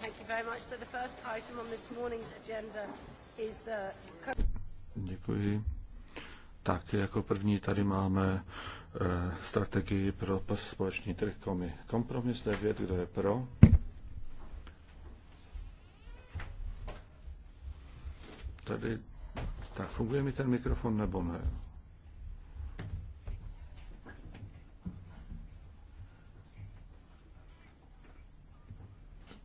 Thank you very much. So the first item on this morning's agenda is the... Děkuji. Tak, jako první tady máme eh, strategii pro společný trh komi. Kompromis 9, kdo je pro? Tady, tak funguje mi ten mikrofon nebo ne?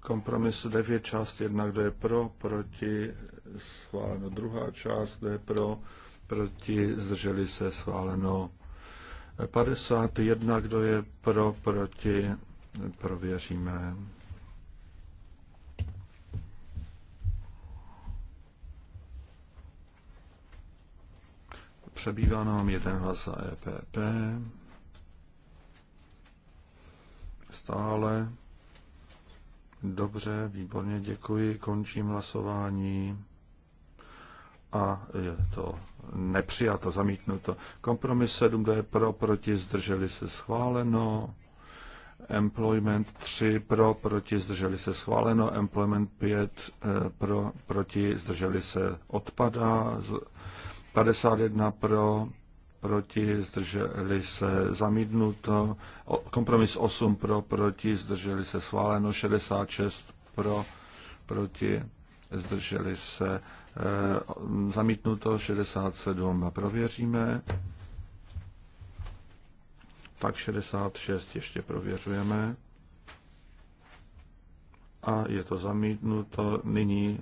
Kompromis 9, část 1, kdo je pro, proti, schváleno. Druhá část, kdo je pro, proti, zdrželi se, schváleno. 51, kdo je pro, proti, prověříme. Přebývá nám jeden hlas za EPP. Stále. Dobře, výborně, děkuji. Končím hlasování. A je to nepřijato, zamítnuto. Kompromis 7, kdo je pro, proti, zdrželi se schváleno. Employment 3 pro, proti, zdrželi se schváleno. Employment 5 eh, pro, proti, zdrželi se odpadá. 51 pro, proti, zdrželi se zamítnuto, kompromis 8 pro, proti, zdrželi se schváleno, 66 pro, proti, zdrželi se eh, zamítnuto, 67 prověříme, tak 66 ještě prověřujeme a je to zamítnuto. Nyní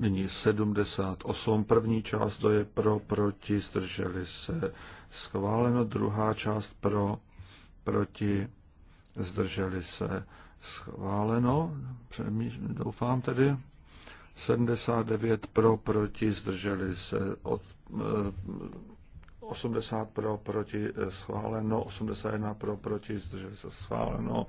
Nyní 78. První část to je pro, proti, zdrželi se. Schváleno. Druhá část pro, proti, zdrželi se. Schváleno. Doufám tedy. 79 pro, proti, zdrželi se. Od, 80 eh, pro, proti, eh, schváleno. 81 pro, proti, zdrželi se. Schváleno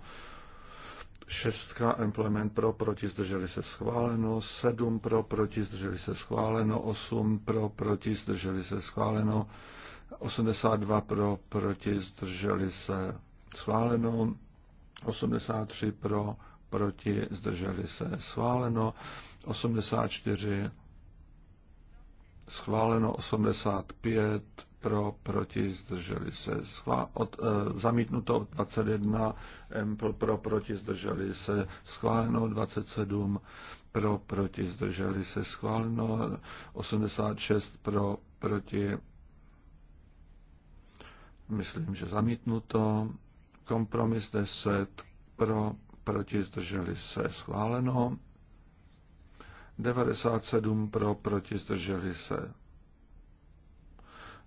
šestka employment pro, proti, zdrželi se schváleno, sedm pro, proti, zdrželi se schváleno, osm pro, proti, zdrželi se schváleno, 82 pro, proti, zdrželi se schváleno, 83 pro, proti, zdrželi se schváleno, 84 schváleno, 85 pro, proti, zdrželi se. Schvá, od, e, zamítnuto 21, M pro, pro, proti, zdrželi se. Schváleno 27, pro, proti, zdrželi se. Schváleno 86, pro, proti, myslím, že zamítnuto. Kompromis 10, pro, proti, zdrželi se. Schváleno. 97 pro, proti, zdrželi se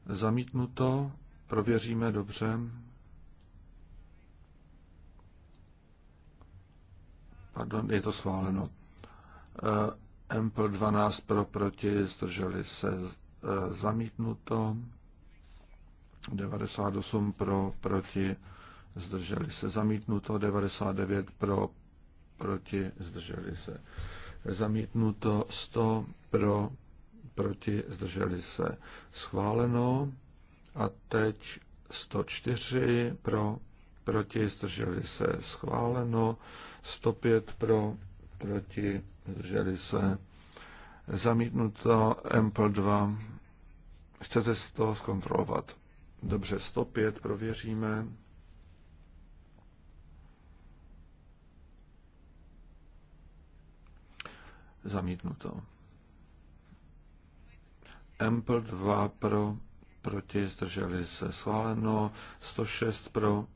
Zamítnuto. Prověříme dobře. Pardon, je to schváleno. Ample eh, 12 eh, pro proti, zdrželi se zamítnuto. 98 pro proti, zdrželi se zamítnuto. 99 pro proti, zdrželi se zamítnuto. 100 pro proti, zdrželi se schváleno. A teď 104 pro, proti, zdrželi se schváleno. 105 pro, proti, zdrželi se zamítnuto. Ample 2. Chcete si to zkontrolovat? Dobře, 105 prověříme. Zamítnuto. Ample 2 pro, proti, zdrželi se schváleno, 106 pro,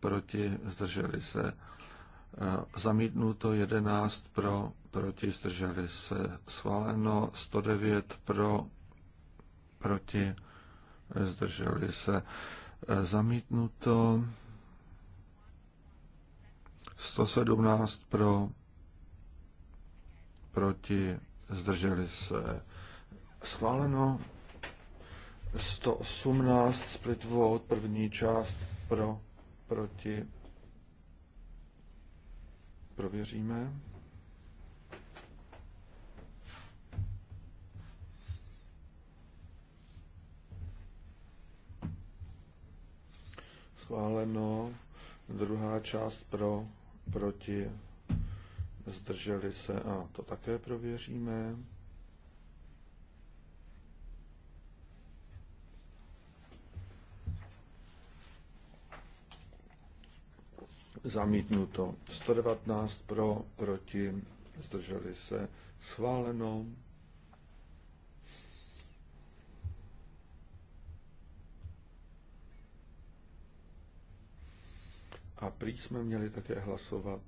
proti, zdrželi se eh, zamítnuto, 11 pro, proti, zdrželi se schváleno, 109 pro, proti, zdrželi se eh, zamítnuto, 117 pro, proti, zdrželi se Schváleno 118 split vote, první část pro, proti. Prověříme. Schváleno druhá část pro, proti, zdrželi se a to také prověříme. zamítnuto. 119 pro, proti, zdrželi se, schváleno. A prý jsme měli také hlasovat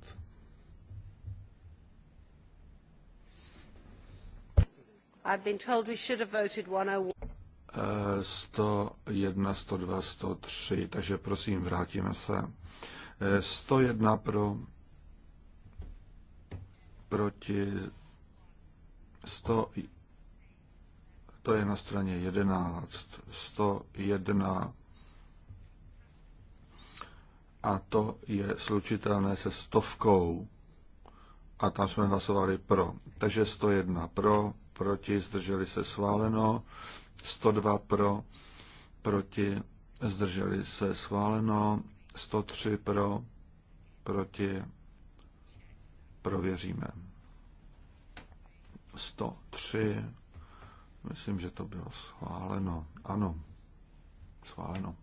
I've been told we should have voted 101, 102, 103, takže prosím, vrátíme se 101 pro, proti 100, to je na straně 11, 101 a to je slučitelné se stovkou a tam jsme hlasovali pro. Takže 101 pro, proti, zdrželi se sváleno, 102 pro, proti, zdrželi se sváleno, 103 pro, proti, prověříme. 103, myslím, že to bylo schváleno. Ano, schváleno.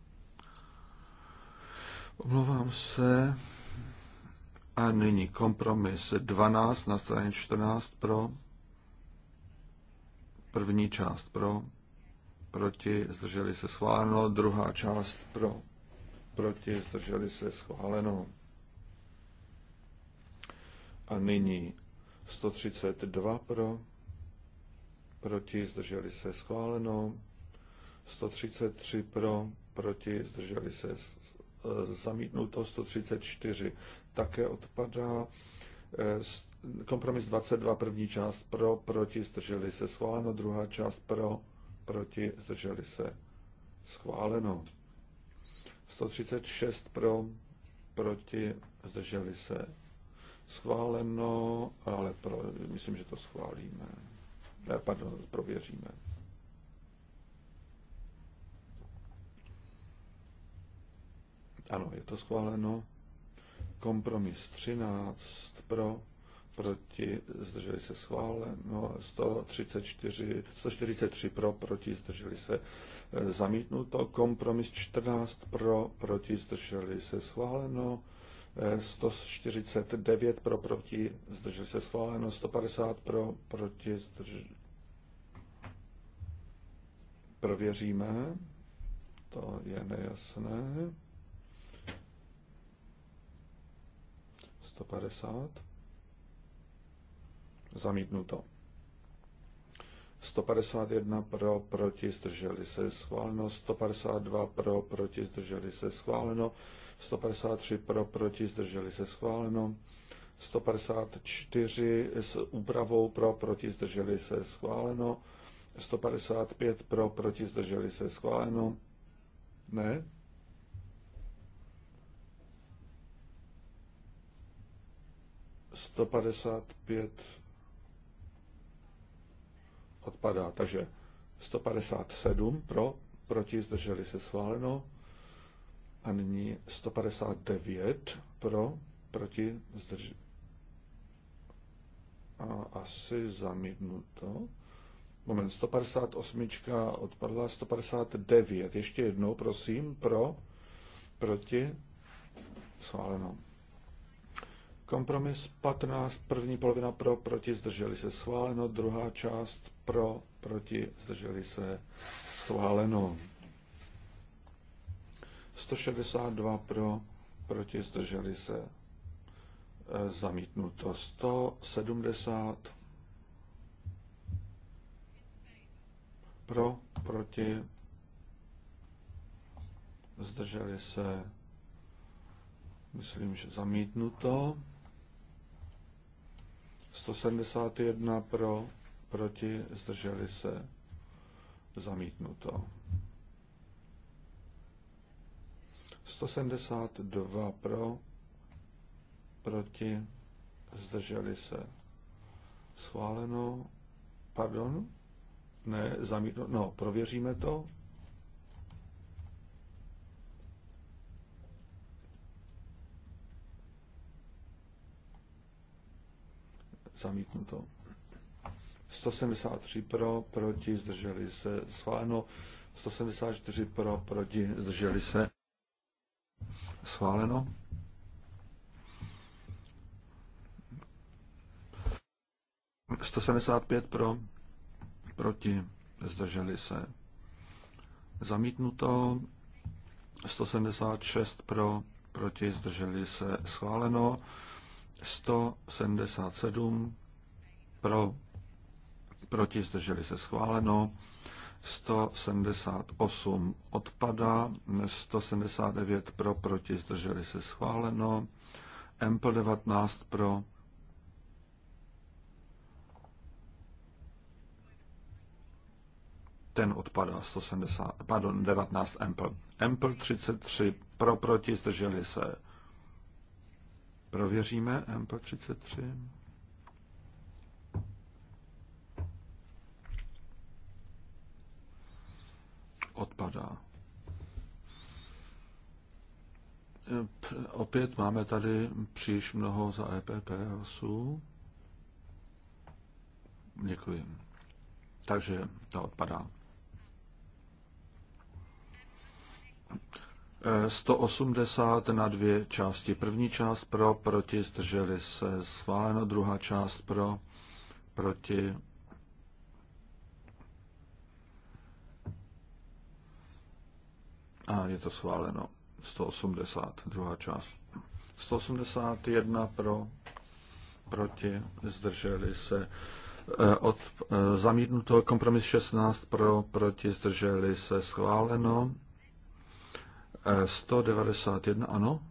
Omlouvám se. A nyní kompromis 12 na straně 14 pro, první část pro, proti, zdrželi se schváleno, druhá část pro proti, zdrželi se, schváleno. A nyní 132 pro, proti, zdrželi se, schváleno. 133 pro, proti, zdrželi se, e, zamítnuto. 134 také odpadá. E, kompromis 22, první část pro, proti, zdrželi se, schváleno. Druhá část pro, proti, zdrželi se, schváleno. 136 pro, proti, zdrželi se. Schváleno, ale pro, myslím, že to schválíme. Ne, eh, pardon, prověříme. Ano, je to schváleno. Kompromis 13 pro, proti, zdrželi se schváleno, 134, 143 pro, proti, zdrželi se e, zamítnuto, kompromis 14 pro, proti, zdrželi se schváleno, 149 e, pro, proti, zdrželi se schváleno, 150 pro, proti, zdrželi prověříme, to je nejasné. 150. Zamítnuto. 151 pro, proti, zdrželi se, schváleno. 152 pro, proti, zdrželi se, schváleno. 153 pro, proti, zdrželi se, schváleno. 154 s úpravou pro, proti, zdrželi se, schváleno. 155 pro, proti, zdrželi se, schváleno. Ne? Sto padesát pět odpadá. Takže 157 pro, proti, zdrželi se schváleno. A nyní 159 pro, proti, zdrželi a asi zamítnuto. Moment, 158 odpadla, 159. Ještě jednou, prosím, pro, proti, schváleno. Kompromis 15, první polovina pro, proti, zdrželi se schváleno, druhá část pro, proti, zdrželi se schváleno. 162 pro, proti, zdrželi se e, zamítnuto. 170 pro, proti, zdrželi se, myslím, že zamítnuto. 171 pro, proti, zdrželi se, zamítnuto. 172 pro, proti, zdrželi se, schváleno, pardon, ne, zamítnuto, no, prověříme to, zamítnuto. 173 pro, proti, zdrželi se, schváleno. 174 pro, proti, zdrželi se, schváleno. Sto sedmdesát pět pro, proti, zdrželi se. Zamítnuto 176 pro, proti, zdrželi se. Schváleno 177 pro, proti zdrželi se schváleno, 178 odpada, 179 pro, proti zdrželi se schváleno, MPL 19 pro, ten odpadá 170, pardon, 19 Ample. Ample 33 pro proti zdrželi se Prověříme MP33. Odpadá. Opět máme tady příliš mnoho za EPP hlasů. Děkuji. Takže ta odpadá. 180 na dvě části. První část pro, proti, zdrželi se, schváleno. Druhá část pro, proti. A je to schváleno. 180, druhá část. 181 pro, proti, zdrželi se. E, od e, zamítnutého kompromis 16 pro, proti, zdrželi se, schváleno. 191, e, ano?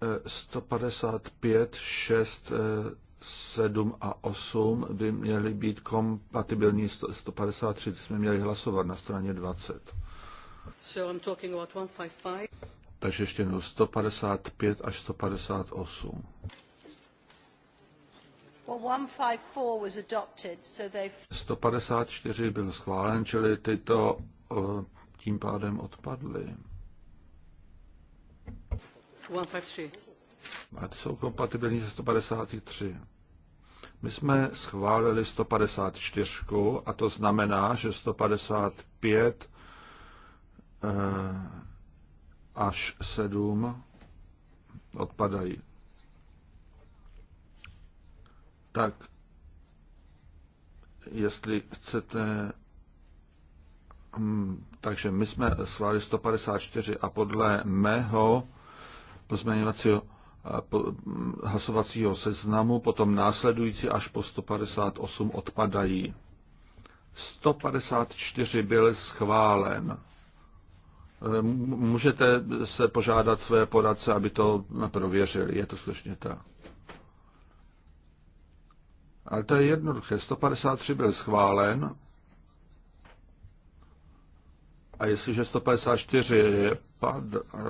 E, 155, 6, 7 a 8 by měly být kompatibilní 153, jsme měli hlasovat na straně 20. So I'm talking about 155. Takže ještě jednou 155 až 158. 154 byl schválen, čili tyto eh, tím pádem odpadly. A ty jsou kompatibilní se 153. My jsme schválili 154 a to znamená, že 155 eh, až 7 odpadají. tak jestli chcete, hm, takže my jsme schválili 154 a podle mého pozměňovacího eh, hm, hlasovacího seznamu, potom následující až po 158 odpadají. 154 byl schválen. Eh, můžete se požádat své poradce, aby to prověřili. Je to skutečně tak. Ale to je jednoduché. 153 byl schválen a jestliže 154 pad,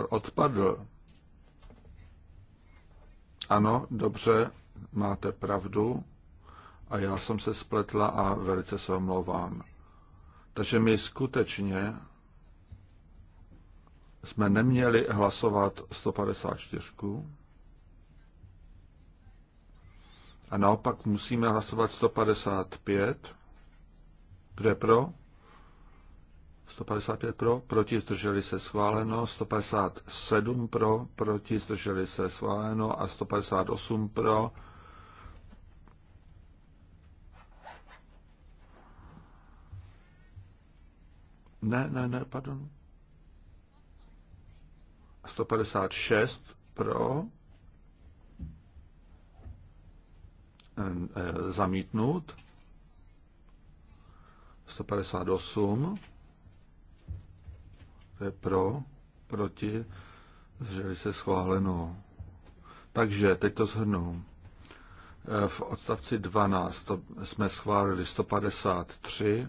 odpadl, ano, dobře, máte pravdu a já jsem se spletla a velice se omlouvám. Takže my skutečně jsme neměli hlasovat 154. A naopak musíme hlasovat 155. Kdo je pro? 155 pro, proti zdrželi se schváleno, 157 pro, proti zdrželi se schváleno a 158 pro. Ne, ne, ne, pardon. 156 pro, Eh, zamítnut. 158. To je pro, proti, zdrželi se schváleno. Takže teď to shrnu. Eh, v odstavci 12 to jsme schválili 153,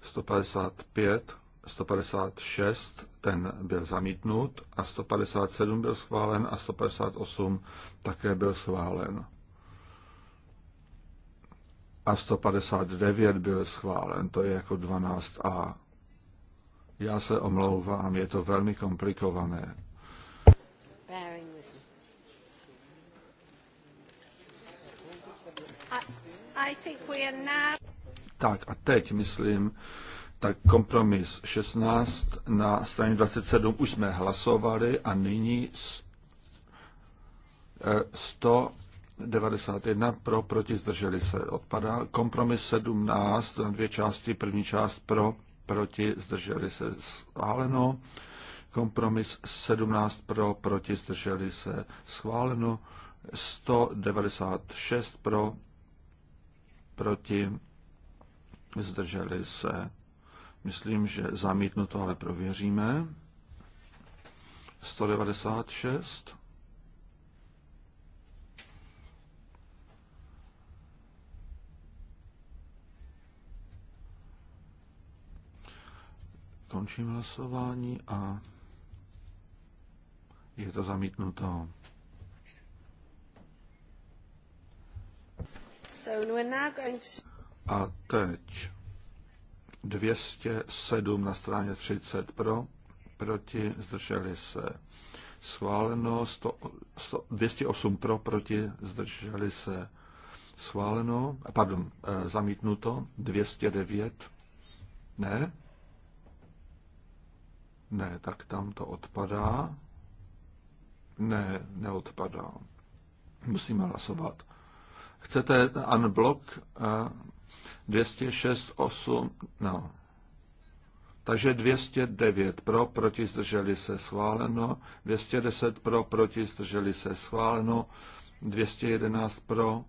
155, 156, ten byl zamítnut a 157 byl schválen a 158 také byl schválen a 159 byl schválen, to je jako 12a. Já se omlouvám, je to velmi komplikované. Tak a teď myslím, tak kompromis 16 na straně 27 už jsme hlasovali a nyní 100 eh, 91 pro, proti, zdrželi se, odpadá. Kompromis 17 na dvě části, první část pro, proti, zdrželi se, schváleno. Kompromis 17 pro, proti, zdrželi se, schváleno. 196 pro, proti, zdrželi se. Myslím, že zamítnuto, ale prověříme. 196 Končím hlasování a je to zamítnuto. E a teď 207 na straně 30 pro, proti, zdrželi se. Schváleno 100, 100, 208 pro, proti, zdrželi se. Schváleno, pardon, eh, zamítnuto 209. Ne, ne, tak tam to odpadá. Ne, neodpadá. Musíme hlasovat. Chcete unblock 206, eh, 8, no. Takže 209 pro, proti zdrželi se schváleno, 210 pro, proti zdrželi se schváleno, 211 pro,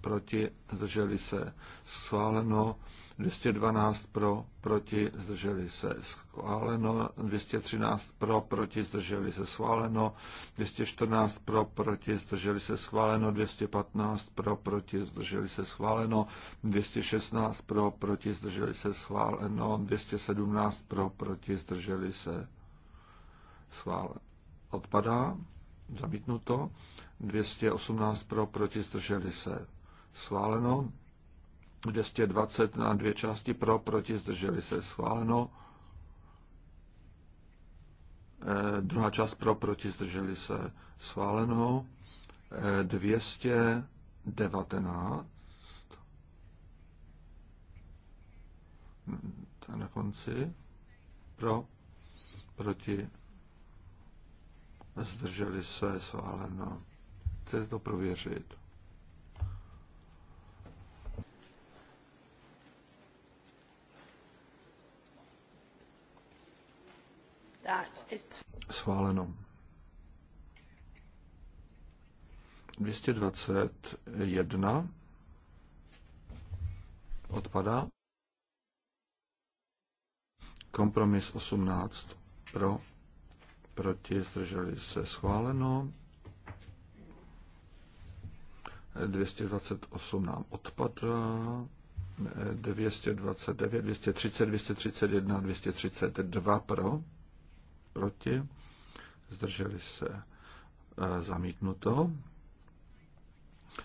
proti zdrželi se schváleno, 212 pro, proti, zdrželi se schváleno, 213 pro, proti, zdrželi se schváleno, 214 pro, proti, zdrželi se schváleno, 215 pro, proti, zdrželi se schváleno, 216 pro, proti, zdrželi se schváleno, 217 pro, proti, zdrželi se schváleno. Odpadá, zamítnuto, 218 pro, proti, zdrželi se schváleno, 220 na dvě části pro, proti, zdrželi se, schváleno. Eh, druhá část pro, proti, zdrželi se, schváleno. Eh, 219. Hm, to na konci pro, proti, zdrželi se, schváleno. Chcete to prověřit? Schváleno. 221 odpadá. Kompromis 18 pro, proti, zdrželi se schváleno. 228 nám odpadá. 229, 230, 231, 232 pro proti, zdrželi se e, zamítnuto.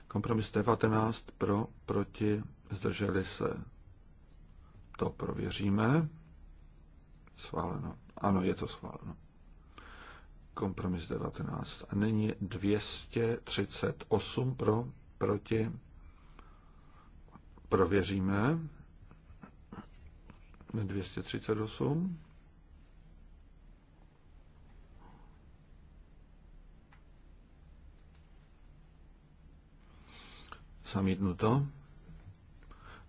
Kompromis 19 pro, proti, zdrželi se. To prověříme. Schváleno. Ano, je to schváleno. Kompromis 19. A nyní 238 pro, proti, prověříme. 238. Zamítnuto.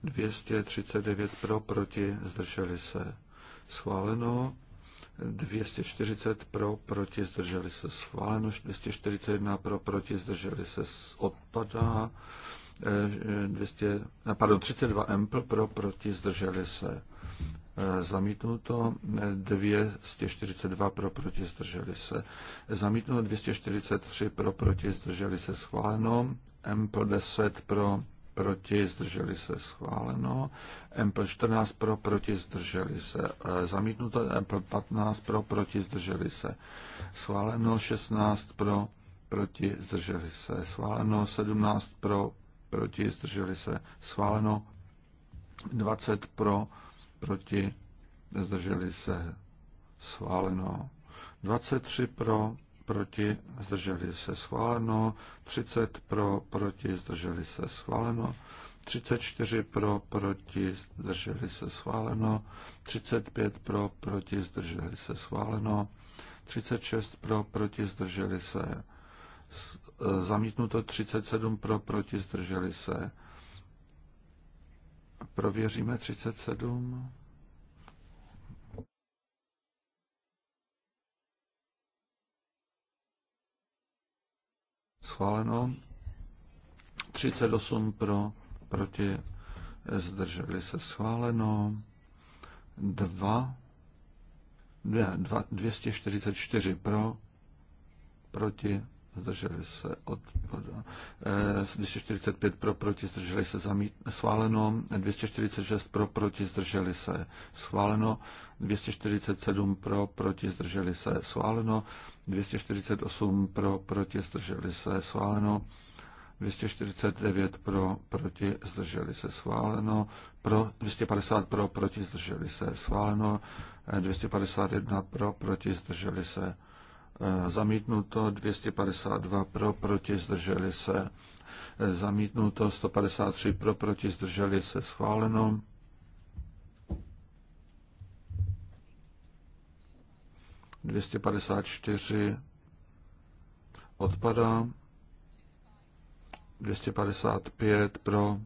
239 pro, proti, zdrželi se. Schváleno. 240 pro, proti, zdrželi se. Schváleno. 241 pro, proti, zdrželi se. Odpadá. 200, eh, eh, pardon, 32 ampl pro, proti, zdrželi se Eh, zamítnuto 242 pro proti zdrželi se, zamítnuto 243 pro proti zdrželi se schváleno, pro 10 pro proti zdrželi se schváleno, pro 14 pro proti zdrželi se eh, zamítnuto, pro 15 pro proti zdrželi se schváleno, 16 pro proti zdrželi se schváleno, 17 pro proti zdrželi se schváleno, 20 pro proti, zdrželi se, schváleno. 23 pro, proti, zdrželi se, schváleno. 30 pro, proti, zdrželi se, schváleno. 34 pro, proti, zdrželi se, schváleno. 35 pro, proti, zdrželi se, schváleno. 36 pro, proti, zdrželi se, e, zamítnuto. 37 pro, proti, zdrželi se, Prověříme 37. Schváleno. 38 pro, proti, zdrželi se schváleno. 2, 244 pro, proti, zdrželi se od, od eh, 245 pro, proti, zdrželi se zamít, schváleno, 246 pro, proti, zdrželi se schváleno, 247 pro, proti, zdrželi se schváleno, 248 pro, proti, zdrželi se schváleno, 249 pro, proti, zdrželi se schváleno, pro, 250 pro, proti, zdrželi se schváleno, 251 pro, proti, zdrželi se schváleno, Eh, zamítnuto 252 pro, proti, zdrželi se, eh, zamítnuto 153 pro, proti, zdrželi se, schváleno. Dvěstě odpadá. 255 pro,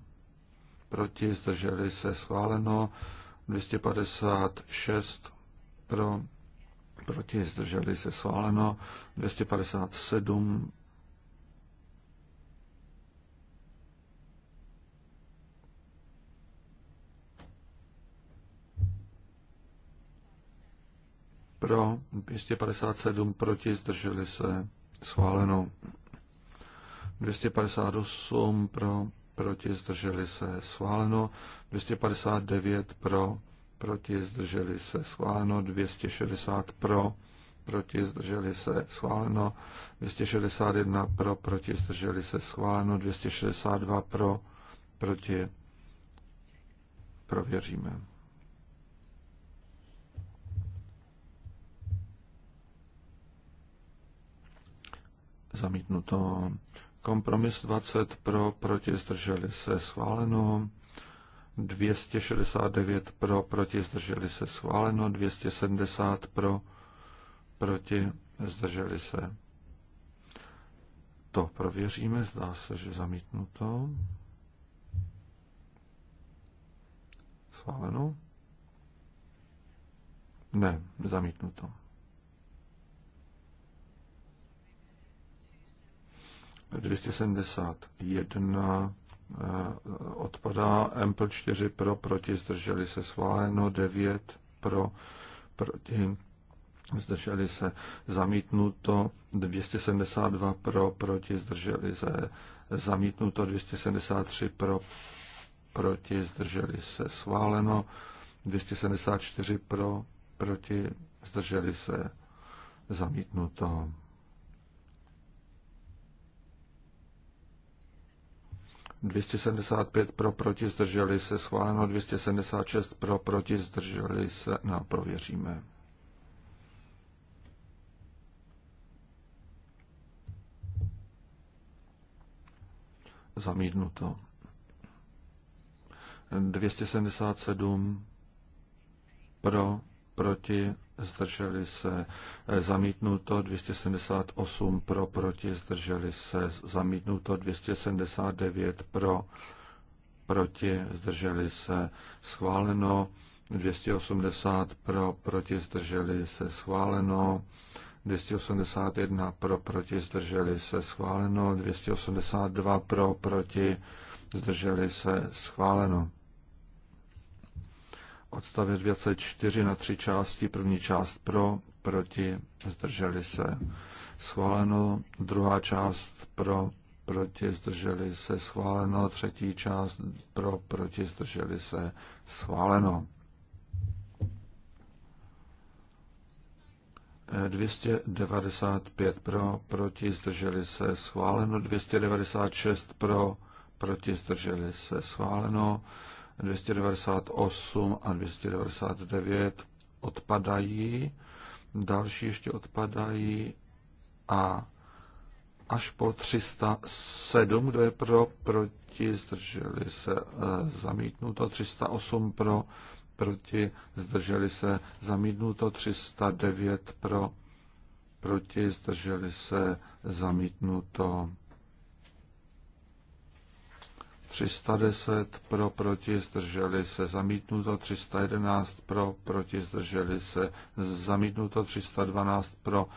proti, zdrželi se schváleno, 256 pro, proti, zdrželi se schváleno, 257 pro, 257 proti, zdrželi se schváleno, 258 pro, proti, zdrželi se schváleno, 259 pro, proti zdrželi se schváleno 260 pro, proti zdrželi se schváleno 261 pro, proti zdrželi se schváleno 262 pro, proti prověříme. Zamítnuto. Kompromis 20 pro, proti zdrželi se schváleno. 269 pro, proti, zdrželi se schváleno, 270 pro, proti, zdrželi se. To prověříme, zdá se, že zamítnuto. Schváleno? Ne, zamítnuto. to. 271 Eh, odpadá, Ample 4 pro, proti, zdrželi se schváleno, 9 pro, proti, zdrželi se zamítnuto, 272 pro, proti, zdrželi se zamítnuto, 273 pro, proti, zdrželi se schváleno, 274 pro, proti, zdrželi se zamítnuto. 275 pro, proti, zdrželi se, schváleno 276 pro, proti, zdrželi se, na prověříme. Zamítnuto. 277 pro, proti, zdrželi se eh, zamítnuto 278 pro, proti zdrželi se zamítnuto 279 pro, proti zdrželi se schváleno 280 pro, proti zdrželi se schváleno 281 pro, proti zdrželi se schváleno 282 pro, proti zdrželi se schváleno odstavec 24 na tři části. První část pro, proti, zdrželi se. Schváleno. Druhá část pro, proti, zdrželi se. Schváleno. Třetí část pro, proti, zdrželi se. Schváleno. 295 eh, pro, proti, zdrželi se. Schváleno. 296 pro, proti, zdrželi se. Schváleno. 298 a 299 odpadají, další ještě odpadají a až po 307, kdo je pro, proti, zdrželi se e, zamítnuto, 308 pro, proti, zdrželi se zamítnuto, 309 pro, proti, zdrželi se zamítnuto. 310 pro, proti, zdrželi se, zamítnuto 311 pro, proti, zdrželi se, zamítnuto 312 pro,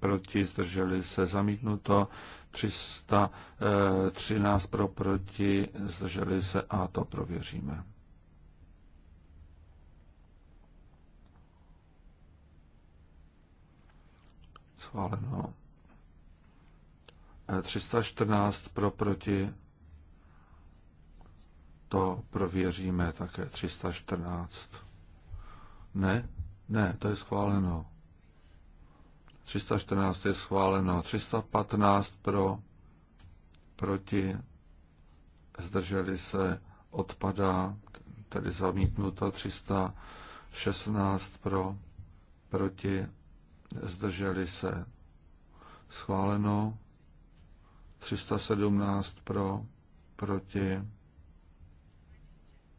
proti, zdrželi se, zamítnuto 313 pro, proti, zdrželi se a to prověříme. Schváleno. 314 e, pro, proti, to prověříme také 314. Ne, ne, to je schváleno. 314 je schváleno. 315 pro, proti, zdrželi se, odpadá, tedy zamítnuto. 316 pro, proti, zdrželi se, schváleno. 317 pro, proti,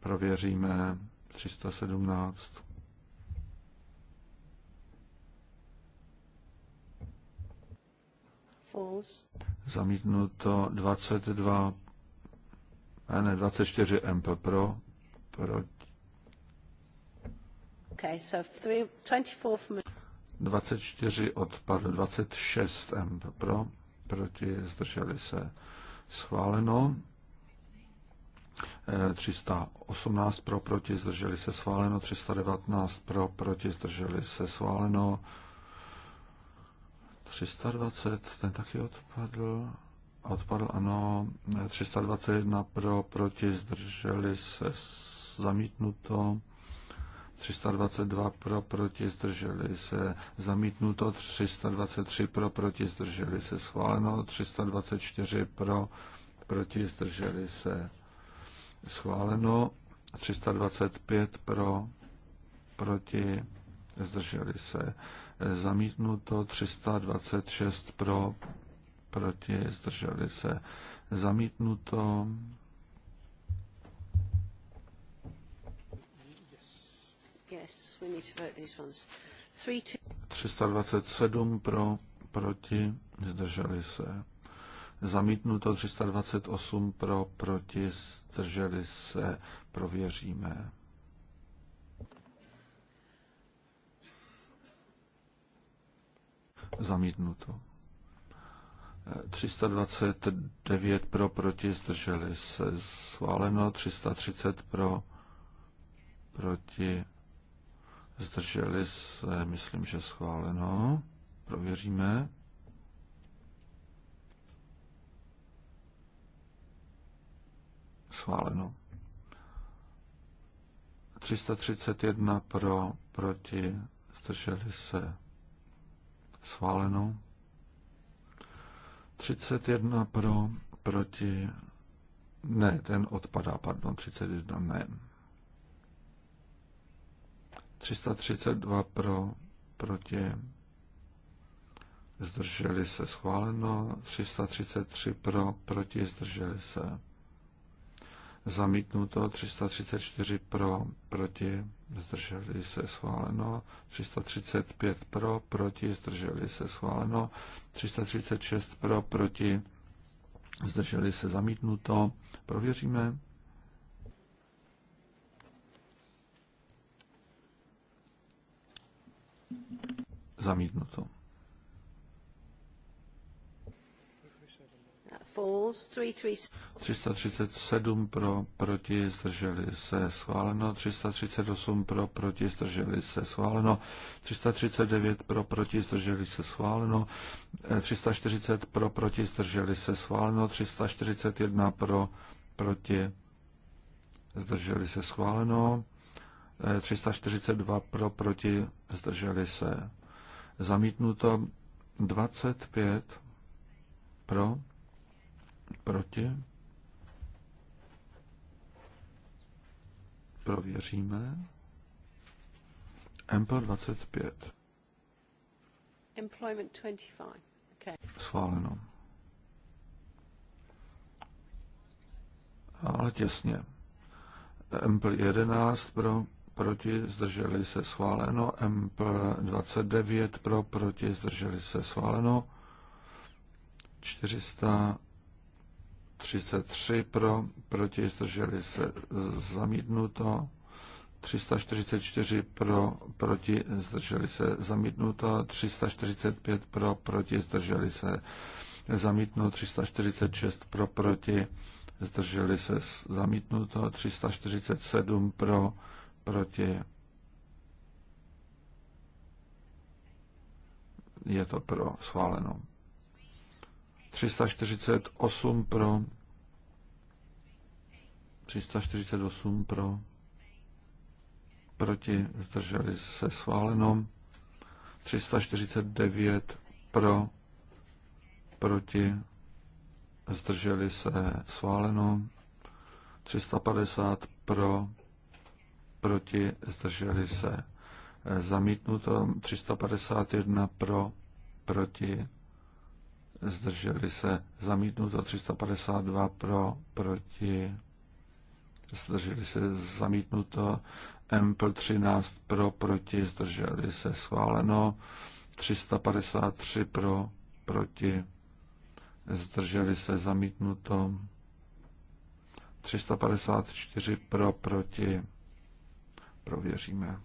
prověříme 317. False. Zamítnuto 22, ne, 24 MP pro, proti. Okay, so three, 24 24 odpad, 26 MP pro, proti, zdrželi se schváleno. 318 eh, pro, proti, zdrželi se sváleno 319 pro, proti, zdrželi se sváleno 320, ten taky odpadl, odpadl, ano, 321 eh, pro, proti, zdrželi se zamítnuto, 322 pro, proti, zdrželi se zamítnuto, 323 pro, proti, zdrželi se schváleno, 324 pro, proti, zdrželi se schváleno, 325 pro, proti, zdrželi se, zamítnuto, 326 pro, proti, zdrželi se, zamítnuto, Yes, we need to vote these ones. 327 pro, proti, zdrželi se zamítnuto 328 pro, proti, zdrželi se, prověříme. Zamítnuto. 329 pro, proti, zdrželi se, schváleno, 330 pro, proti, zdrželi se, myslím, že schváleno, prověříme. Schváleno. 331 pro, proti, zdrželi se. Schváleno. 31 pro, proti, ne, ten odpadá, pardon, 31 ne. 332 pro, proti, zdrželi se schváleno, 333 pro, proti, zdrželi se zamítnuto, 334 pro, proti, zdrželi se schváleno, 335 pro, proti, zdrželi se schváleno, 336 pro, proti, zdrželi se zamítnuto. Prověříme. Zamítnuto. 337 pro, proti, zdrželi se, schváleno. 338 pro, proti, zdrželi se, schváleno. 339 pro, proti, zdrželi se, schváleno. 340 eh, pro, proti, zdrželi se, schváleno. 341 pro, proti, zdrželi se, schváleno. 342 eh, pro, proti, zdrželi se. Zamítnuto 25 pro, Proti? Prověříme. Empl 25. Employment 25. Okay. Schváleno. Ale těsně. Empl 11 pro, proti, zdrželi se schváleno. Empl 29 pro, proti, zdrželi se schváleno. 400 33 pro, proti, zdrželi se zamítnuto. 344 pro, proti, zdrželi se zamítnuto. 345 pro, proti, zdrželi se zamítnuto. 346 pro, proti, zdrželi se zamítnuto. 347 pro, proti. Je to pro schváleno. 348 pro, 348 pro, proti, zdrželi se schváleno, 349 pro, proti, zdrželi se schváleno, 350 pro, proti, zdrželi se zamítnuto, 351 pro, proti, zdrželi se zamítnuto 352 pro, proti, zdrželi se zamítnuto MPL 13 pro, proti, zdrželi se schváleno 353 pro, proti, zdrželi se zamítnuto 354 pro, proti, prověříme.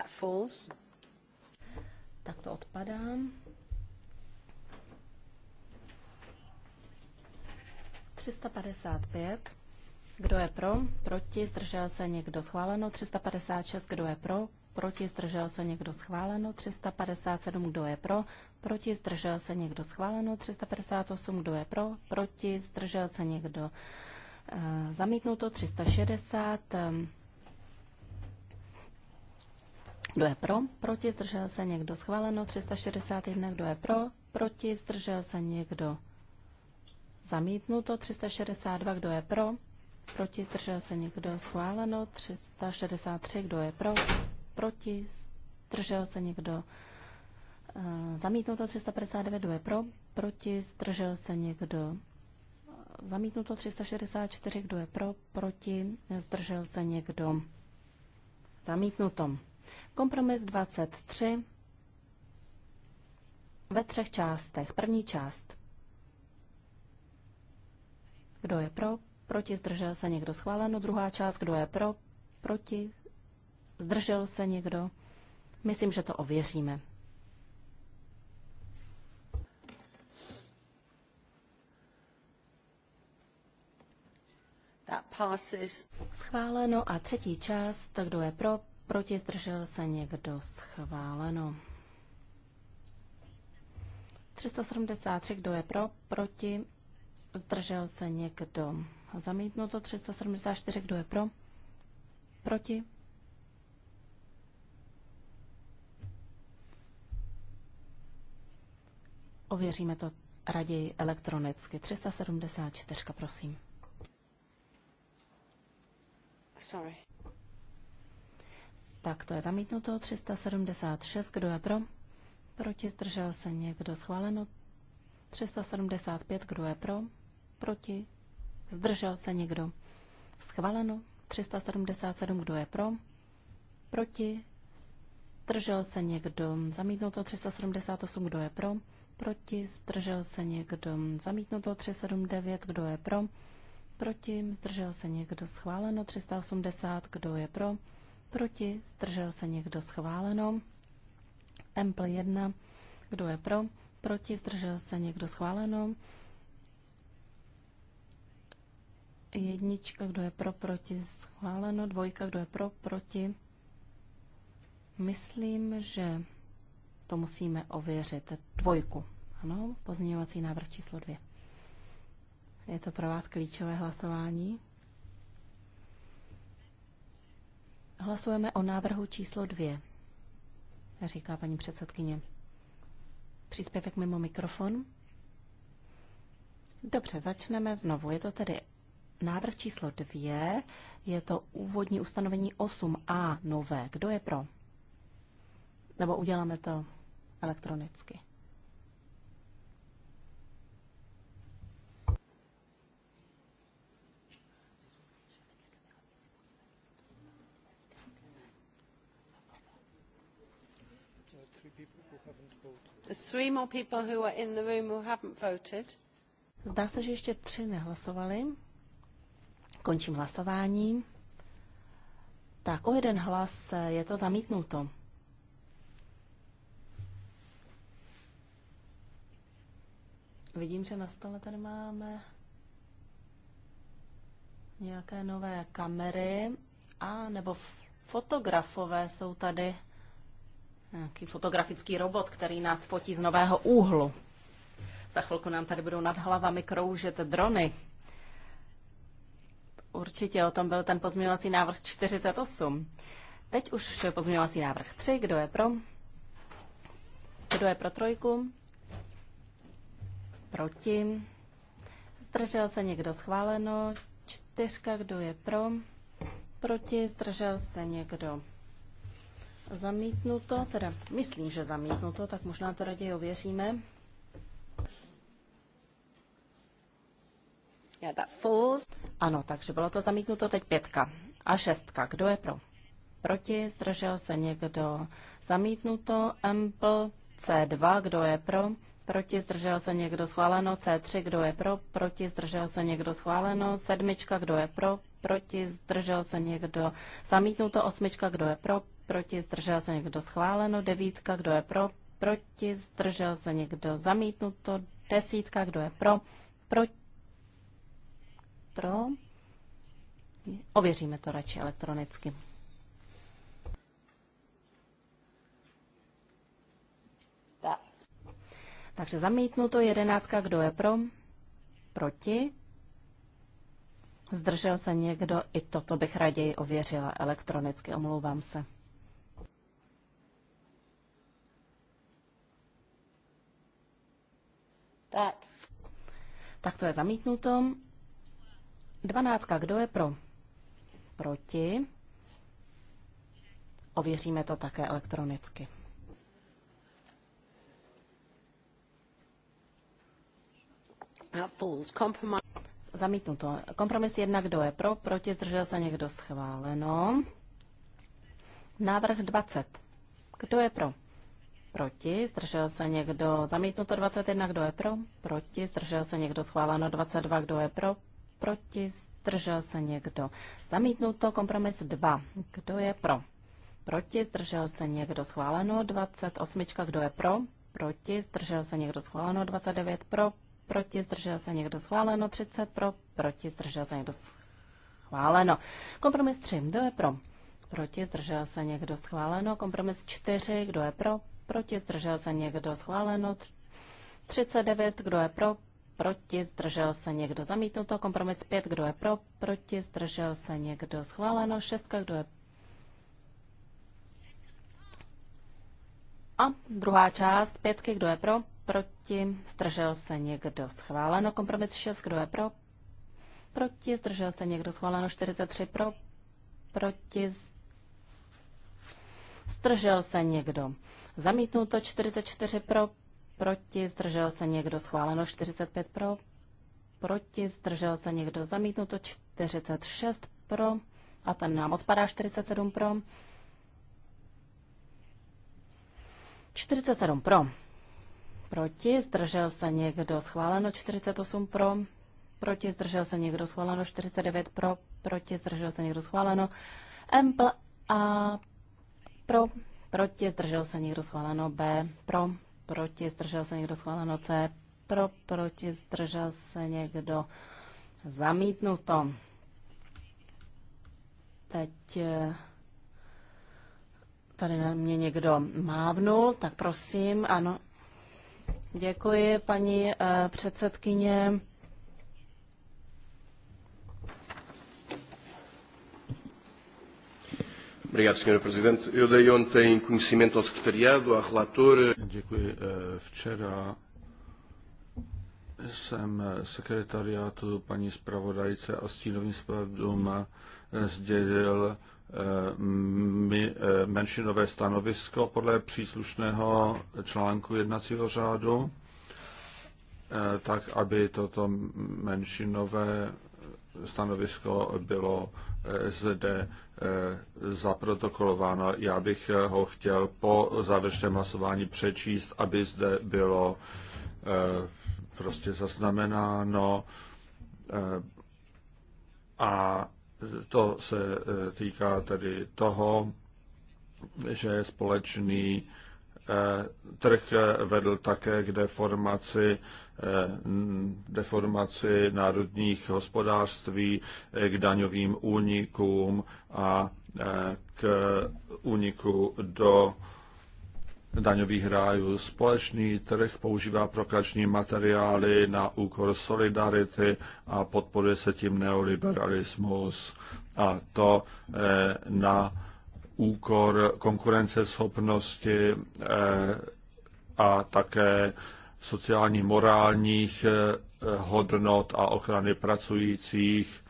That falls. Tak to odpadám. 355. Kdo je pro? Proti? Zdržel se někdo? Schváleno. 356. Kdo je pro? Proti? Zdržel se někdo? Schváleno. 357. Kdo je pro? Proti? Zdržel se někdo? Schváleno. 358. Kdo je pro? Proti? Zdržel se někdo? Eh, zamítnuto. 360. Kdo je pro? Proti? Zdržel se někdo? Schváleno. 361. Kdo je pro? Proti? Zdržel se někdo? Zamítnuto. 362. Kdo je pro? Proti? Zdržel se někdo? Schváleno. 363. Eh, Kdo je pro? Proti? Zdržel se někdo? Zamítnuto. 359. Kdo je pro? Proti? Zdržel se někdo? Zamítnuto. 364. Kdo je pro? Proti? Zdržel se někdo? Zamítnuto. Kompromis 23 ve třech částech. První část. Kdo je pro? Proti zdržel se někdo schváleno. Druhá část. Kdo je pro? Proti zdržel se někdo. Myslím, že to ověříme. Schváleno a třetí část, tak kdo je pro, Proti zdržel se někdo schváleno. 373, kdo je pro, proti, zdržel se někdo. Zamítnuto 374, kdo je pro, proti. Ověříme to raději elektronicky. 374, prosím. Sorry. Tak to je zamítnuto 376. Kdo je pro? Proti zdržel se někdo schváleno. 375. Kdo je pro? Proti zdržel se někdo schváleno. 377. Kdo je pro? Proti zdržel se někdo zamítnuto. 378. Kdo je pro? Proti zdržel se někdo zamítnuto. 379. Kdo je pro? Proti zdržel se někdo schváleno. 380. Kdo je pro? Proti? Zdržel se někdo? Schváleno. Empl 1. Kdo je pro? Proti? Zdržel se někdo? Schváleno. Jednička, kdo je pro, proti, schváleno. Dvojka, kdo je pro, proti. Myslím, že to musíme ověřit. Dvojku. Ano, pozměňovací návrh číslo dvě. Je to pro vás klíčové hlasování? Hlasujeme o návrhu číslo dvě, říká paní předsedkyně. Příspěvek mimo mikrofon. Dobře, začneme znovu. Je to tedy návrh číslo dvě, je to úvodní ustanovení 8a nové. Kdo je pro? Nebo uděláme to elektronicky? Zdá se, že ještě tři nehlasovali. Končím hlasování. Tak o jeden hlas eh, je to zamítnuto. Vidím, že na stole tady máme nějaké nové kamery a nebo fotografové jsou tady nějaký fotografický robot, který nás fotí z nového úhlu. Za chvilku nám tady budou nad hlavami kroužet drony. Určitě o tom byl ten pozměňovací návrh 48. Teď už pozměňovací návrh 3. Kdo je pro? Kdo je pro trojku? Proti? Zdržel se někdo schváleno? Čtyřka, kdo je pro? Proti? Zdržel se někdo Zamítnuto, teda myslím, že zamítnuto, tak možná to raději ověříme. Yeah, that falls. Ano, takže bylo to zamítnuto teď pětka. A šestka, kdo je pro? Proti, zdržel se někdo. Zamítnuto, Ample, C2, kdo je pro? Proti, zdržel se někdo schváleno. C3, kdo je pro? Proti, zdržel se někdo schváleno. Sedmička, kdo je pro? Proti, zdržel se někdo. Zamítnuto, osmička, kdo je pro? proti, zdržel se někdo schváleno, devítka, kdo je pro, proti, zdržel se někdo zamítnuto, desítka, kdo je pro, pro, pro, ověříme to radši elektronicky. Takže zamítnuto, jedenáctka, kdo je pro, proti, Zdržel se někdo? I toto bych raději ověřila elektronicky, omlouvám se. that... Tak to je zamítnuto. Dvanáctka, kdo je pro? Proti. Ověříme to také elektronicky. Zamítnuto. Kompromis jedna, kdo je pro, proti, zdržel se někdo schváleno. Návrh 20. Kdo je pro? Proti. Zdržel se někdo. Zamítnuto 21. Kdo je pro? Proti. Zdržel se někdo. Schváleno 22. Kdo je pro? Proti. Zdržel se někdo. Zamítnuto kompromis 2. Kdo je pro? Proti. Zdržel se někdo. Schváleno 28. Kdo je pro? Proti. Zdržel se někdo. Schváleno 29. Pro. Proti. Zdržel se někdo. Schváleno 30. Pro. Proti. Zdržel se někdo. Schváleno. Kompromis 3. Kdo je pro? Proti. Zdržel se někdo. Schváleno. Kompromis 4. Kdo je pro? proti, zdržel se někdo schváleno, 39, kdo je pro, proti, zdržel se někdo zamítnuto, kompromis 5, kdo je pro, proti, zdržel se někdo schváleno, 6, kdo je A druhá část, pětky, kdo je pro, proti, zdržel se někdo schváleno, kompromis 6, kdo je pro, proti, zdržel se někdo schváleno, 43 pro, proti, zdržel se někdo. Zamítnuto 44 pro, proti, zdržel se někdo, schváleno 45 pro, proti, zdržel se někdo, zamítnuto 46 pro, a ten nám odpadá 47 pro. 47 pro. Proti, zdržel se někdo, schváleno 48 pro, proti, zdržel se někdo, schváleno 49 pro, proti, zdržel se někdo, schváleno. Empl a pro, proti, zdržel se někdo schváleno B, pro, proti, zdržel se někdo schváleno C, pro, proti, zdržel se někdo zamítnuto. Teď eh, tady na mě někdo mávnul, tak prosím, ano. Děkuji, paní eh, předsedkyně. Obrigado, Sr. Presidente. Eu dei ontem conhecimento ao Secretariado, à relatora. Děkuji. Eh, včera jsem eh, sekretariátu paní zpravodajce a stínovým zpravodům eh, sdělil menšinové stanovisko podle příslušného článku jednacího řádu, tak aby toto menšinové stanovisko bylo zde eh, zaprotokolováno. Já bych eh, ho chtěl po závěrečném hlasování přečíst, aby zde bylo eh, prostě zaznamenáno a to se týká tedy toho, že společný trh vedl také k deformaci Eh, deformaci národních hospodářství, eh, k daňovým únikům a eh, k úniku do daňových rájů. Společný trh používá prokační materiály na úkor solidarity a podporuje se tím neoliberalismus a to na úkor konkurenceschopnosti a také sociálních, morálních eh, eh, hodnot a ochrany pracujících,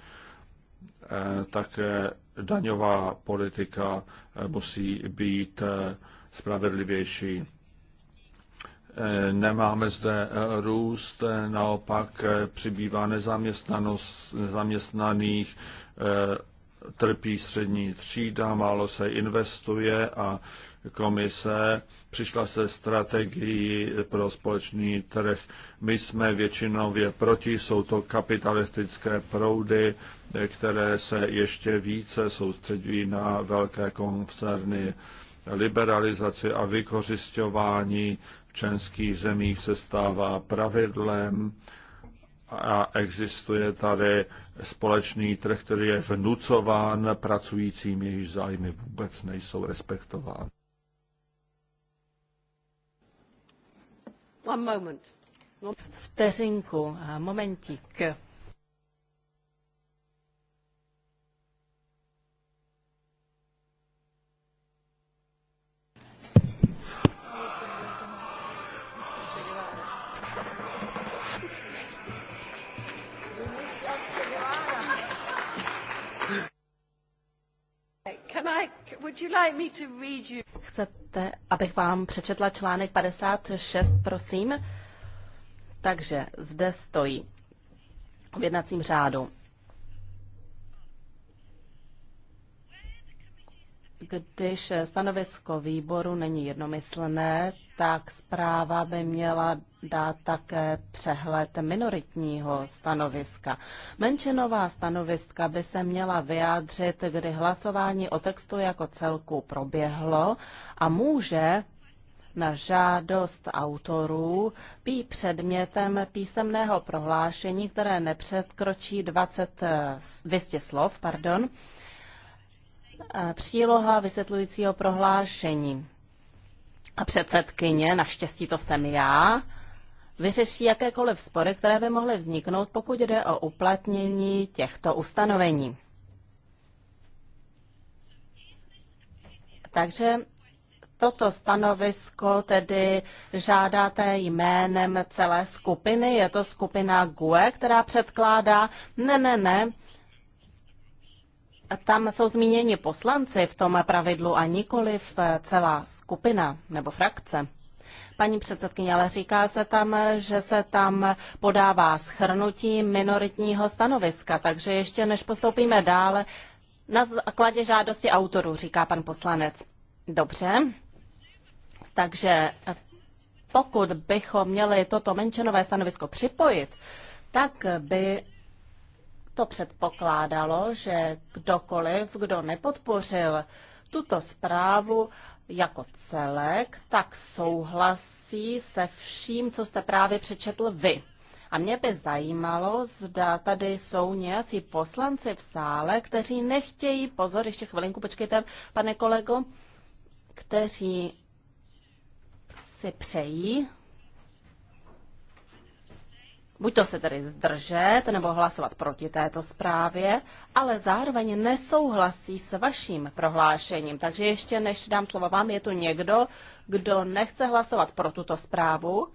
eh, také daňová politika musí být spravedlivější. Nemáme zde růst, naopak přibývá nezaměstnanost, nezaměstnaných, trpí střední třída, málo se investuje a komise přišla se strategií pro společný trh. My jsme většinově proti, jsou to kapitalistické proudy, které se ještě více soustředují na velké koncerny liberalizaci a vykořišťování v členských zemích se stává pravidlem a existuje tady společný trh, který je vnucován pracujícím, jejichž zájmy vůbec nejsou respektovány. One moment. One... Vteřinku, momentík. Can I, would you like me to read you? Chcete, abych vám přečetla článek 56, prosím? Takže zde stojí v jednacím řádu. Když stanovisko výboru není jednomyslné, tak zpráva by měla dát také přehled minoritního stanoviska. Menšinová stanoviska by se měla vyjádřit, kdy hlasování o textu jako celku proběhlo a může na žádost autorů být předmětem písemného prohlášení, které nepředkročí 20, 200 slov, pardon, příloha vysvětlujícího prohlášení. A předsedkyně, naštěstí to jsem já, vyřeší jakékoliv spory, které by mohly vzniknout, pokud jde o uplatnění těchto ustanovení. Takže toto stanovisko tedy žádáte jménem celé skupiny. Je to skupina GUE, která předkládá? Ne, ne, ne tam jsou zmíněni poslanci v tom pravidlu a v eh, celá skupina nebo frakce. Paní předsedkyně, ale říká se tam, že se tam podává schrnutí minoritního stanoviska, takže ještě než postoupíme dále, na základě žádosti autorů, říká pan poslanec. Dobře, takže eh, pokud bychom měli toto menšinové stanovisko připojit, tak by to předpokládalo, že kdokoliv, kdo nepodpořil tuto zprávu jako celek, tak souhlasí se vším, co jste právě přečetl vy. A mě by zajímalo, zda tady jsou nějací poslanci v sále, kteří nechtějí, pozor, ještě chvilinku, počkejte, pane kolego, kteří si přejí buď to se tedy zdržet nebo hlasovat proti této zprávě, ale zároveň nesouhlasí s vaším prohlášením. Takže ještě než dám slovo vám, je tu někdo, kdo nechce hlasovat pro tuto zprávu,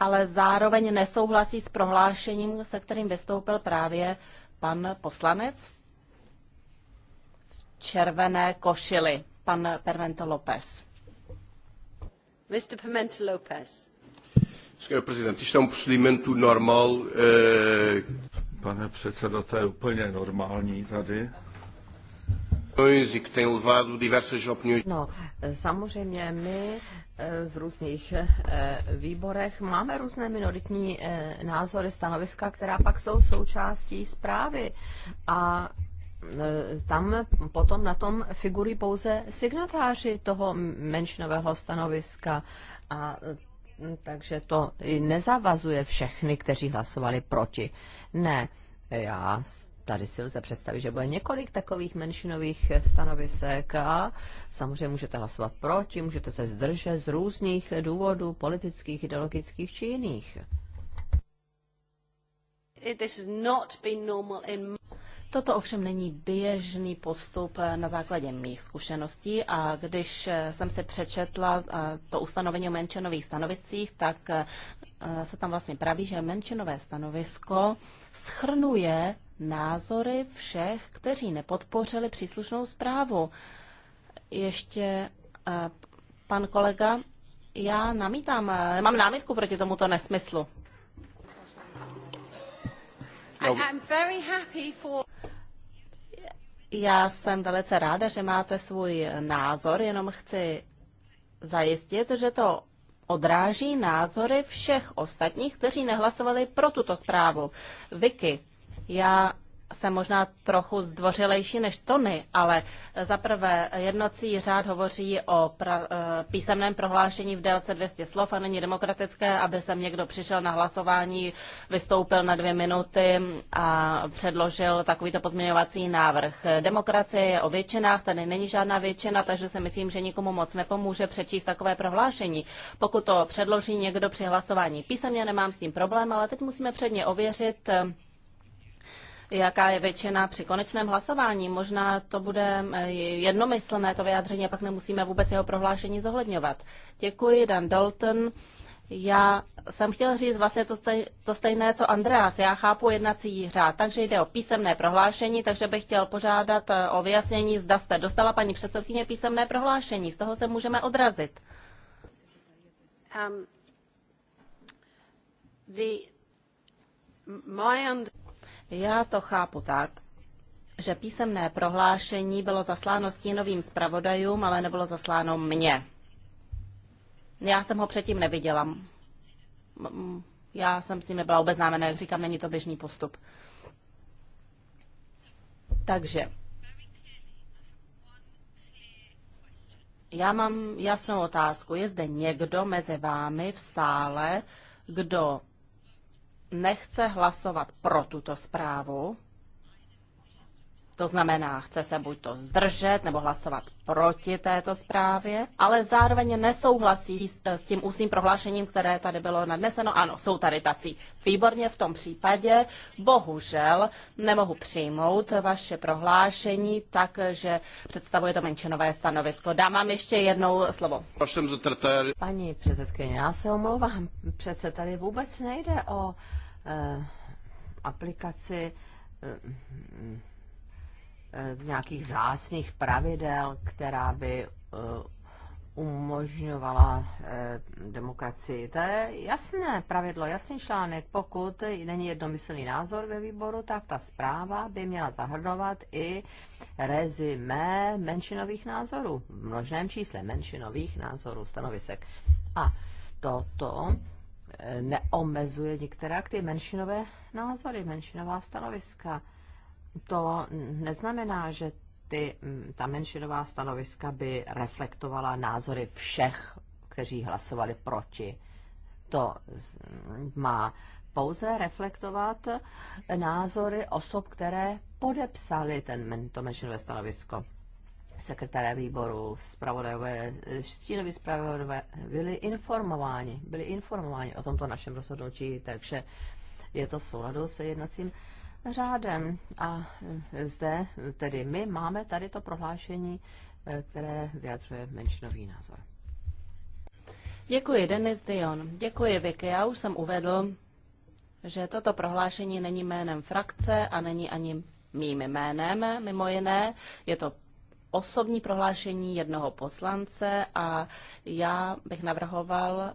ale zároveň nesouhlasí s prohlášením, se kterým vystoupil právě pan poslanec v červené košili, pan Pervento López. Mr. Pimenta López. Senhor Presidente, isto é um procedimento normal. Eh, Pane předsedo, to je úplně normální tady. E no, eh, samozřejmě my eh, v různých výborech máme různé minoritní názory, stanoviska, která pak jsou součástí zprávy. A tam potom na tom figurují pouze signatáři toho menšinového stanoviska a takže to nezavazuje všechny, kteří hlasovali proti. Ne, já tady si lze představit, že bude několik takových menšinových stanovisek a samozřejmě můžete hlasovat proti, můžete se zdržet z různých důvodů, politických, ideologických či jiných. This has not been normal in... Toto ovšem není běžný postup eh, na základě mých zkušeností a když eh, jsem se přečetla eh, to ustanovení o menšinových stanoviscích, tak se tam vlastně praví, že menšinové stanovisko schrnuje názory všech, kteří nepodpořili příslušnou zprávu. Ještě pan kolega, já namítám, mám námitku proti tomuto nesmyslu. For... Já jsem velice ráda, že máte svůj názor, jenom chci zajistit, že to odráží názory všech ostatních, kteří nehlasovali pro tuto zprávu. Vicky, já jsem možná trochu zdvořilejší než Tony, ale zaprvé jednací řád hovoří o pra, eh, písemném prohlášení v délce 200 slov a není demokratické, aby se někdo přišel na hlasování, vystoupil na dvě minuty a předložil takovýto pozměňovací návrh. Demokracie je o většinách, tady není žádná většina, takže si myslím, že nikomu moc nepomůže přečíst takové prohlášení. Pokud to předloží někdo při hlasování písemně, nemám s tím problém, ale teď musíme předně ověřit, jaká je většina při konečném hlasování. Možná to bude eh, jednomyslné to vyjádření a pak nemusíme vůbec jeho prohlášení zohledňovat. Děkuji, Dan Dalton. Já jsem chtěl říct vlastně to, stej, to stejné, co Andreas. Já chápu jednací řád, takže jde o písemné prohlášení, takže bych chtěl požádat eh, o vyjasnění, zda jste dostala paní předsedkyně písemné prohlášení. Z toho se můžeme odrazit. Um, the, my já to chápu tak, že písemné prohlášení bylo zasláno stínovým zpravodajům, ale nebylo zasláno mně. Já jsem ho předtím neviděla. Já jsem s ním nebyla obeznámena, jak říkám, není to běžný postup. Takže já mám jasnou otázku. Je zde někdo mezi vámi v sále, kdo nechce hlasovat pro tuto zprávu, to znamená, chce se buď to zdržet nebo hlasovat proti této zprávě, ale zároveň nesouhlasí s, s tím ústním prohlášením, které tady bylo nadneseno. Ano, jsou tady tací. Výborně v tom případě. Bohužel nemohu přijmout vaše prohlášení, takže představuje to menšinové stanovisko. Dám vám ještě jednou slovo. Paní předsedkyně, já se omlouvám. Přece tady vůbec nejde o eh, aplikaci eh, Eh, nějakých zácných pravidel, která by eh, umožňovala eh, demokracii. To je jasné pravidlo, jasný článek. Pokud není jednomyslný názor ve výboru, tak ta zpráva by měla zahrnovat i rezime menšinových názorů, v množném čísle menšinových názorů, stanovisek. A toto neomezuje některé ty menšinové názory, menšinová stanoviska to neznamená, že ty, mm, ta menšinová stanoviska by reflektovala názory všech, kteří hlasovali proti. To má pouze reflektovat názory osob, které podepsali ten, to menšinové stanovisko. Sekretáře výboru, zpravodajové, stínoví zpravodajové byli informováni, byli informováni o tomto našem rozhodnutí, takže je to v souladu se jednacím řádem. A e, zde, e, tedy my máme tady to prohlášení, e, které vyjadřuje menšinový názor. Děkuji, Denis Dion. Děkuji, Vicky. Já už jsem uvedl, že toto prohlášení není jménem frakce a není ani mým jménem, mimo jiné. Je to osobní prohlášení jednoho poslance a já bych navrhoval,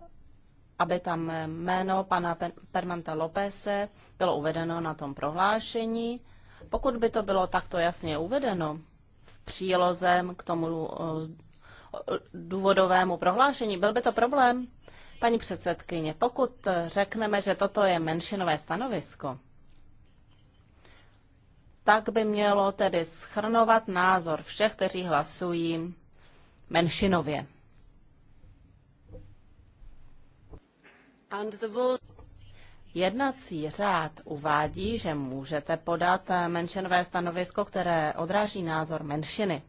aby tam jméno pana Permanta Lopese bylo uvedeno na tom prohlášení. Pokud by to bylo takto jasně uvedeno v příloze k tomu eh, důvodovému prohlášení, byl by to problém? Paní předsedkyně, pokud řekneme, že toto je menšinové stanovisko, tak by mělo tedy schrnovat názor všech, kteří hlasují menšinově. Jednací řád uvádí, že můžete podat eh, menšinové stanovisko, které odráží názor menšiny.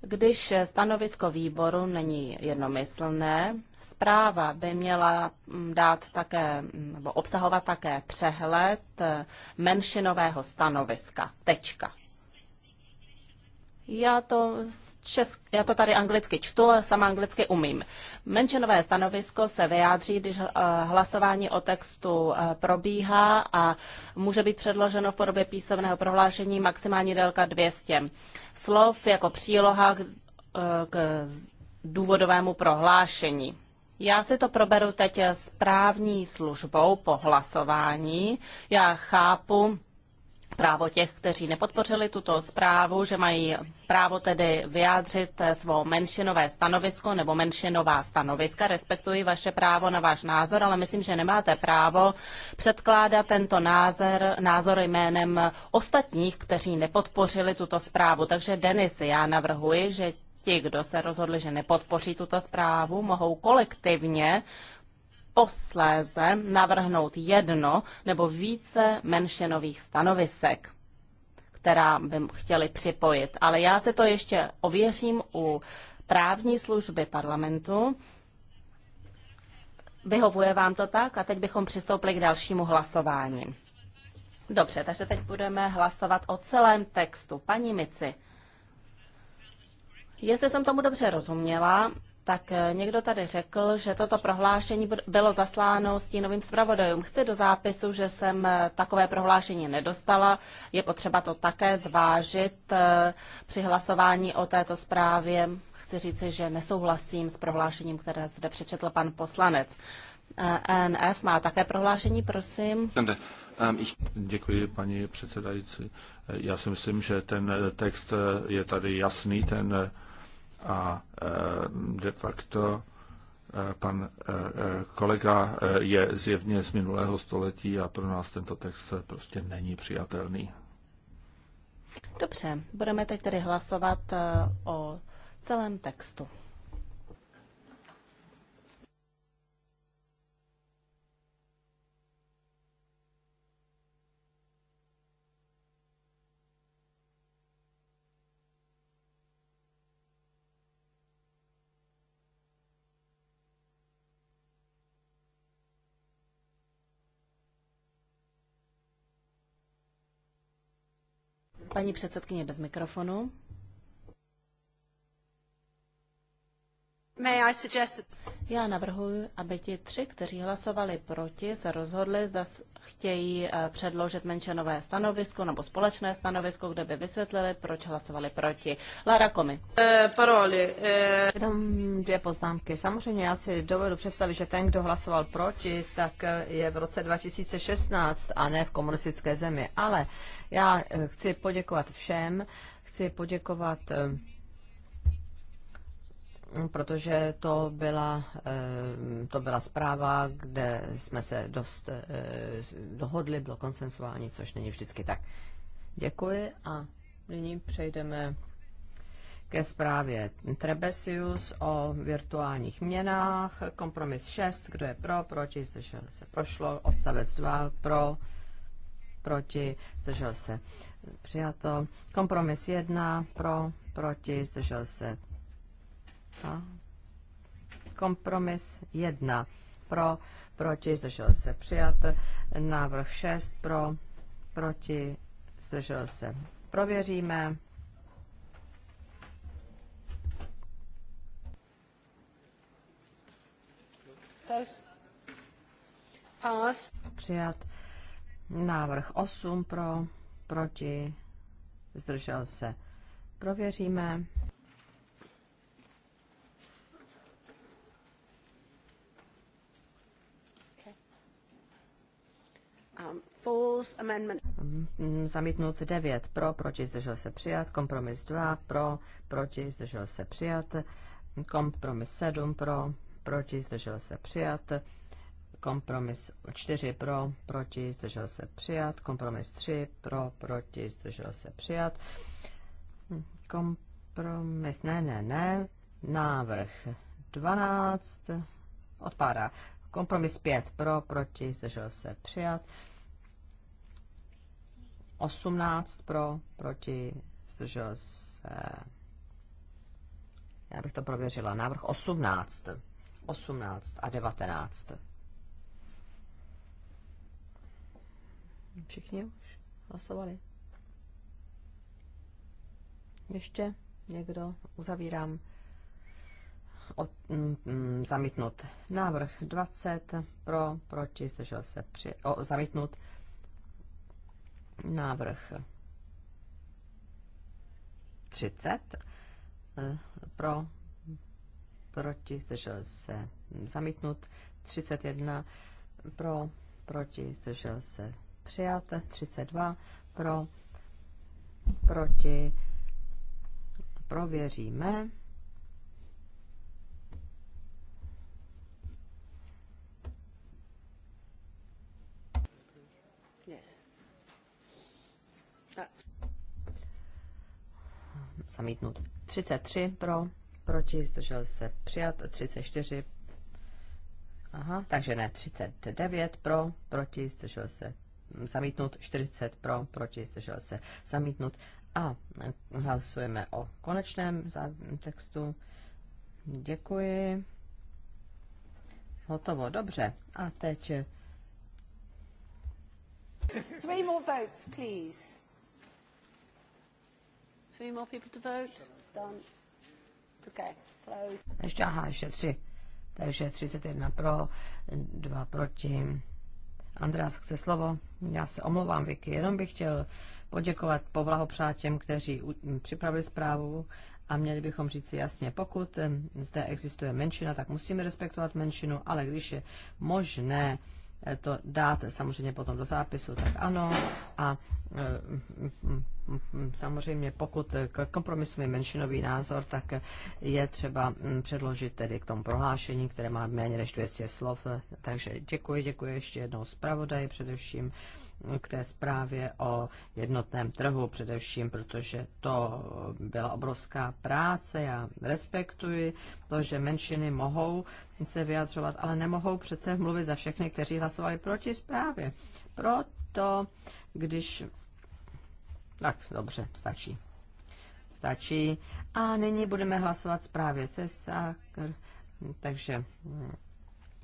Když stanovisko výboru není jednomyslné, zpráva by měla mm, dát také, mm, nebo obsahovat také přehled eh, menšinového stanoviska. Tečka. Já to, česk, já to tady anglicky čtu, ale sama anglicky umím. Menšinové stanovisko se vyjádří, když eh, hlasování o textu eh, probíhá a může být předloženo v podobě písemného prohlášení maximální délka 200 slov jako příloha k, eh, k důvodovému prohlášení. Já si to proberu teď s právní službou po hlasování. Já chápu, právo těch, kteří nepodpořili tuto zprávu, že mají právo tedy vyjádřit svou menšinové stanovisko nebo menšinová stanoviska. Respektuji vaše právo na váš názor, ale myslím, že nemáte právo předkládat tento názor, názor jménem ostatních, kteří nepodpořili tuto zprávu. Takže Denis, já navrhuji, že ti, kdo se rozhodli, že nepodpoří tuto zprávu, mohou kolektivně posléze navrhnout jedno nebo více menšinových stanovisek která by chtěli připojit. Ale já se to ještě ověřím u právní služby parlamentu. Vyhovuje vám to tak? A teď bychom přistoupili k dalšímu hlasování. Dobře, takže teď budeme hlasovat o celém textu. Paní Mici, jestli jsem tomu dobře rozuměla, tak eh, někdo tady řekl, že toto prohlášení bylo zasláno stínovým zpravodajům. Chci do zápisu, že jsem eh, takové prohlášení nedostala. Je potřeba to také zvážit eh, při hlasování o této zprávě. Chci říci, že nesouhlasím s prohlášením, které zde přečetl pan poslanec. E NF má také prohlášení, prosím. Ehm, Děkuji, paní předsedající. Já si myslím, že ten text je tady jasný, ten a eh, de facto eh, pan eh, kolega je zjevně z minulého století a pro nás tento text prostě není přijatelný. Dobře, budeme teď tedy hlasovat o celém textu. Paní předsedkyně bez mikrofonu. Já navrhuji, aby ti tři, kteří hlasovali proti, se rozhodli, zda chtějí eh, předložit menšinové stanovisko nebo společné stanovisko, kde by vysvětlili, proč hlasovali proti. Lara Komi. E, paroli. E... Jenom dvě poznámky. Samozřejmě já si dovedu představit, že ten, kdo hlasoval proti, tak je v roce 2016 a ne v komunistické zemi. Ale já chci poděkovat všem, chci poděkovat protože to byla, eh, to byla zpráva, kde jsme se dost eh, dohodli, bylo konsensuální, což není vždycky tak. Děkuji a nyní přejdeme ke zprávě Trebesius o virtuálních měnách. Kompromis 6, kdo je pro, proti, zdržel se, prošlo. Odstavec 2, pro, proti, zdržel se, přijato. Kompromis 1, pro, proti, zdržel se, a kompromis 1 pro, proti, zdržel se přijat. Návrh 6 pro, proti, zdržel se. Prověříme. Pass. Přijat. Návrh 8 pro, proti, zdržel se. Prověříme. falls, amendment... Mm, zamítnut 9 pro, proti zdržel se přijat, kompromis 2 pro, proti zdržel se přijat, kompromis 7 pro, proti zdržel se přijat, kompromis 4 pro, proti zdržel se přijat, kompromis 3 pro, proti zdržel se přijat, kompromis, ne, ne, ne, návrh 12 odpadá. Kompromis 5 pro, proti, zdržel se přijat. 18 pro, proti, zdržel se. Já bych to prověřila. Návrh 18. 18 a 19. Všichni už hlasovali. Ještě někdo? Uzavírám. Od, m, mm, mm, zamítnut návrh 20 pro, proti, zdržel se při, o, zamítnut Návrh 30 eh, pro, proti, zdržel se zamítnut, 31 pro, proti, zdržel se přijat, 32 pro, proti, prověříme. zamítnut. 33 pro, proti, zdržel se přijat, 34 Aha, takže ne, 39 pro, proti, zdržel se zamítnut, 40 pro, proti, zdržel se zamítnut. A hlasujeme o konečném textu. Děkuji. Hotovo, dobře. A teď... Three more votes, please. Three more people to vote. Done. Okay. Close. Ještě, aha, ještě tři. Takže 31 pro, 2 proti. Andreas chce slovo. Já se omlouvám, Vicky, jenom bych chtěl poděkovat poblahopřát těm, kteří připravili zprávu a měli bychom říct si jasně, pokud eh, zde existuje menšina, tak musíme respektovat menšinu, ale když je možné, Eh, to dát samozřejmě potom do zápisu, tak ano. A eh, mm, mm, samozřejmě pokud k kompromisu je menšinový názor, tak je třeba mm, předložit tedy k tomu prohlášení, které má méně než 200 slov. Takže děkuji, děkuji ještě jednou zpravodaji především k té zprávě o jednotném trhu, především protože to byla obrovská práce. Já respektuji to, že menšiny mohou se vyjadřovat, ale nemohou přece mluvit za všechny, kteří hlasovali proti zprávě. Proto, když... Tak, dobře, stačí. Stačí. A nyní budeme hlasovat zprávě se sakr. Takže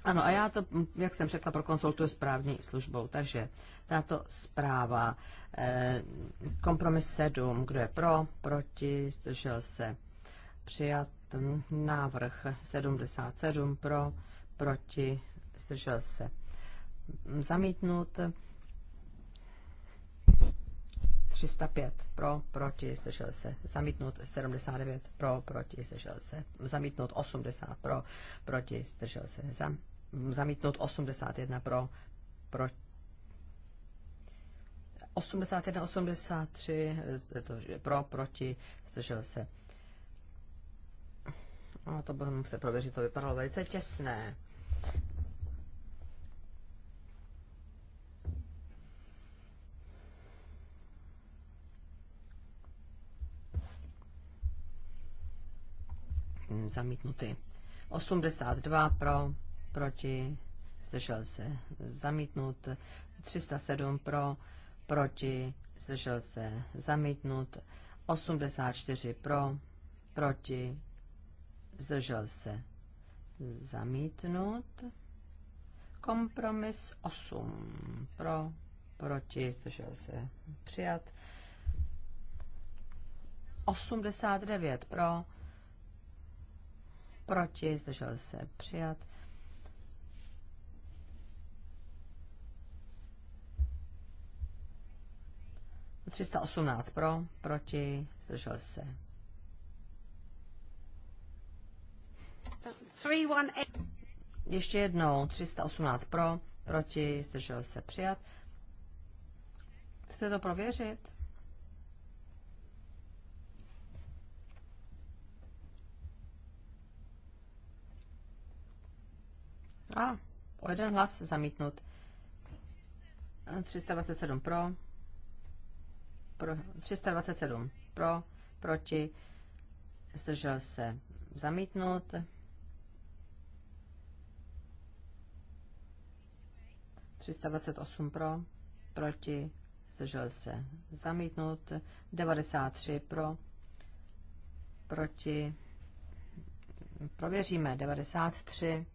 ano, a já to, jak jsem řekla, prokonsultuji s právní službou. Takže tato zpráva, eh, kompromis 7, kdo je pro, proti, zdržel se, přijat návrh 77 pro, proti, zdržel se, zamítnut 305 pro, proti, zdržel se, zamítnut 79 pro, proti, zdržel se, zamítnut 80 pro, proti, zdržel se, zamítnut zamítnut 81 pro, pro 81, 83 to, pro, proti, zdržel se. A to budeme muset prověřit, to vypadalo velice těsné. Zamítnutý. 82 pro, proti, zdržel se zamítnut, 307 pro, proti, zdržel se zamítnut, 84 pro, proti, zdržel se zamítnut, kompromis 8 pro, proti, zdržel se přijat, 89 pro, proti, zdržel se přijat, 318 pro, proti, zdržel se. 318. Ještě jednou, 318 pro, proti, zdržel se přijat. Chcete to prověřit? A, o jeden hlas zamítnut. 327 pro, pro, 327 pro, proti, zdržel se zamítnout. 328 pro, proti, zdržel se zamítnout. 93 pro, proti, prověříme 93.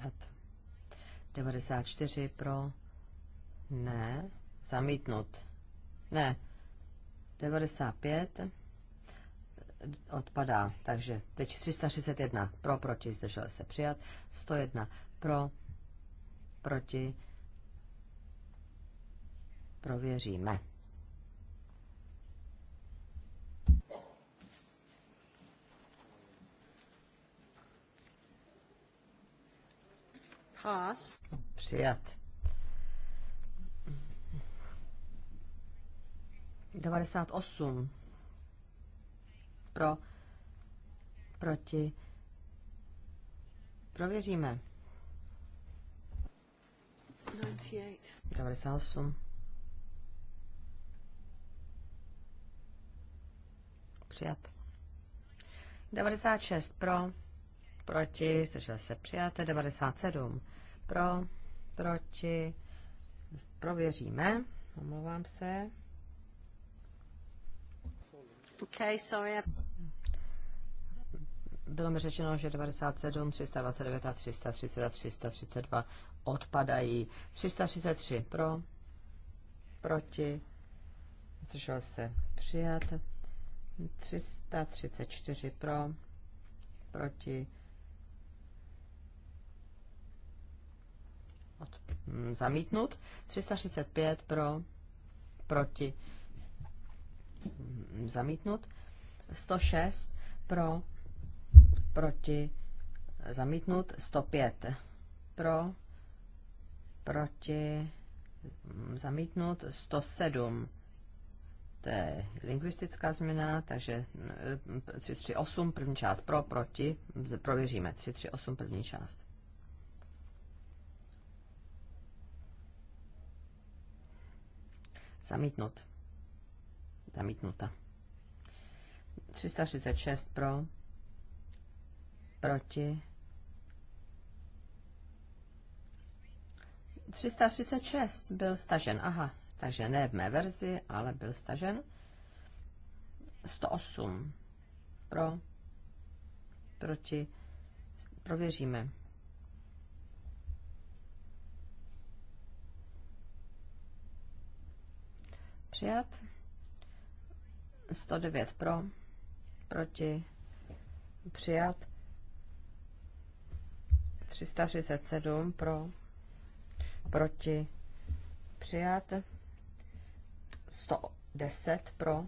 přijat. 94 pro, ne, zamítnut, ne, 95 odpadá, takže teď 361 pro, proti, zdržel se přijat, 101 pro, proti, prověříme. Pass. Přijat. 98. Pro. Proti. Prověříme. 98. 98. Přijat. 96 pro proti, zdržel se přijaté, 97 pro, proti, prověříme, omlouvám se. Okay, sorry. Bylo mi řečeno, že 97, 329 a 330 a 332 odpadají. 333 pro, proti, zdržel se přijat. 334 pro, proti, Mm, zamítnut. 365 mm, pro, proti, zamítnut. 106 pro, proti, mm, zamítnut. 105 pro, proti, zamítnut. 107 to je lingvistická změna, takže 338 první část pro, proti, prověříme 338 první část. Zamítnut. Zamítnuta. 336 pro. Proti. 336 byl stažen, aha, takže ne v mé verzi, ale byl stažen. 108 pro, proti, prověříme. přijat. 109 pro, proti přijat. 337 pro, proti přijat. 110 pro,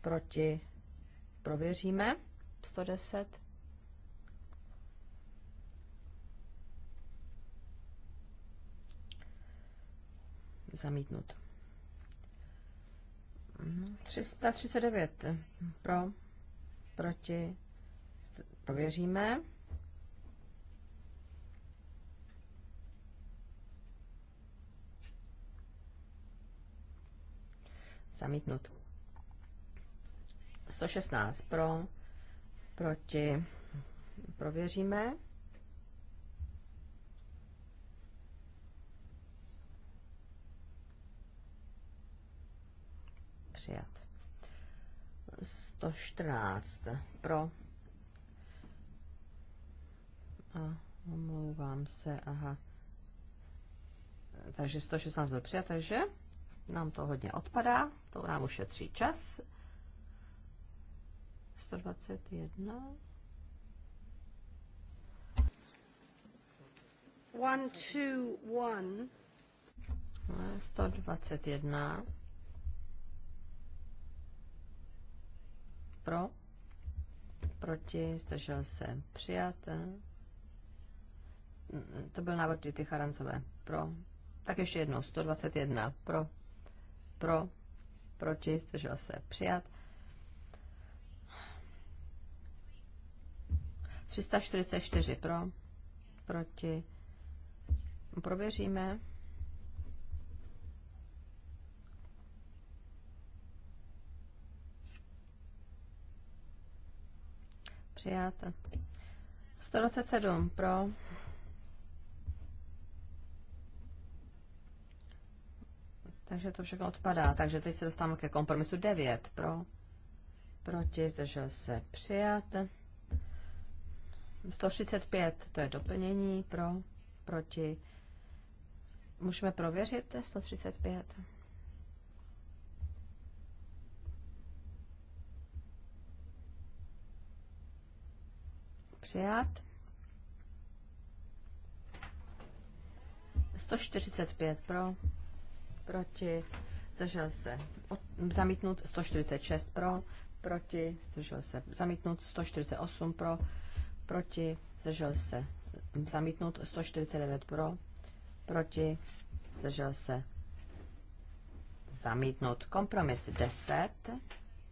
proti prověříme. 110 zamítnut. 339 pro, proti, prověříme. Zamítnut. 116 pro, proti, prověříme. přijat. 114 pro. A omlouvám se, aha. Takže 116 byl přijat, takže nám to hodně odpadá, to nám ušetří čas. 121. 121. 121. pro, proti, zdržel se, přijat. To byl návrh ty Charancové, pro. Tak ještě jednou, 121, pro, pro, proti, zdržel se, přijat. 344 pro, proti. Prověříme. přijat. 127 pro. Takže to všechno odpadá. Takže teď se dostáváme ke kompromisu 9 pro. Proti zdržel se přijat. 135 to je doplnění pro. Proti. Můžeme prověřit 135. přijat. 145 pro, proti, zdržel se zamítnut, 146 pro, proti, zdržel se zamítnut, 148 pro, proti, zdržel se zamítnut, 149 pro, proti, zdržel se zamítnut. Kompromis 10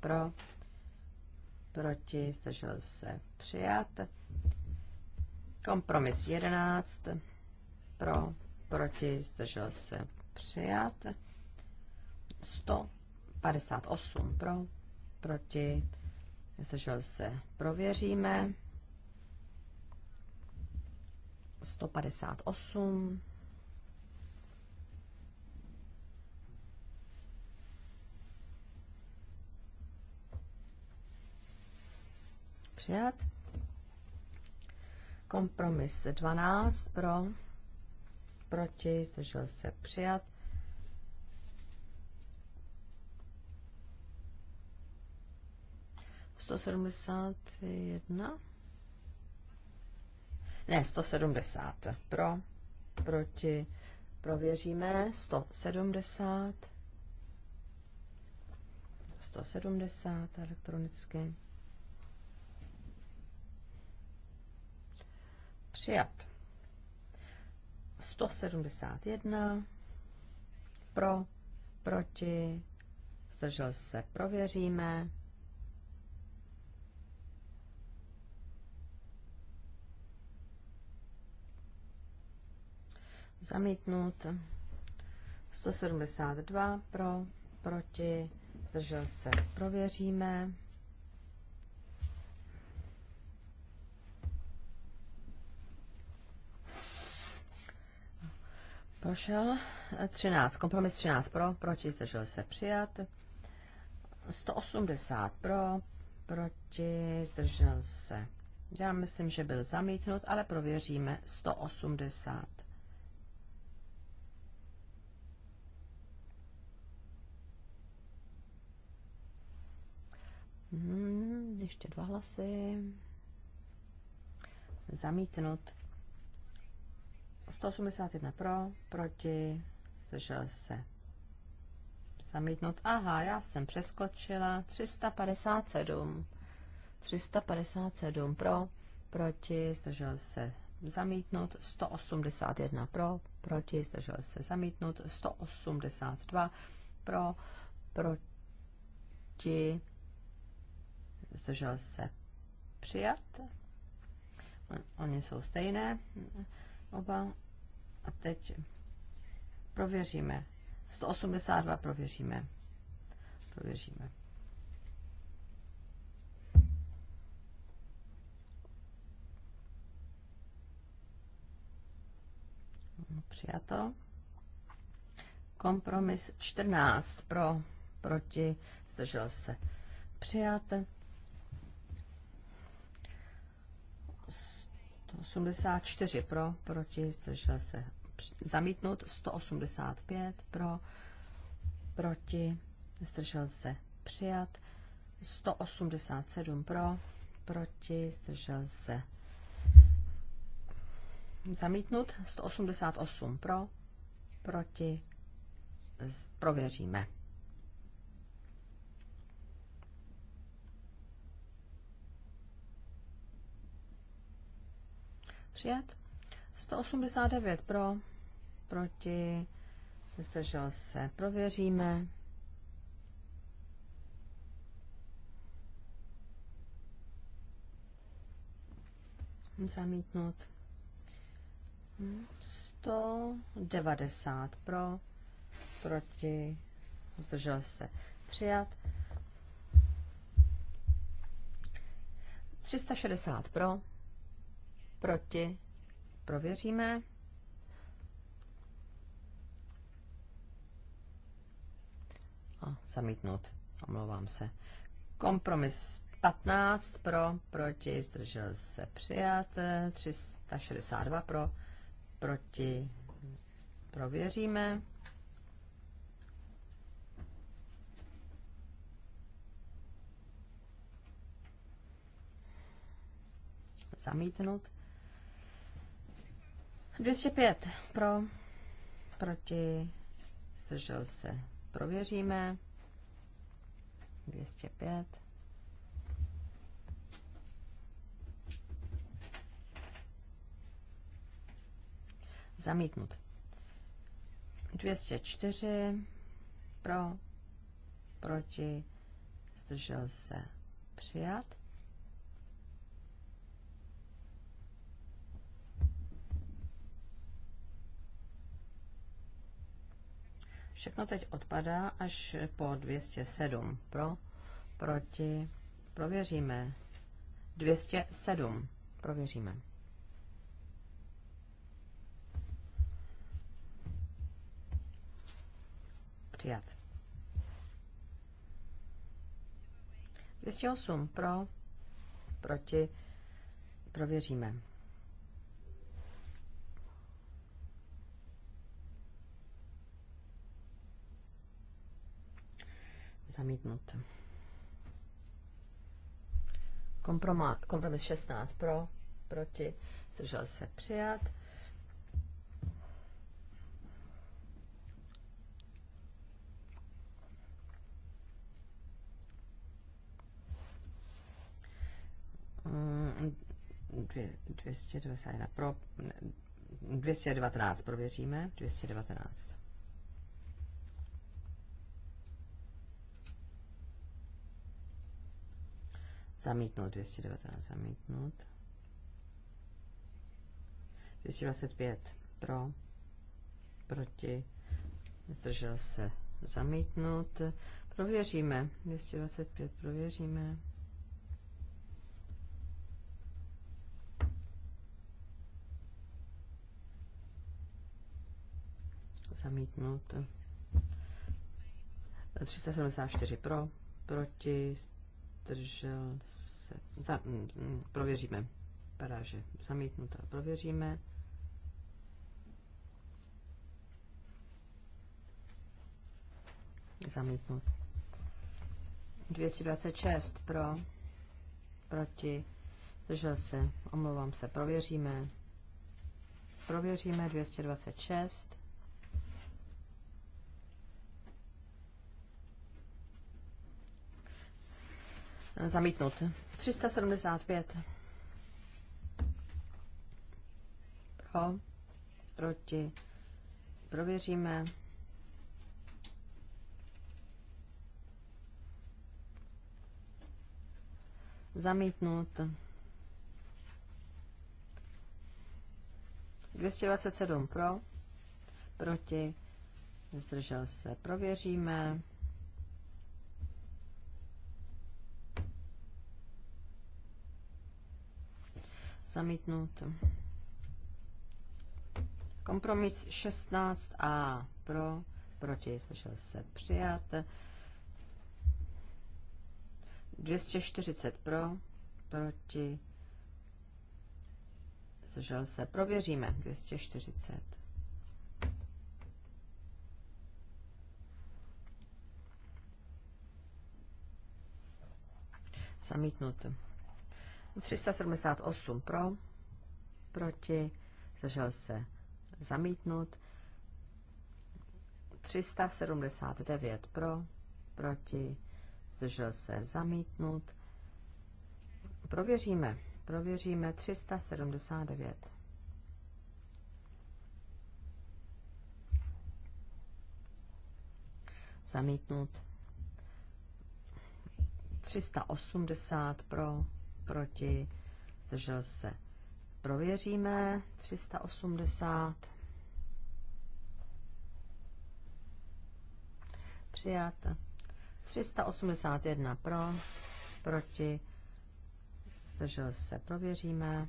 pro, proti, zdržel se přijat. Kompromis 11, pro, proti, zdržel se přijat. 158 pro, proti, zdržel se prověříme. 158 přijat. Kompromis 12 pro, proti, zdržel se přijat. Sto jedna. Ne, 170 pro, proti, prověříme, 170, 170 elektronicky. Přijat. 171 pro, proti, zdržel se, prověříme. Zamítnut. 172 pro, proti, zdržel se, prověříme. Prošel. 13. Kompromis 13 pro, proti, zdržel se přijat. 180 pro, proti, zdržel se. Já myslím, že byl zamítnut, ale prověříme 180. Hmm, ještě dva hlasy. Zamítnut. 181 pro, proti, zdržel se. zamítnout. Aha, já jsem přeskočila. 357. 357 pro, proti, zdržel se. zamítnout. 181 pro, proti, zdržel se. zamítnout. 182 pro, proti, zdržel se. Přijat. Oni jsou stejné oba. A teď prověříme. 182 prověříme. Prověříme. Přijato. Kompromis 14 pro, proti, zdržel se. Přijat. 184 pro, proti, zdržel se zamítnut, 185 pro, proti, zdržel se přijat, 187 pro, proti, zdržel se zamítnut, 188 pro, proti, prověříme. Přijat. 189 pro, proti, zdržel se. Prověříme. Zamítnout. 190 pro, proti, zdržel se. Přijat. 360 pro, proti, prověříme. A zamítnout, omlouvám se. Kompromis 15 pro, proti, zdržel se přijat, 362 pro, proti, prověříme. Zamítnout. 205 pro, proti, zdržel se, prověříme. 205. Zamítnut. 204 pro, proti, zdržel se, přijat. Všechno teď odpadá až po 207. Pro, proti, prověříme. 207. Prověříme. Přijat. 208 pro, proti, prověříme. Zamítnut. Kompromat, kompromis 16 pro, proti, zdržel se přijat. Mm, dvě, 221 pro, 219 prověříme, 219. Zamítnout 219, zamítnout. 225 pro, proti, zdržel se zamítnout. Prověříme, 225 prověříme. Zamítnout. 374 pro, proti, zdržel se. Za, mm, mm prověříme. Vypadá, že zamítnuto. Prověříme. Zamítnut. 226 pro, proti, zdržel se, omlouvám se, prověříme. Prověříme 226. Zamítnut. 375. Pro. Proti. Prověříme. Zamítnut. 227 pro, proti, zdržel se, prověříme. Zamítnut. Kompromis 16a pro, proti, slyšel se přijat. 240 pro, proti, slyšel se. Prověříme. 240. Zamítnut. 378 pro, proti, zdržel se zamítnut. 379 pro, proti, zdržel se zamítnut. Prověříme, prověříme 379. Zamítnut. 380 pro, proti, zdržel se. Prověříme 380. Přijat. 381 pro, proti, zdržel se. Prověříme.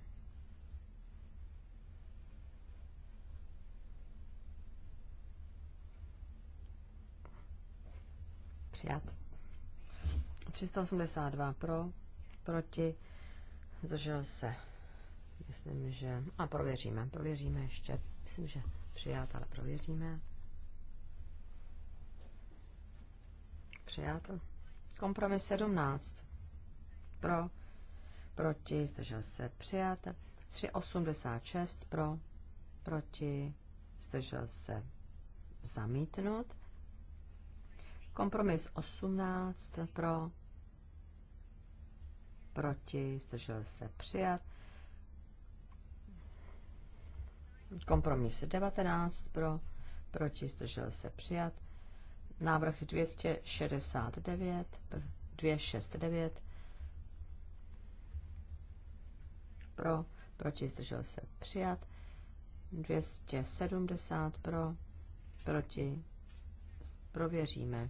Přijat. 382 pro, proti, zdržel se. Myslím, že... A prověříme, prověříme ještě. Myslím, že přijat, ale prověříme. Přijat. Kompromis 17. Pro, proti, zdržel se přijat. 386 pro, proti, zdržel se zamítnut. Kompromis 18 pro, proti, zdržel se přijat. Kompromis 19 pro, proti, zdržel se přijat. Návrh 269, 269 pro, proti, zdržel se přijat. 270 pro, proti, prověříme.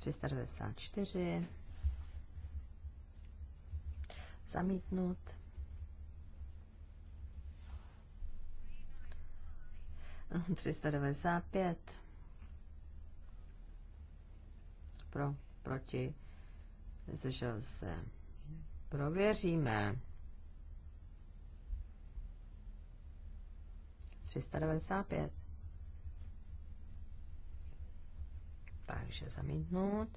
394. Zamítnut. 395. Pro, proti. Zdržel se. Prověříme. 395. takže zamítnout.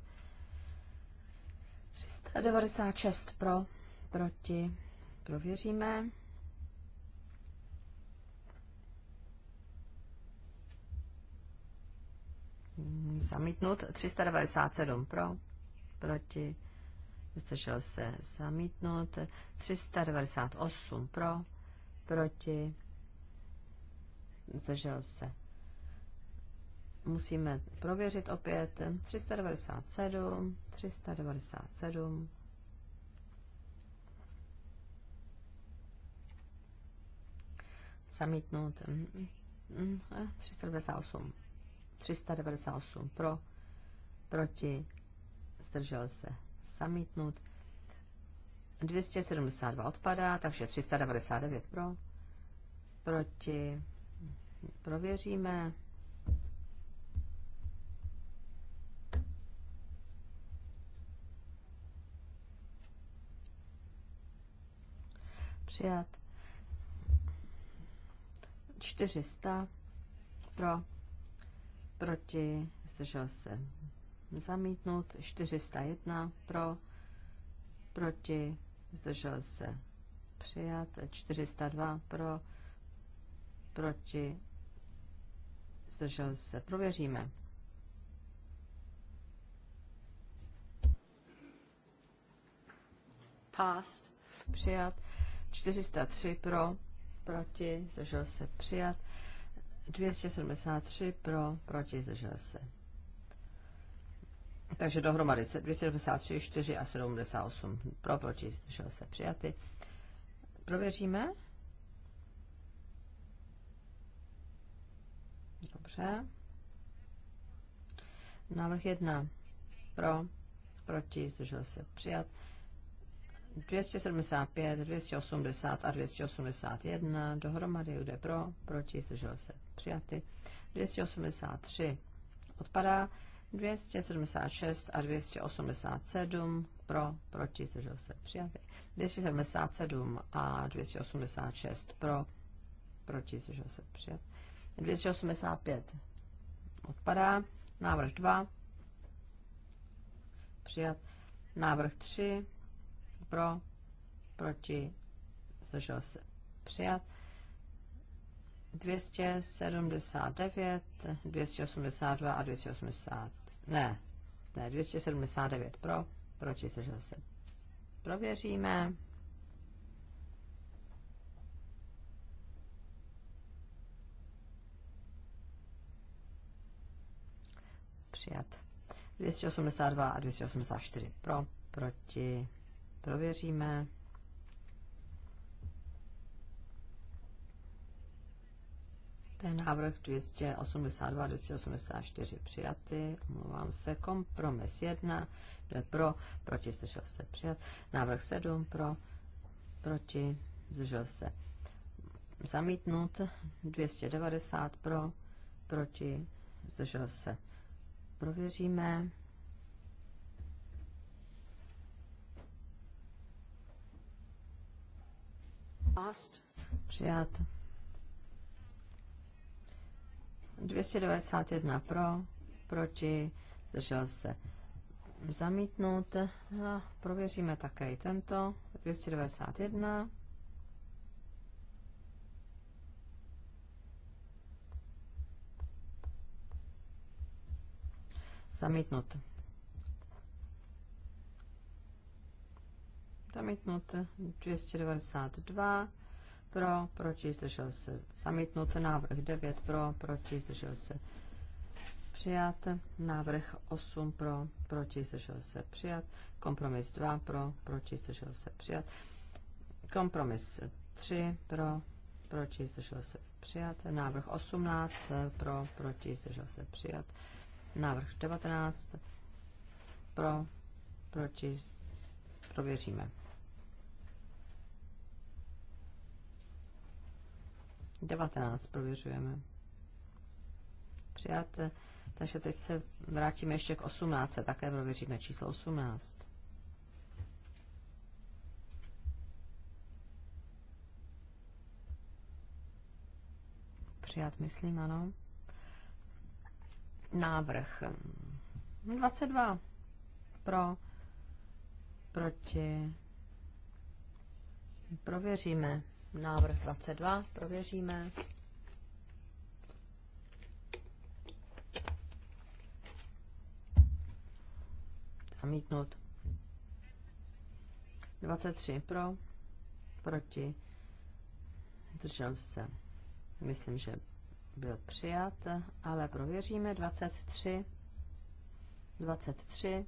396 pro, proti, prověříme. Zamítnout. 397 pro, proti, zdržel se zamítnout. 398 pro, proti, zdržel se musíme prověřit opět 397, 397. Zamítnout 398. 398 pro, proti, zdržel se. Zamítnout 272 odpadá, takže 399 pro, proti, prověříme. přijat. 400 pro, proti, zdržel se zamítnut, 401 pro, proti, zdržel se přijat, 402 pro, proti, zdržel se, prověříme. Past. Přijat. 403 pro, proti, zdržel se přijat. 273 pro, proti, zdržel se. Takže dohromady 273, 4 a 78 pro, proti, zdržel se přijaty. Prověříme. Dobře. Návrh 1 pro, proti, zdržel se přijat. 275, 280 a 281 dohromady, jde pro, proti, zdržel se, přijaty. 283 odpadá, 276 a 287 pro, proti, zdržel se, přijaty. 277 a 286 pro, proti, zdržel se, přijaty. 285 odpadá, návrh 2 přijat, návrh 3 pro, proti, zdržel se přijat. 279, 282 a 280, ne, ne, 279 pro, proti, zdržel se. Prověříme. Přijat. 282 a 284 pro, proti, Prověříme. To je návrh 282, 284 přijaty. Omlouvám se. Kompromis 1, kdo je pro, proti, zdržel se přijat. Návrh 7 pro, proti, zdržel se zamítnut. 290 pro, proti, zdržel se. Prověříme. Přijat. 291 pro, proti, zdržel se zamítnout. A prověříme také i tento. 291. Zamítnout. Zamítnut 292 pro, proti, zdržel se. Zamítnut návrh 9 pro, proti, zdržel se. Přijat návrh 8 pro, proti, zdržel se. Přijat kompromis 2 pro, proti, zdržel se. Přijat kompromis 3 pro, proti, zdržel se. Přijat návrh 18 pro, proti, zdržel se. Přijat návrh 19 pro, proti, prověříme. 19 prověřujeme. Přijat. Takže teď se vrátíme ještě k 18. Také prověříme číslo 18. Přijat, myslím, ano. Návrh 22 pro, proti, prověříme. Návrh 22 prověříme. Zamítnut. 23 pro, proti, zdržel se. Myslím, že byl přijat, ale prověříme. 23, 23,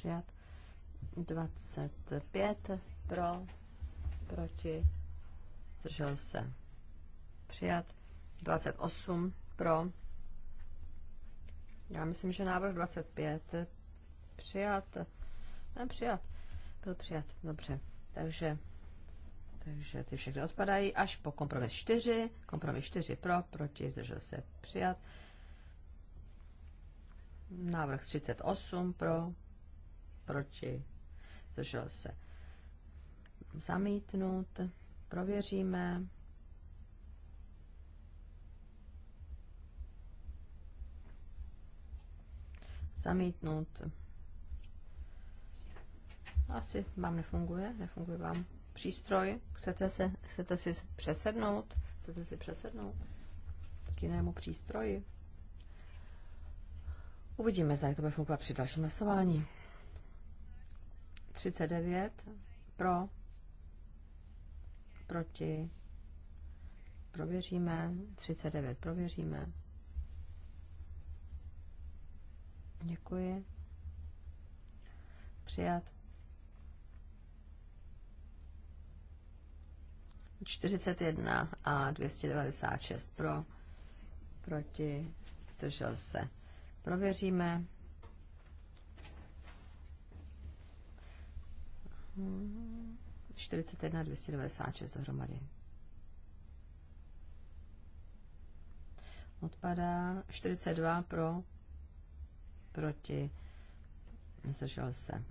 přijat. 25 pro, proti, zdržel se přijat. 28 pro. Já myslím, že návrh 25 přijat. Ne, přijat. Byl přijat, dobře. Takže, takže ty všechny odpadají až po kompromis 4. Kompromis 4 pro, proti, zdržel se přijat. Návrh 38 pro, proti, zdržel se zamítnut, prověříme. Zamítnut. Asi vám nefunguje, nefunguje vám přístroj. Chcete, se, chcete si přesednout? Chcete si přesednout k jinému přístroji? Uvidíme, zda jak to bude fungovat při dalším hlasování. 39 pro, proti, prověříme, 39 prověříme. Děkuji. Přijat. 41 a 296 pro, proti, zdržel se. Prověříme. 41 296 dohromady. Odpadá 42 pro, proti, zdržel se.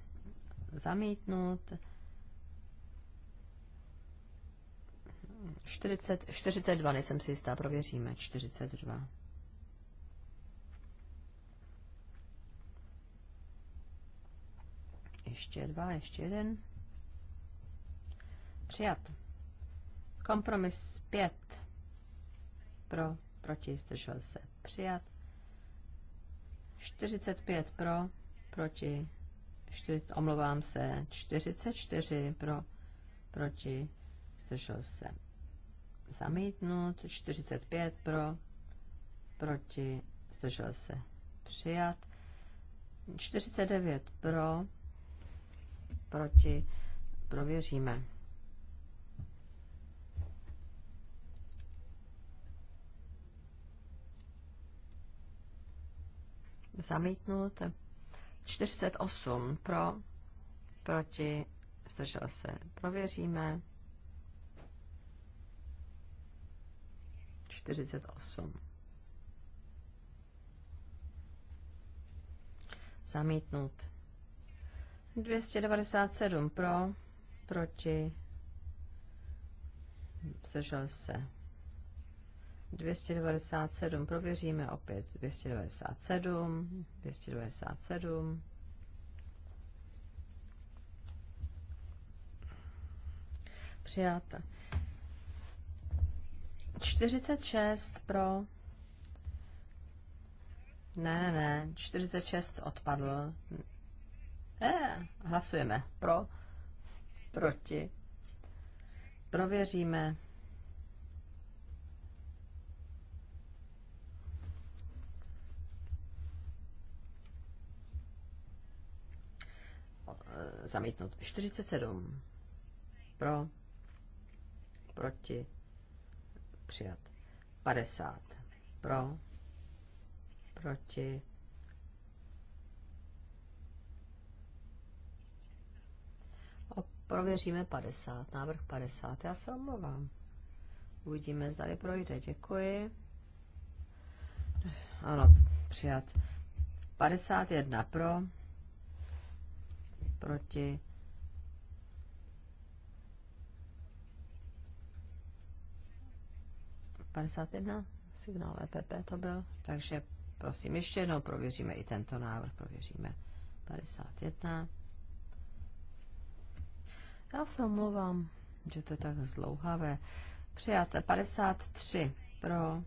Zamítnut 40, 42, nejsem si jistá, prověříme. 42. Ještě dva, ještě jeden. Přijat. Kompromis 5. Pro, proti, zdržel se. Přijat. 45 pro, proti, 40, omlouvám se, 44 pro, proti, zdržel se. Zamítnut, 45 pro, proti, zdržel se. Přijat. 49 pro, proti, prověříme. zamítnut. 48 pro, proti, zdržel se, prověříme. 48. Zamítnut. 297 pro, proti, zdržel se, 297, prověříme opět 297, 297. Přijata. 46 pro. Ne, ne, ne, 46 odpadl. Ne, hlasujeme pro, proti. Prověříme zamítnut. 47 pro, proti, přijat. 50 pro, proti, o, prověříme 50, návrh 50, já se omlouvám. Uvidíme, zdali projde, děkuji. Ano, přijat. 51 pro, proti, signál EPP to byl, takže prosím ještě jednou prověříme i tento návrh, prověříme 51. Já se omlouvám, že to je tak zlouhavé. Přijat 53 pro,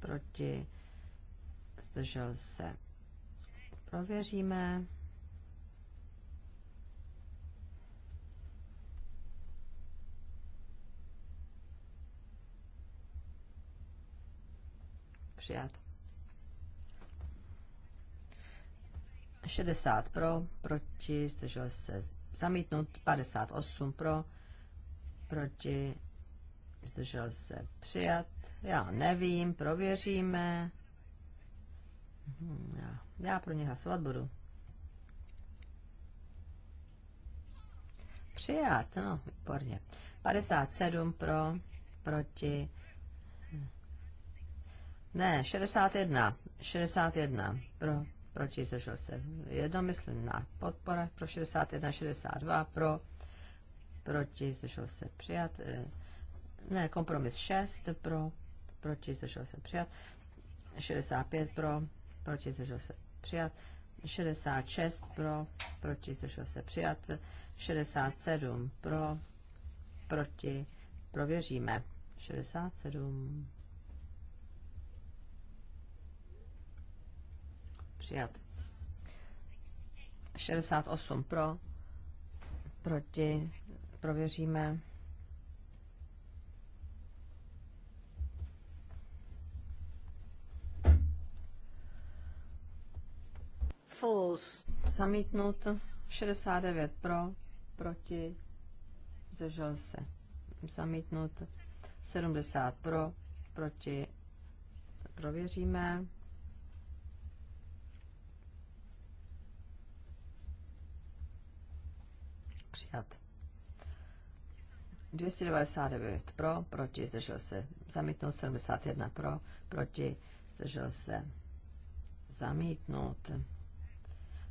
proti, zdržel se. Prověříme. přijat. 60 pro, proti, zdržel se zamítnout, 58 pro, proti, zdržel se přijat. Já nevím, prověříme. Hmm, já, já pro ně hlasovat budu. Přijat, no, výborně. 57 pro, proti, ne, 61. 61. Pro, proti zdržel se. Jednomyslná podpora pro 61, 62. Pro, proti zdržel se přijat. Eh, ne, kompromis 6 pro, proti zdržel se přijat. 65 pro, proti zdržel se přijat. 66 pro, proti zdržel se přijat. 67 pro, proti, prověříme. 67 Přijat. 68 pro, proti, prověříme. Fools. Zamítnut 69 pro, proti, zdržel se. Zamítnut 70 pro, proti, prověříme. přijat. 299 pro, proti, zdržel se zamítnout, 71 pro, proti, zdržel se zamítnout.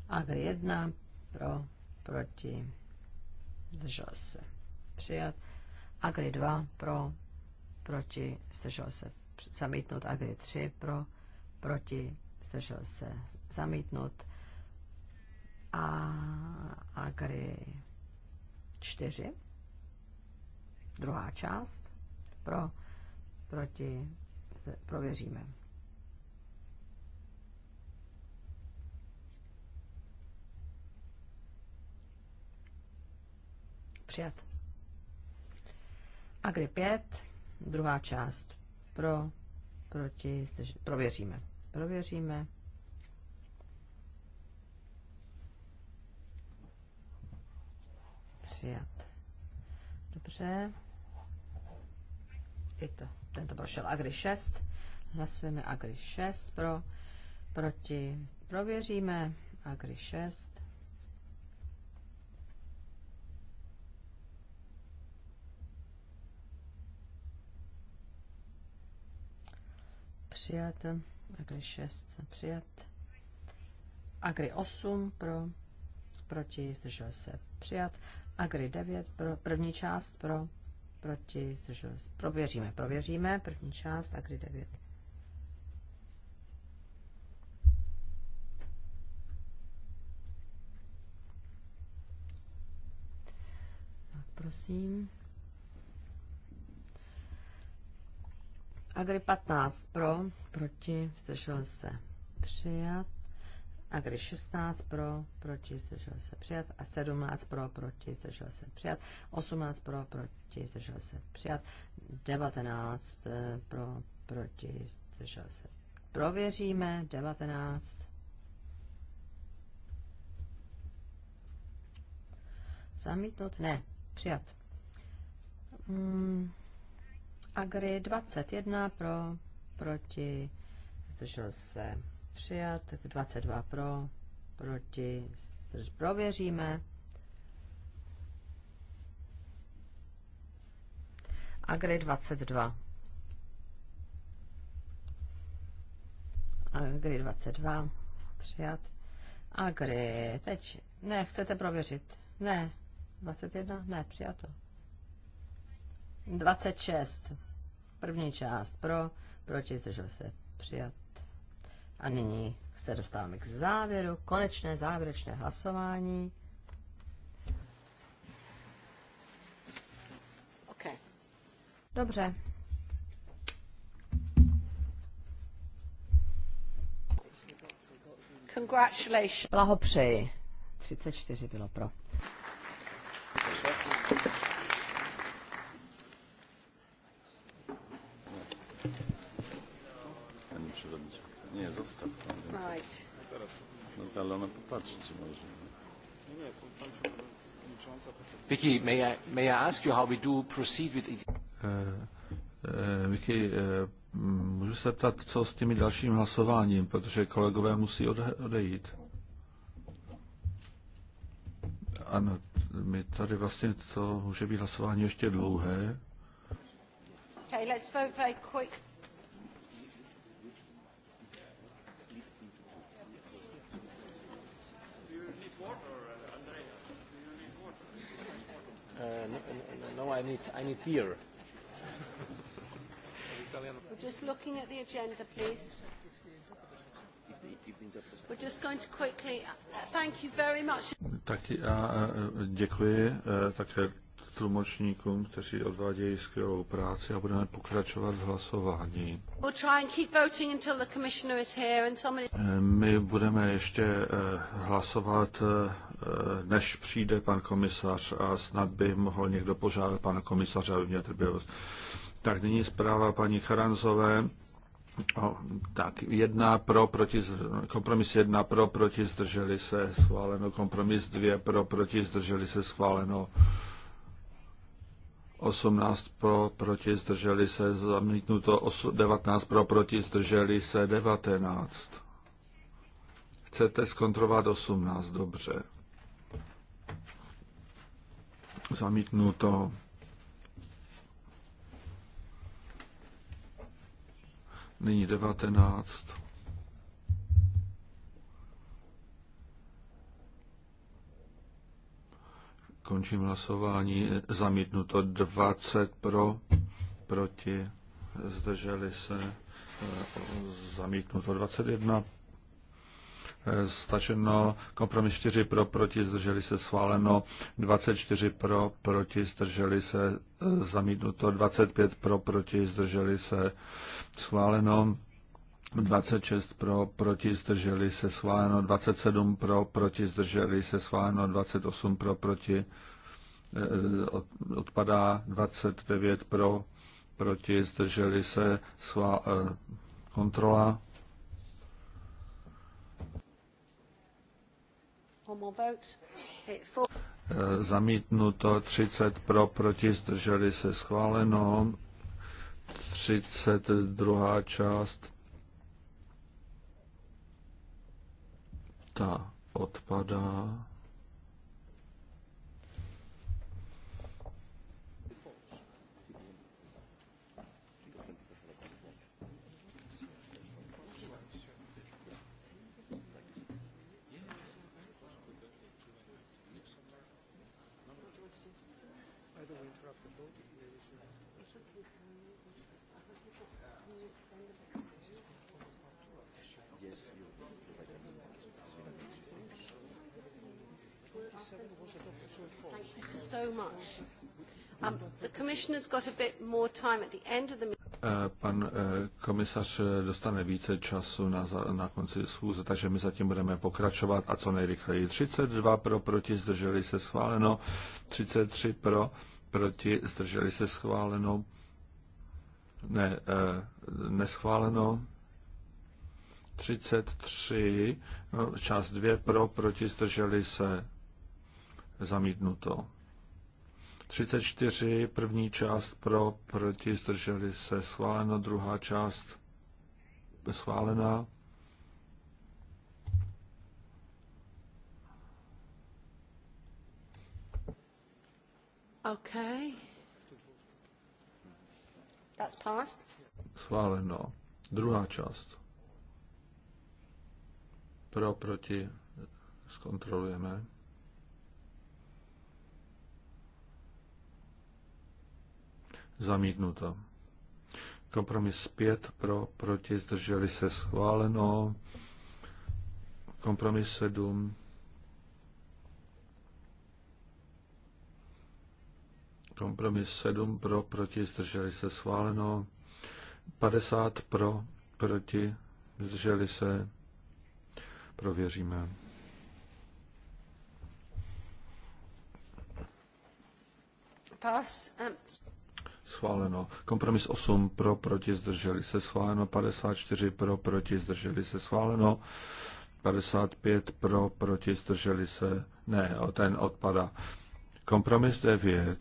Agri 1 pro, proti, zdržel se přijat. Agri 2 pro, proti, zdržel se zamítnout. Agri 3 pro, proti, zdržel se zamítnout. A Agri 4. Druhá část. Pro, proti, se prověříme. Přijat. Agri 5, druhá část. Pro, proti, prověříme. Prověříme. přijat. Dobře. I to, tento prošel Agri 6. Hlasujeme Agri 6 pro, proti. Prověříme Agri 6. Přijat. Agri 6 přijat. Agri 8 pro, proti, zdržel se přijat. Agri 9, pro, první část pro, proti, zdržel Prověříme, prověříme, první část Agri 9. Tak, prosím. Agri 15 pro, proti, zdržel se. Přijat. A když 16 pro, proti, zdržel se přijat. A 17 pro, proti, zdržel se přijat. 18 pro, proti, zdržel se přijat. 19 eh, pro, proti, zdržel se. Prověříme. 19. Zamítnout? Ne. Přijat. Hmm. Agri 21 pro, proti, zdržel se přijat, 22 pro, proti, prověříme. Agri 22. Agri 22, přijat. Agri, teď, ne, chcete prověřit? Ne, 21, ne, přijato. 26, první část pro, proti, zdržel se, přijat a nyní se dostáváme k závěru, konečné závěrečné hlasování. Okay. Dobře. Congratulations. Blahopřeji. 34 bylo pro. ale ona popatrzy, co Vicky, may I, may I ask you how we do proceed with it? Eh, eh, Vicky, eh, můžu se ptat, co s těmi dalším hlasováním, protože kolegové musí odejít. Ano, my tady vlastně to může být hlasování ještě dlouhé. Okay, let's vote very quick. Uh, no, no, no, I need, I need beer. We're just looking at the agenda, please. We're just going to quickly. Thank you very much. Taky a děkuji e, také tlumočníkům, kteří odvádějí skvělou práci a budeme pokračovat v hlasování. E, my budeme ještě e, hlasovat Eh, než přijde pan komisař a snad by mohl někdo požádat pana komisaře, aby měl trpělivost. Tak nyní zpráva paní Charanzové. O, tak jedna pro, proti, kompromis jedna pro, proti, zdrželi se, schváleno. Kompromis dvě pro, proti, zdrželi se, schváleno. 18 pro, proti, zdrželi se, zamítnuto 19 pro, proti, zdrželi se, 19. Chcete zkontrolovat 18, dobře zamítnuto. Nyní 19. Končím hlasování. Zamítnuto 20 pro, proti, zdrželi se, eh, zamítnuto 21 Eh, staženo, kompromis 4 pro, proti, zdrželi se schváleno, 24 pro, proti, zdrželi se eh, zamítnuto, 25 pro, proti, zdrželi se schváleno, 26 pro, proti, zdrželi se schváleno, 27 pro, proti, zdrželi se schváleno, 28 pro, proti, eh, odpadá, 29 pro, proti, zdrželi se schváleno, kontrola. Eh, zamítnuto 30 pro, proti zdrželi se schváleno. 32. část. Ta odpadá. Eh, pan eh, komisař eh, dostane více času na, na konci schůze, takže my zatím budeme pokračovat a co nejrychleji. 32 pro, proti, zdrželi se schváleno, 33 pro, proti, zdrželi se schváleno, ne, neschváleno, 33, no, část 2 pro, proti, zdrželi se zamítnuto. 34, první část pro, proti, zdrželi se, schválena, druhá část schválená. Okay. That's passed. Schváleno. Druhá část. Pro, proti, zkontrolujeme. zamítnuto. Kompromis 5 pro, proti, zdrželi se schváleno. Kompromis 7 Kompromis 7 pro, proti, zdrželi se schváleno. 50 pro, proti, zdrželi se. Prověříme. Pass. Um schváleno. Kompromis 8 pro, proti, zdrželi se schváleno. 54 pro, proti, zdrželi se schváleno. 55 pro, proti, zdrželi se. Ne, ten odpada. Kompromis 9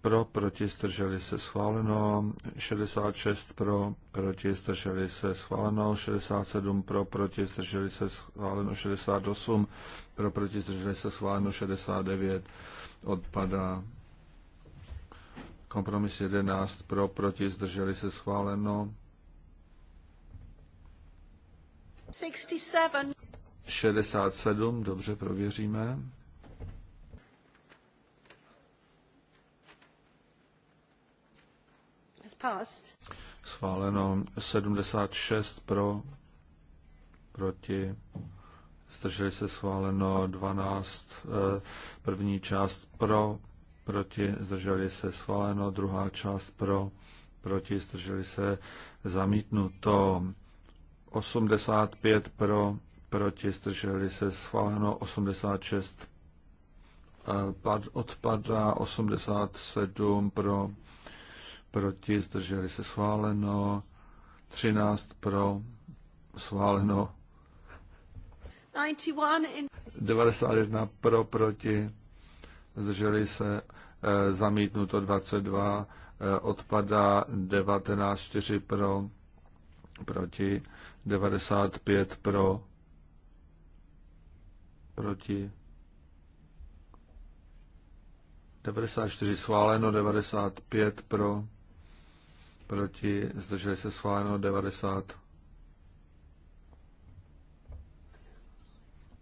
pro, proti, zdrželi se schváleno, 66 pro, proti, zdrželi se schváleno, 67 pro, proti, zdrželi se schváleno, 68 pro, proti, zdrželi se schváleno, 69 odpadá. Kompromis 11 pro, proti, zdrželi se schváleno. 67. 67, dobře, prověříme. Schváleno 76 pro, proti, zdrželi se schváleno 12, eh, první část pro, proti, zdrželi se schváleno, druhá část pro, proti, zdrželi se zamítnuto 85 pro, proti, zdrželi se schváleno 86 eh, odpadá 87 pro, proti, zdrželi se schváleno, 13 pro, schváleno, 91 pro, proti, zdrželi se, eh, zamítnuto 22, eh, odpadá 19, 4 pro, proti, 95 pro, proti, 94 schváleno, 95 pro, proti, zdrželi se schváleno 90.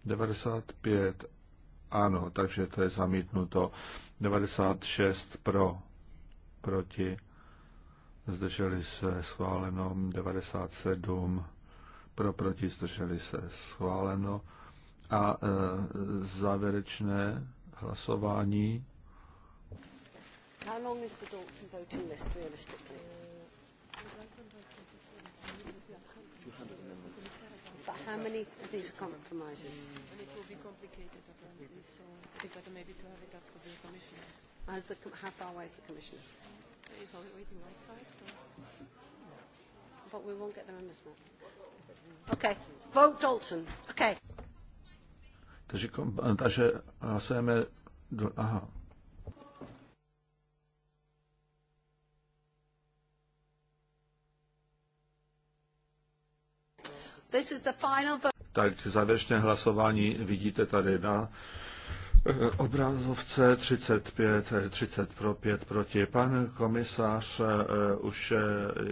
95, ano, takže to je zamítnuto. 96 pro, proti, zdrželi se schváleno. 97 pro, proti, zdrželi se schváleno. A e, závěrečné hlasování. How long is the Dalton voting list realistically? But how many of these are compromises? And it will be complicated, apparently, so it's better maybe to have it up to the Commissioner. As the, com how far away is the Commissioner? He's only waiting outside, so... But we won't get there on this one. Okay. Vote Dalton. Okay. Takže, takže hlasujeme... Do, aha. Tak závěrečné hlasování vidíte tady na eh, obrazovce 35, 30 eh, pro 5 proti. Pan komisař eh, už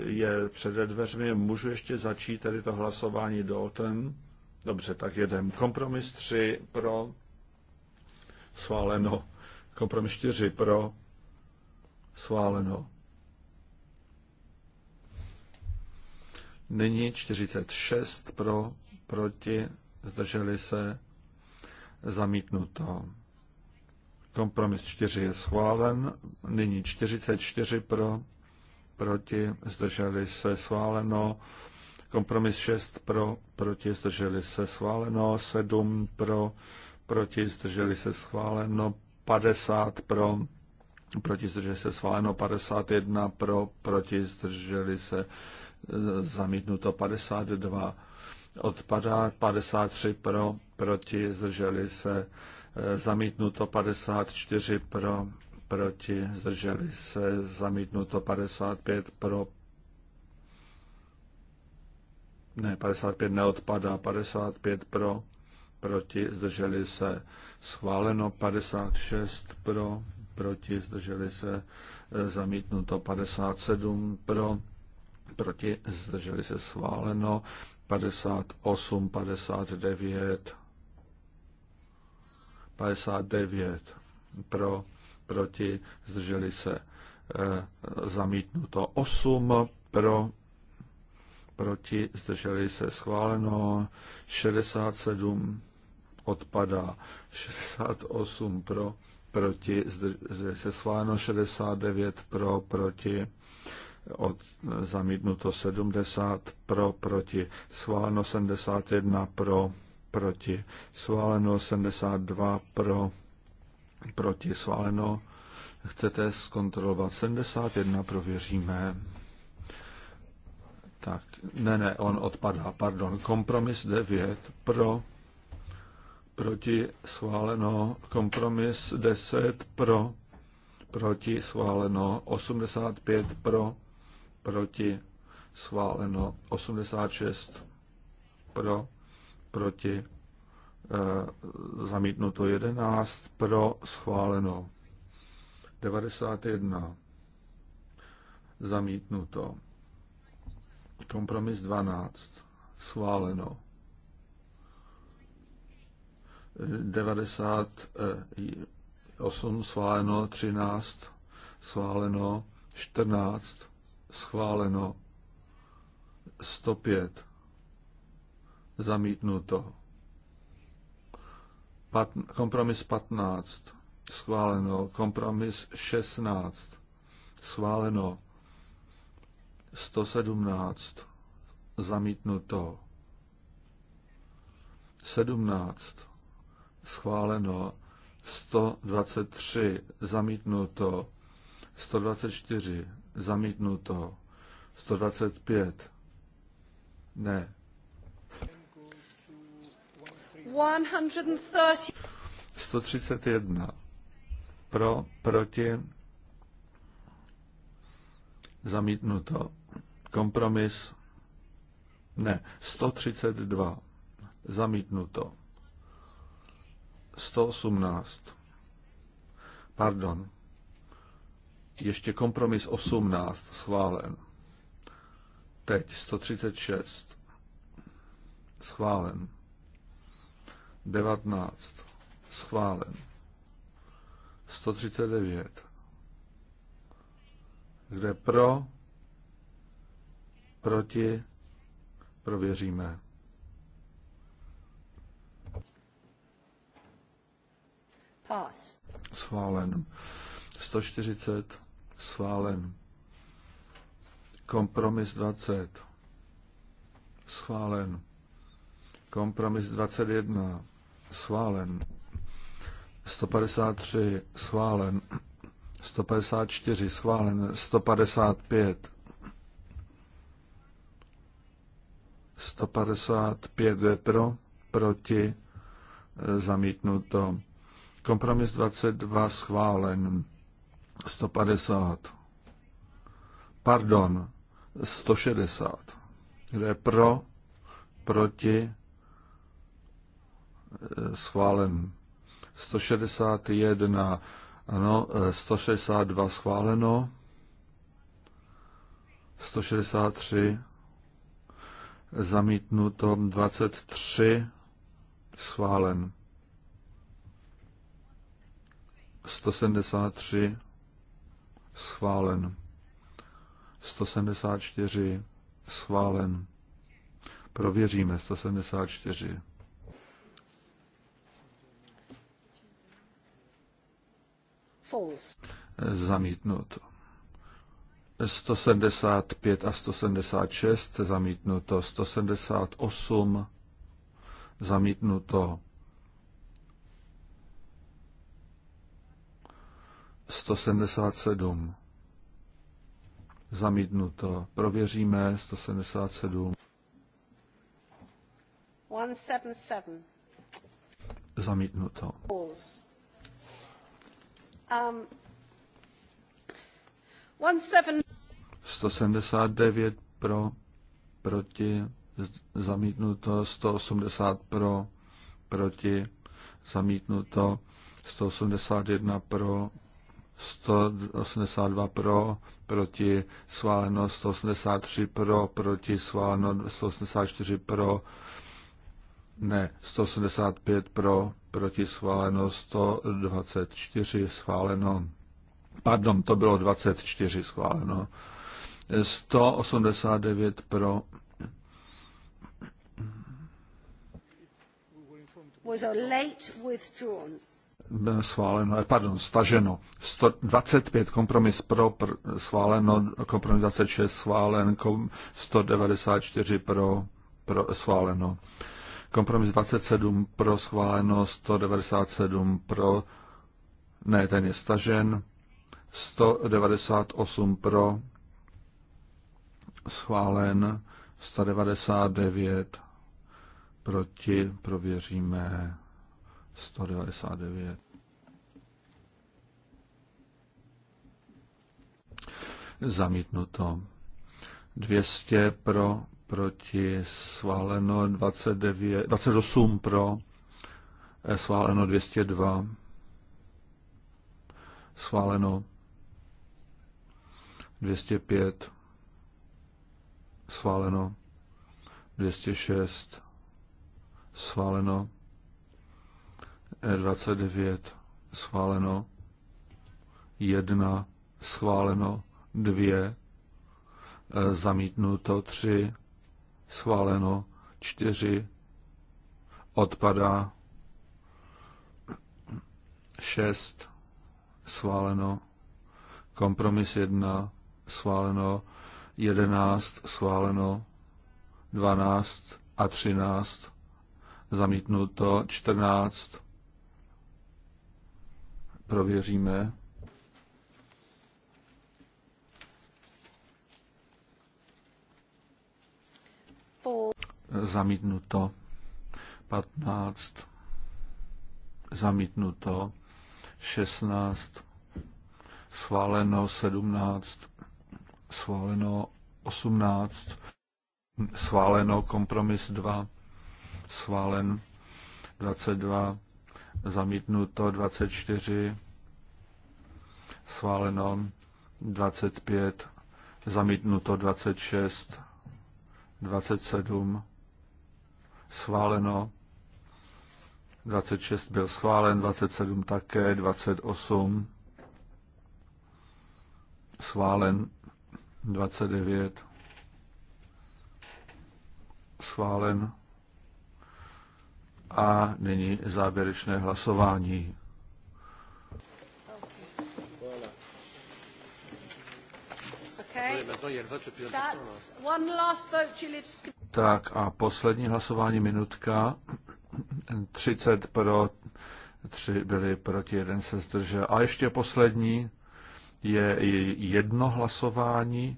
je před dveřmi, můžu ještě začít tady to hlasování do ten. Dobře, tak jedem. Kompromis 3 pro, sváleno. Kompromis 4 pro, sváleno. Nyní 46 pro, proti, zdrželi se, zamítnuto. Kompromis 4 je schválen, nyní 44 pro, proti, zdrželi se, schváleno. Kompromis 6 pro, proti, zdrželi se, schváleno. 7 pro, proti, zdrželi se, schváleno. 50 pro, proti, zdrželi se, schváleno. 51 pro, proti, zdrželi se, schváleno zamítnuto 52, odpadá 53 eh, pro, proti, zdrželi se, zamítnuto 54 pro, proti, zdrželi se, zamítnuto 55 pro, ne, 55 neodpadá, 55 pro, proti, zdrželi se, schváleno 56 pro, proti, zdrželi se, eh, zamítnuto 57 pro, proti, zdrželi se schváleno, 58, 59, 59 pro, proti, zdrželi se eh, zamítnuto 8 pro, proti, zdrželi se schváleno, 67 odpadá, 68 pro, proti, zdrželi se schváleno, 69 pro, proti, od, zamítnuto 70 pro, proti, schváleno 71 pro, proti, schváleno 72 pro, proti, schváleno, chcete zkontrolovat 71, prověříme. Tak, ne, ne, on odpadá, pardon. Kompromis 9 pro, proti schváleno, kompromis 10 pro, proti schváleno, 85 pro, proti, schváleno 86 pro, proti, eh, zamítnuto 11 pro, schváleno 91 zamítnuto kompromis 12 schváleno 98 schváleno 13 schváleno 14 schváleno 105, zamítnuto. Pat, kompromis 15, schváleno. Kompromis 16, schváleno. 117, zamítnuto. 17, schváleno. 123, zamítnuto. 124, zamítnuto. 125. Ne. 131. Pro, proti, zamítnuto. Kompromis, ne. 132. Zamítnuto. 118. Pardon ještě kompromis 18 schválen. Teď 136 schválen. 19 schválen. 139. Kde pro, proti, prověříme. Pass. Schválen. 140 Schválen. Kompromis 20. Schválen. Kompromis 21. Schválen. 153. Schválen. 154. Schválen. 155. 155 je pro, proti, e, zamítnuto. Kompromis 22 schválen. 150. Pardon, 160. Kdo je pro, proti, eh, schválen. 161, ano, 162 eh, schváleno. 163 zamítnuto, 23 schválen. 173 schválen. 174 schválen. Prověříme 174. False. Zamítnuto. 175 a 176 zamítnuto, 178 zamítnuto, 177. Zamítnuto. Prověříme 177. 177. Zamítnuto. Um, 179 pro, proti, zamítnuto, 180 pro, proti, zamítnuto, 181 pro, 182 pro, proti schváleno 183 pro, proti schváleno 184 pro, ne, 185 pro, proti schváleno 124 schváleno, pardon, to bylo 24 schváleno, 189 pro, was late withdrawn schváleno, eh, pardon, staženo 125 kompromis pro, pr, schváleno, kompromis 26 schválen, kom, 194 pro, pro schváleno, kompromis 27 pro schváleno, 197 pro, ne, ten je stažen, 198 pro schválen, 199 proti, prověříme 199. Zamítnuto. 200 pro, proti schváleno 29, 28 pro, schváleno 202, schváleno 205, schváleno 206, schváleno 29 schváleno, jedna schváleno, dvě e, zamítnuto, tři schváleno, čtyři odpadá, šest schváleno, kompromis jedna schváleno, jedenáct schváleno, dvanáct a třináct zamítnuto, čtrnáct Prověříme. Zamítnuto. 15. Zamítnuto. 16. Schváleno 17. Schváleno 18. Schváleno kompromis 2. Schválen 22 zamítnuto 24, schváleno 25, zamítnuto 26, 27, schváleno 26 byl schválen, 27 také, 28 schválen, 29 schválen, a nyní závěrečné hlasování. Tak a poslední hlasování minutka. 30 pro, 3 byli proti, jeden se zdržel. A ještě poslední je jedno hlasování,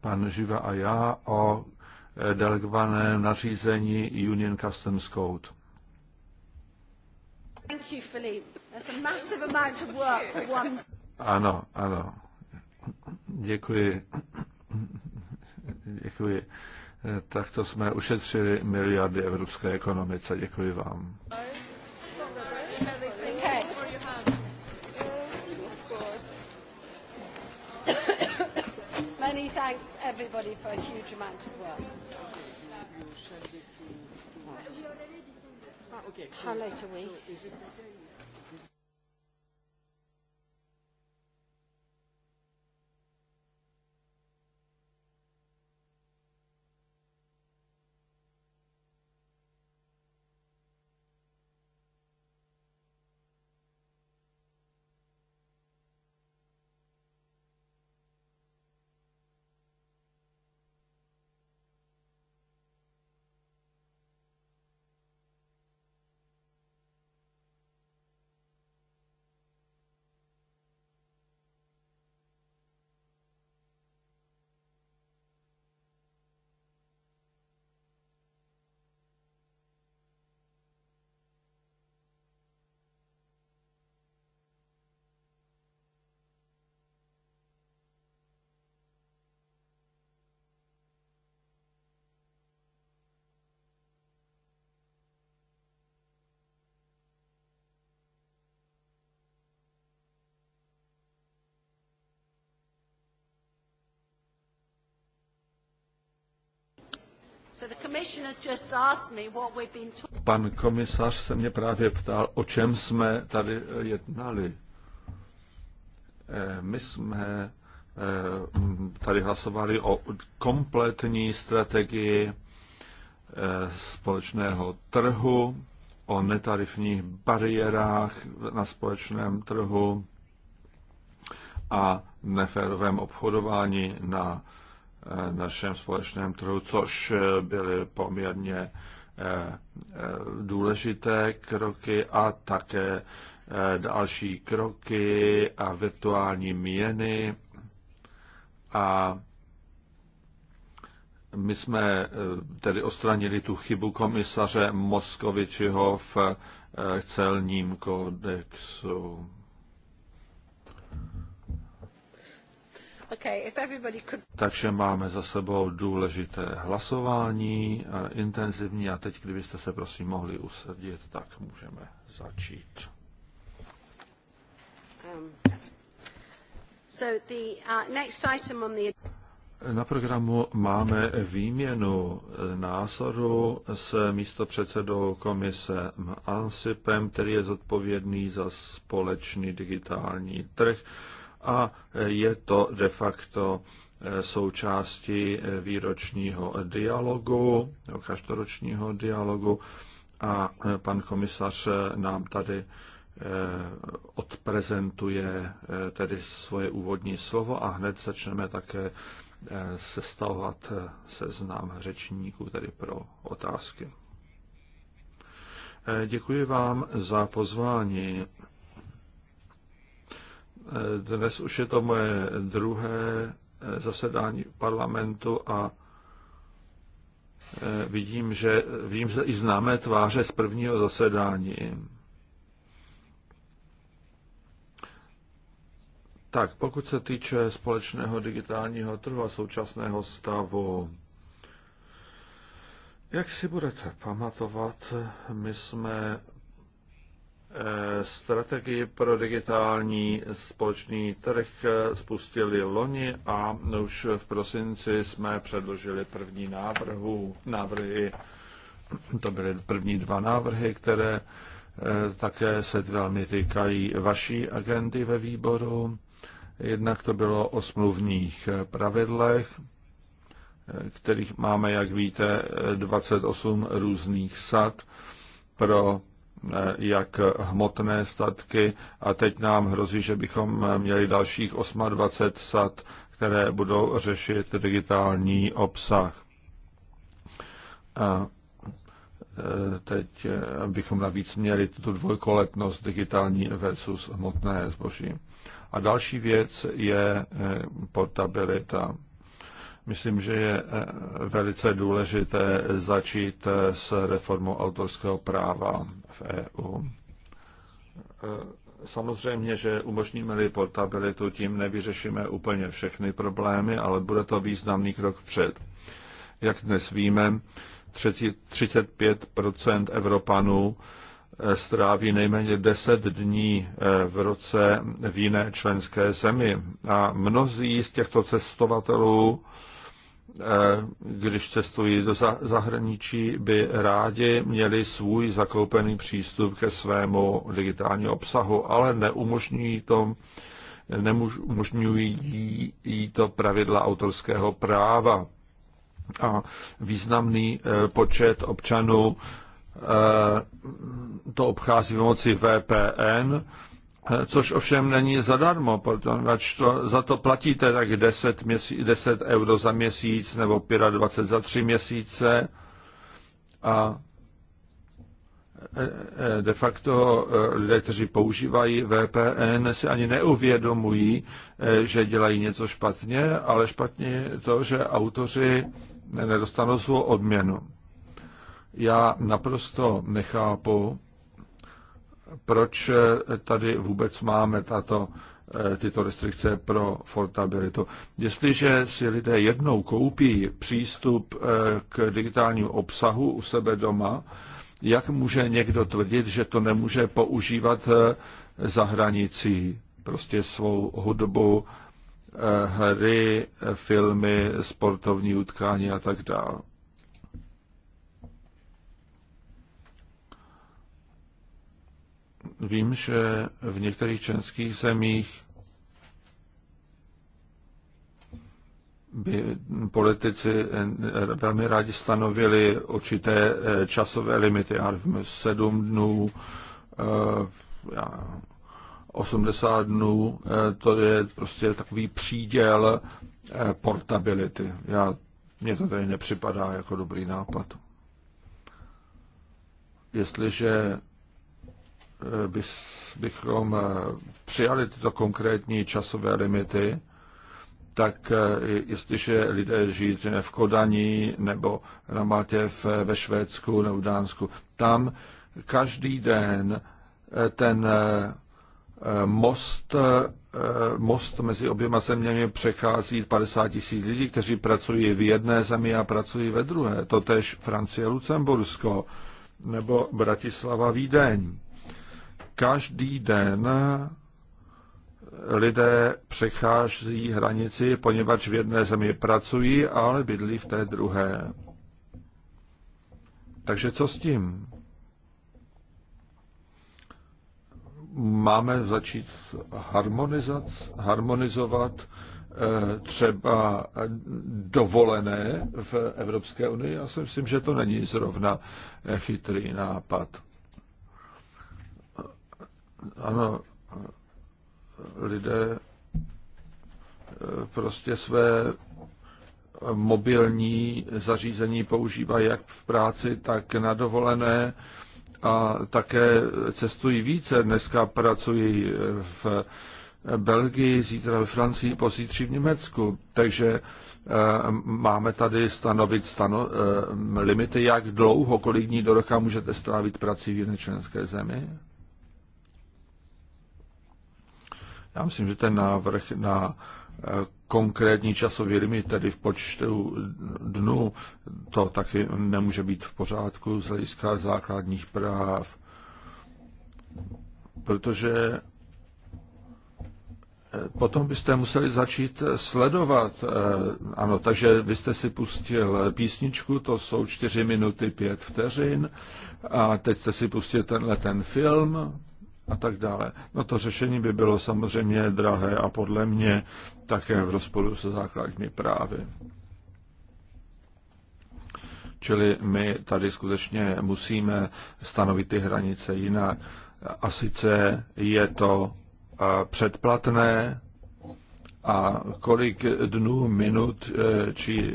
pan Živa a já, o delegovaném nařízení Union Customs Code. Ano, ano. Děkuji. Děkuji. Tak to jsme ušetřili miliardy evropské ekonomice. Děkuji vám. Many thanks everybody for a huge amount of work. Ah, okay, so, Pan komisař se mě právě ptal, o čem jsme tady eh, jednali. Eh, my jsme eh, tady hlasovali o kompletní strategii společného trhu, o netarifních bariérách na společném trhu a neférovém obchodování na Eh, našem společném trhu, což eh, byly poměrně eh, důležité kroky a také další kroky a virtuální měny. A my jsme tedy odstranili tu chybu komisaře Moskovičiho v celním kodexu. Takže máme za sebou důležité hlasování, eh, intenzivní, a teď, kdybyste se prosím mohli usadit, tak můžeme začít. Um, uh, eh, na programu máme výměnu eh, názoru s místopředsedou komise Ansipem, který je zodpovědný za společný digitální trh a je to de facto eh, součástí eh, výročního dialogu, každoročního dialogu a eh, pan komisař nám tady odprezentuje tedy svoje úvodní slovo a hned začneme také sestavovat seznam řečníků tedy pro otázky. Děkuji vám za pozvání. Dnes už je to moje druhé eh, zasedání parlamentu a eh, vidím, že vím že i známé tváře z prvního zasedání. Tak, pokud se týče společného digitálního trhu a současného stavu, jak si budete pamatovat, my jsme Eh, strategii pro digitální společný trh eh, spustili loni a už v prosinci jsme předložili první návrhu, návrhy, to byly první dva návrhy, které eh, také se velmi týkají vaší agendy ve výboru. Jednak to bylo o smluvních pravidlech, kterých máme, jak víte, 28 různých sad pro Eh, jak hmotné statky a teď nám hrozí, že bychom měli dalších 28 sat, které budou řešit digitální obsah. A eh, teď eh, bychom navíc měli tuto dvojkoletnost digitální versus hmotné zboží. A další věc je portabilita. Myslím, že je eh, velice důležité začít eh, s reformou autorského práva v EU. Eh, samozřejmě, že umožníme-li portabilitu, tím nevyřešíme úplně všechny problémy, ale bude to významný krok před. Jak dnes víme, 35 Evropanů stráví nejméně 10 dní v roce v jiné členské zemi. A mnozí z těchto cestovatelů Eh, když cestují do zahraničí, by rádi měli svůj zakoupený přístup ke svému digitálnímu obsahu, ale neumožňují to, neumožňují jí, to pravidla autorského práva. A významný eh, počet občanů eh, to obchází pomocí VPN, Eh, což ovšem není zadarmo, protože to, za to platíte tak 10, měsíc, 10 euro za měsíc nebo 25 za tři měsíce a eh, eh, de facto lidé, kteří používají VPN, si ani neuvědomují, že dělají něco špatně, ale špatně je to, že autoři nedostanou svou odměnu. Já naprosto nechápu, proč eh, tady vůbec máme tato, eh, tyto restrikce pro fortabilitu. Jestliže si lidé jednou koupí přístup eh, k digitálnímu obsahu u sebe doma, jak může někdo tvrdit, že to nemůže používat za hranicí prostě svou hudbu, hry, filmy, sportovní utkání a tak dále. Vím, že v některých členských zemích by politici eh, velmi rádi stanovili určité eh, časové limity, já nevím, 7 dnů, 80 eh, dnů, to je prostě takový příděl portability. Já, mně to tady nepřipadá jako dobrý nápad. Jestliže Eh, bychom eh, přijali tyto konkrétní časové limity, tak eh, jestliže lidé žijí v Kodaní nebo na Maltě ve Švédsku nebo v Dánsku, tam každý den ten most, most mezi oběma zeměmi přechází 50 tisíc lidí, kteří pracují v jedné zemi a pracují ve druhé. Totež Francie, Lucembursko nebo Bratislava, Vídeň. Každý den lidé přechází hranici, poněvadž v jedné zemi pracují, ale bydlí v té druhé. Takže co s tím? Máme začít harmonizovat eh, třeba dovolené v Evropské unii? Já si myslím, že to není zrovna chytrý nápad. Ano, lidé eh, prostě své mobilní zařízení používají jak v práci, tak na dovolené a také cestují více. Dneska pracují v Belgii, zítra ve Francii, pozítří v Německu. Takže eh, máme tady stanovit stano, eh, limity, jak dlouho, kolik dní do roka můžete strávit prací v jiné členské zemi? Já myslím, že ten návrh na eh, konkrétní časový limit, tedy v počtu dnů, to taky nemůže být v pořádku z hlediska základních práv, protože eh, potom byste museli začít sledovat. Eh, ano, takže vy jste si pustil písničku, to jsou 4 minuty 5 vteřin, a teď jste si pustil tenhle ten film, a tak dále. No to řešení by bylo samozřejmě drahé a podle mě také v rozporu se základní právy. Čili my tady skutečně musíme stanovit ty hranice jinak. A sice je to eh, předplatné a kolik dnů, minut eh, či eh,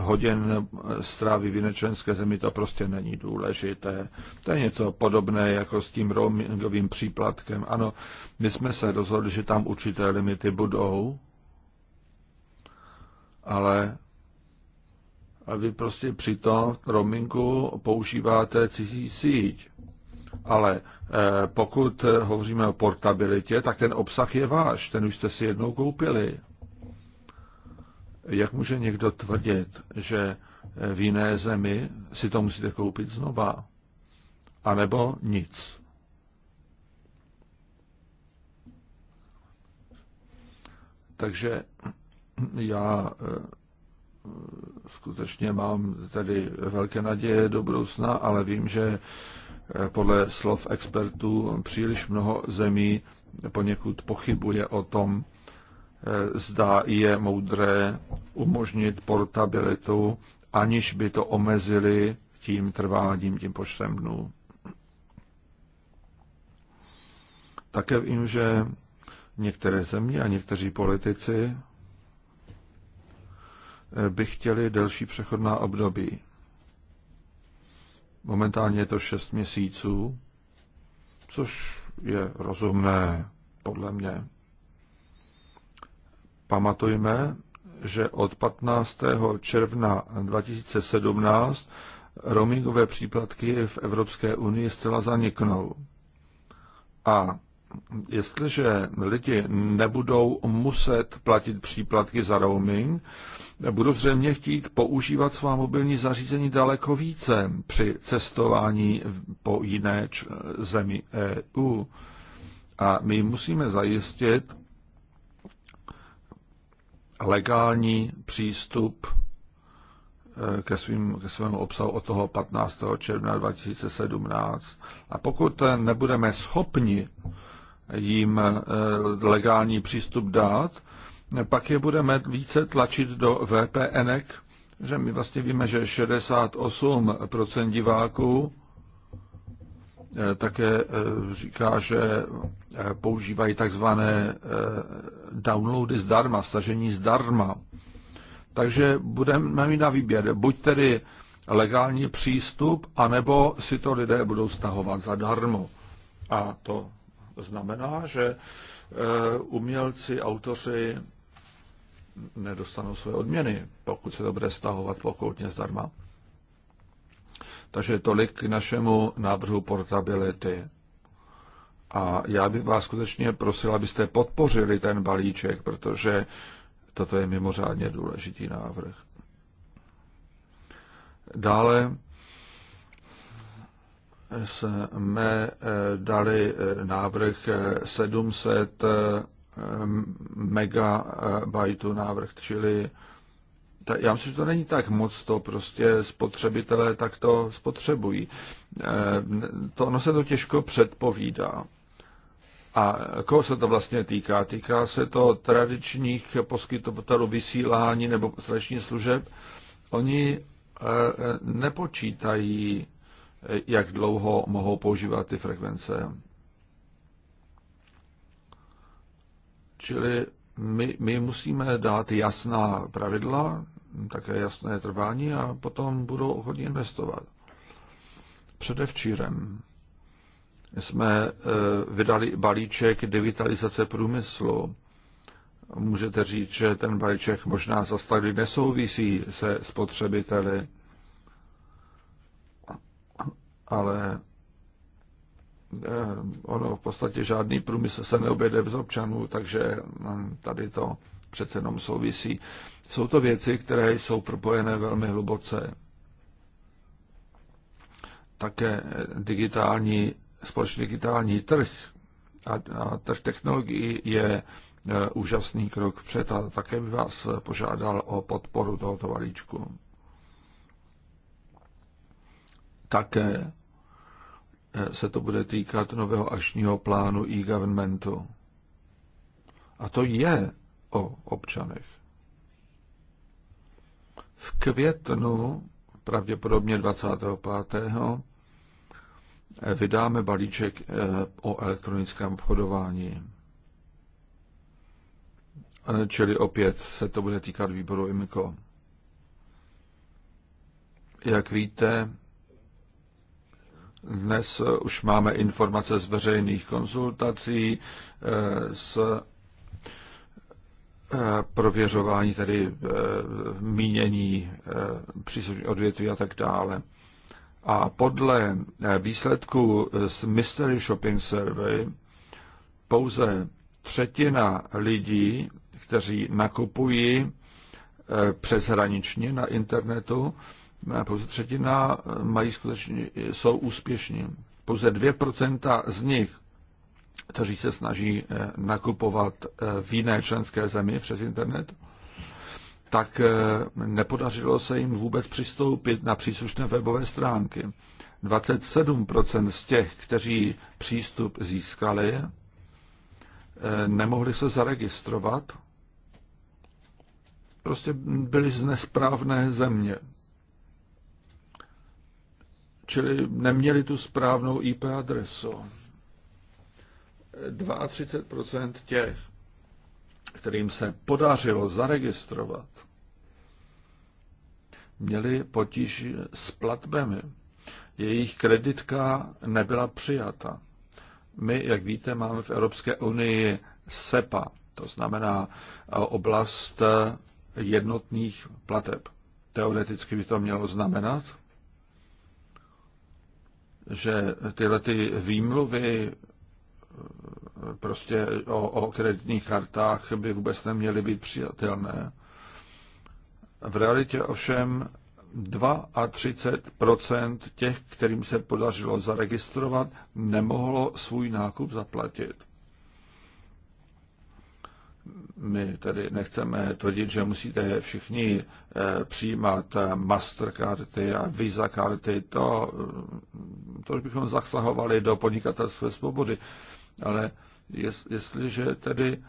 hodin stráví v jinečenské zemi, to prostě není důležité. To je něco podobné jako s tím roamingovým příplatkem. Ano, my jsme se rozhodli, že tam určité limity budou, ale vy prostě při tom roamingu používáte cizí síť. Ale eh, pokud eh, hovoříme o portabilitě, tak ten obsah je váš, ten už jste si jednou koupili. Jak může někdo tvrdit, že eh, v jiné zemi si to musíte koupit znova? A nebo nic? Takže já skutečně mám tady velké naděje do budoucna, ale vím, že podle slov expertů příliš mnoho zemí poněkud pochybuje o tom, eh, zda je moudré umožnit portabilitu, aniž by to omezili tím trváním, tím počtem dnů. Také vím, že některé země a někteří politici by chtěli delší přechodná období. Momentálně je to 6 měsíců, což je rozumné podle mě. Pamatujme, že od 15. června 2017 roamingové příplatky v Evropské unii zcela zaniknou. A jestliže lidi nebudou muset platit příplatky za roaming, budou zřejmě chtít používat svá mobilní zařízení daleko více při cestování po jiné zemi EU. A my musíme zajistit legální přístup eh, ke, svým, ke svému obsahu od toho 15. června 2017. A pokud eh, nebudeme schopni jim eh, legální přístup dát, pak je budeme více tlačit do VPN, že my vlastně víme, že 68% diváků eh, také eh, říká, že eh, používají takzvané downloady zdarma, stažení zdarma. Takže budeme mít na výběr buď tedy legální přístup, anebo si to lidé budou stahovat zadarmo. A to znamená, že umělci, autoři nedostanou své odměny, pokud se to bude stahovat pokoutně zdarma. Takže tolik k našemu návrhu portability. A já bych vás skutečně prosil, abyste podpořili ten balíček, protože toto je mimořádně důležitý návrh. Dále jsme dali návrh 700 megabajtu návrh, čili ta, já myslím, že to není tak moc, to prostě spotřebitelé tak to spotřebují. E, to, ono se to těžko předpovídá. A koho se to vlastně týká? Týká se to tradičních poskytovatelů vysílání nebo tradičních služeb. Oni e, nepočítají, jak dlouho mohou používat ty frekvence. Čili my, my musíme dát jasná pravidla, také jasné trvání a potom budou ochotní investovat. Předevčírem jsme e, vydali balíček digitalizace průmyslu. Můžete říct, že ten balíček možná zastavit nesouvisí se spotřebiteli, ale Eh, ono v podstatě žádný průmysl se neobjede bez občanů, takže hm, tady to přece jenom souvisí. Jsou to věci, které jsou propojené velmi hluboce. Také eh, digitální, společný digitální trh a, a trh technologií je eh, úžasný krok před a také bych vás požádal o podporu tohoto valíčku. Také se to bude týkat nového ažního plánu e-governmentu. A to je o občanech. V květnu, pravděpodobně 25. vydáme balíček eh, o elektronickém obchodování. Eh, čili opět se to bude týkat výboru IMICO. Jak víte, dnes eh, už máme informace z veřejných konzultací, z eh, eh, prověřování tedy mínění příslušných odvětví a tak dále. A podle výsledku z Mystery Shopping Survey pouze třetina lidí, kteří nakupují přeshraničně na internetu, pouze třetina eh, mají skutečně, jsou úspěšní. Pouze 2% z nich, kteří se snaží eh, nakupovat eh, v jiné členské zemi přes internet, tak nepodařilo se jim vůbec přistoupit na příslušné webové stránky. 27% z těch, kteří přístup získali, nemohli se zaregistrovat, prostě byli z nesprávné země čili neměli tu správnou IP adresu. 32% těch, kterým se podařilo zaregistrovat, měli potíž s platbemi. Jejich kreditka nebyla přijata. My, jak víte, máme v Evropské unii SEPA, to znamená oblast jednotných plateb. Teoreticky by to mělo znamenat, že tyhle ty výmluvy eh, prostě o, o kreditních kartách by vůbec neměly být přijatelné. V realitě ovšem 32% těch, kterým se podařilo zaregistrovat, nemohlo svůj nákup zaplatit my tedy nechceme tvrdit, že musíte všichni eh, přijímat eh, masterkarty a visa karty, to, eh, to už bychom zasahovali do podnikatelské svobody, ale jest, jestliže tedy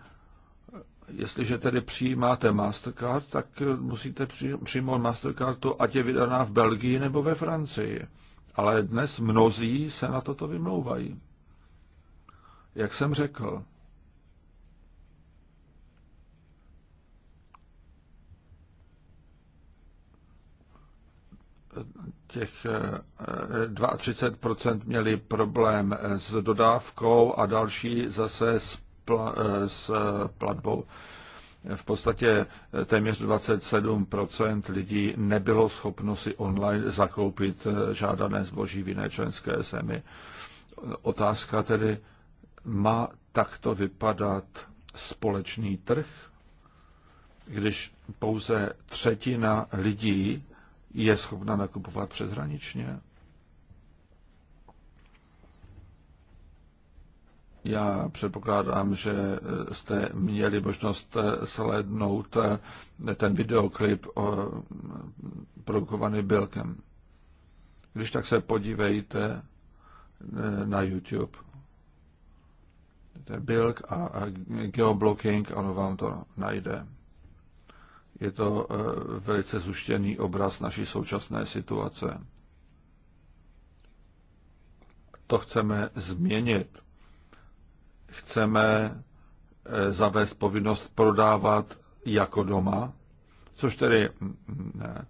Jestliže tedy přijímáte Mastercard, tak musíte přijmout Mastercardu, ať je vydaná v Belgii nebo ve Francii. Ale dnes mnozí se na toto vymlouvají. Jak jsem řekl, těch 32% eh, měli problém s dodávkou a další zase s, pla, eh, s eh, platbou. V podstatě téměř 27% lidí nebylo schopno si online zakoupit žádané zboží v jiné členské zemi. Otázka tedy, má takto vypadat společný trh, když pouze třetina lidí je schopna nakupovat přeshraničně? Já předpokládám, že jste měli možnost slednout ten videoklip produkovaný Bilkem. Když tak se podívejte e, na YouTube. To je Bilk a geoblocking, ono vám to najde. Je to eh, velice zuštěný obraz naší současné situace. To chceme změnit. Chceme eh, zavést povinnost prodávat jako doma, což tedy mm, mm, ne,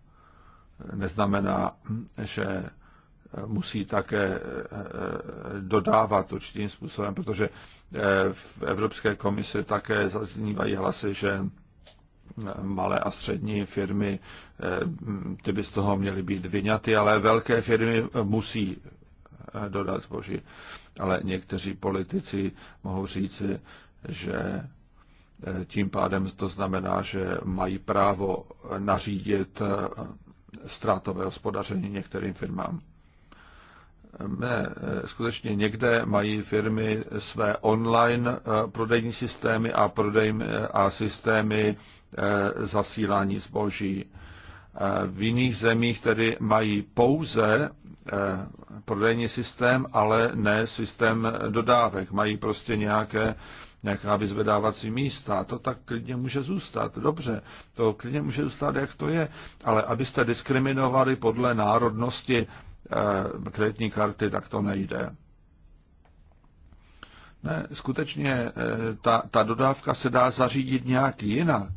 neznamená, že eh, musí také dodávat určitým způsobem, protože v Evropské komisi také zaznívají hlasy, že malé a střední firmy, eh, ty by z toho měly být vyňaty, ale velké firmy musí eh, dodat zboží. Ale někteří politici mohou říci, že eh, tím pádem to znamená, že mají právo nařídit ztrátové hospodaření některým firmám. Ne, skutečně někde mají firmy své online prodejní systémy a, prodej, a systémy Eh, zasílání zboží. Eh, v jiných zemích tedy mají pouze eh, prodejní systém, ale ne systém dodávek. Mají prostě nějaké, nějaká vyzvedávací místa. To tak klidně může zůstat. Dobře, to klidně může zůstat, jak to je. Ale abyste diskriminovali podle národnosti kreditní karty, tak to nejde. Ne, skutečně ta, ta dodávka se dá zařídit nějak jinak.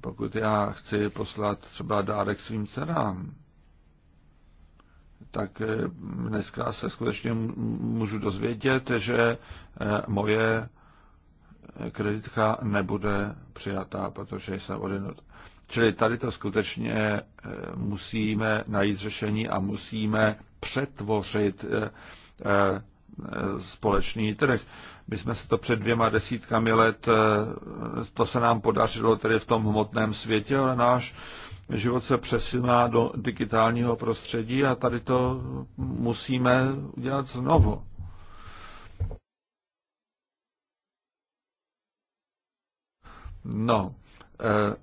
Pokud já chci poslat třeba dárek svým dcerám, tak eh, dneska se skutečně můžu dozvědět, že eh, moje eh, kreditka nebude přijatá, protože jsem odinut. Čili tady to skutečně musíme najít řešení a musíme přetvořit společný trh. My jsme se to před dvěma desítkami let, eh, to se nám podařilo tedy v tom hmotném světě, ale náš život se přesuná do digitálního prostředí a tady to musíme udělat znovu. No, eh,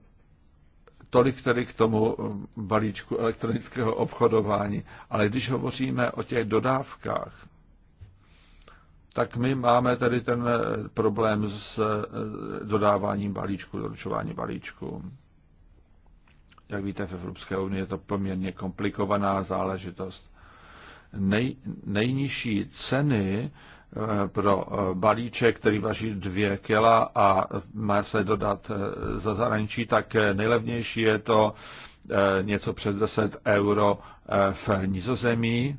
tolik tedy k tomu balíčku elektronického obchodování. Ale když hovoříme o těch dodávkách, tak my máme tedy ten eh, problém s eh, dodáváním balíčku, doručováním balíčku. Jak víte, v Evropské unii je to poměrně komplikovaná záležitost. Nej, nejnižší ceny eh, pro balíček, který váží dvě kila a má se dodat za zahraničí, tak nejlevnější je to něco přes 10 euro v Nizozemí,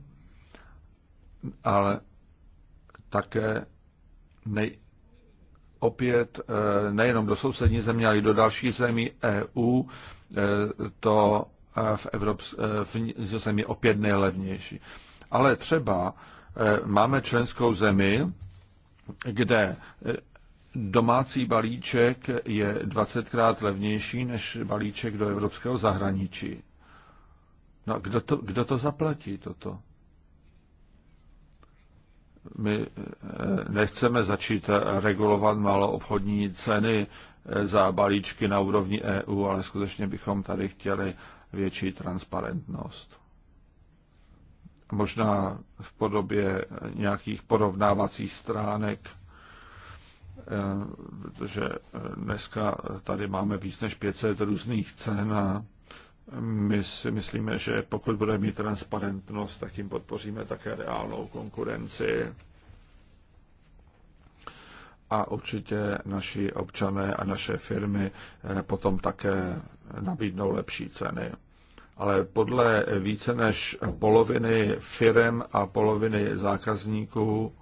ale také nej, opět eh, nejenom do sousední země, ale i do dalších zemí EU, eh, to eh, v, Evrops, v zemi opět nejlevnější. Ale třeba máme členskou zemi, kde domácí balíček je 20krát levnější než balíček do evropského zahraničí. No, kdo to, kdo to zaplatí, toto? my eh, nechceme začít regulovat maloobchodní ceny eh, za balíčky na úrovni EU, ale skutečně bychom tady chtěli větší transparentnost. Možná v podobě nějakých porovnávacích stránek, eh, protože dneska tady máme víc než 500 různých cen a my si myslíme, že pokud bude mít transparentnost, tak tím podpoříme také reálnou konkurenci. A určitě naši občané a naše firmy eh, potom také nabídnou lepší ceny. Ale podle více než poloviny firm a poloviny zákazníků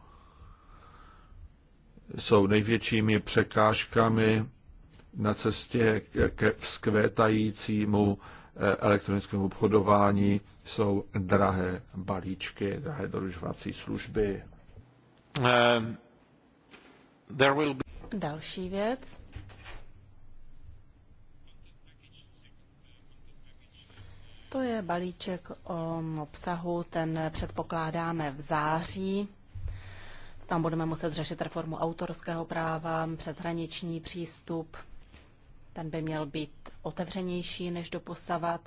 jsou největšími překážkami na cestě ke vzkvétajícímu elektronickému obchodování jsou drahé balíčky, drahé doručovací služby. Um, there will be... Další věc. To je balíček o obsahu, ten předpokládáme v září. Tam budeme muset řešit reformu autorského práva, přeshraniční přístup, ten by měl být otevřenější než doposavat.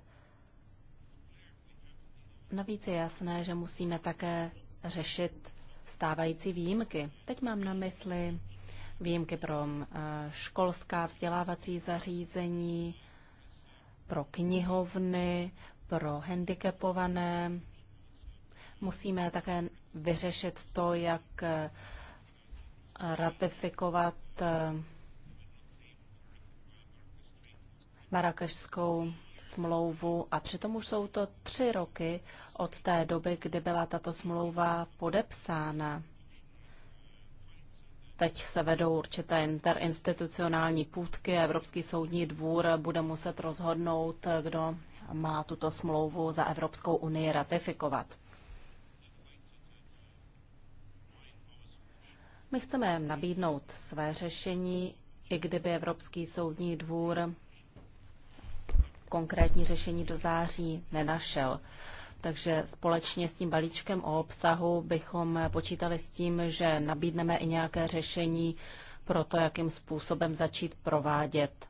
Navíc je jasné, že musíme také řešit stávající výjimky. Teď mám na mysli výjimky pro eh, školská vzdělávací zařízení, pro knihovny, pro handicapované. Musíme také vyřešit to, jak eh, ratifikovat eh, marakešskou smlouvu a přitom už jsou to tři roky od té doby, kdy byla tato smlouva podepsána. Teď se vedou určité interinstitucionální půdky. Evropský soudní dvůr bude muset rozhodnout, kdo má tuto smlouvu za Evropskou unii ratifikovat. My chceme nabídnout své řešení, i kdyby Evropský soudní dvůr konkrétní řešení do září nenašel. Takže společně s tím balíčkem o obsahu bychom počítali s tím, že nabídneme i nějaké řešení pro to, jakým způsobem začít provádět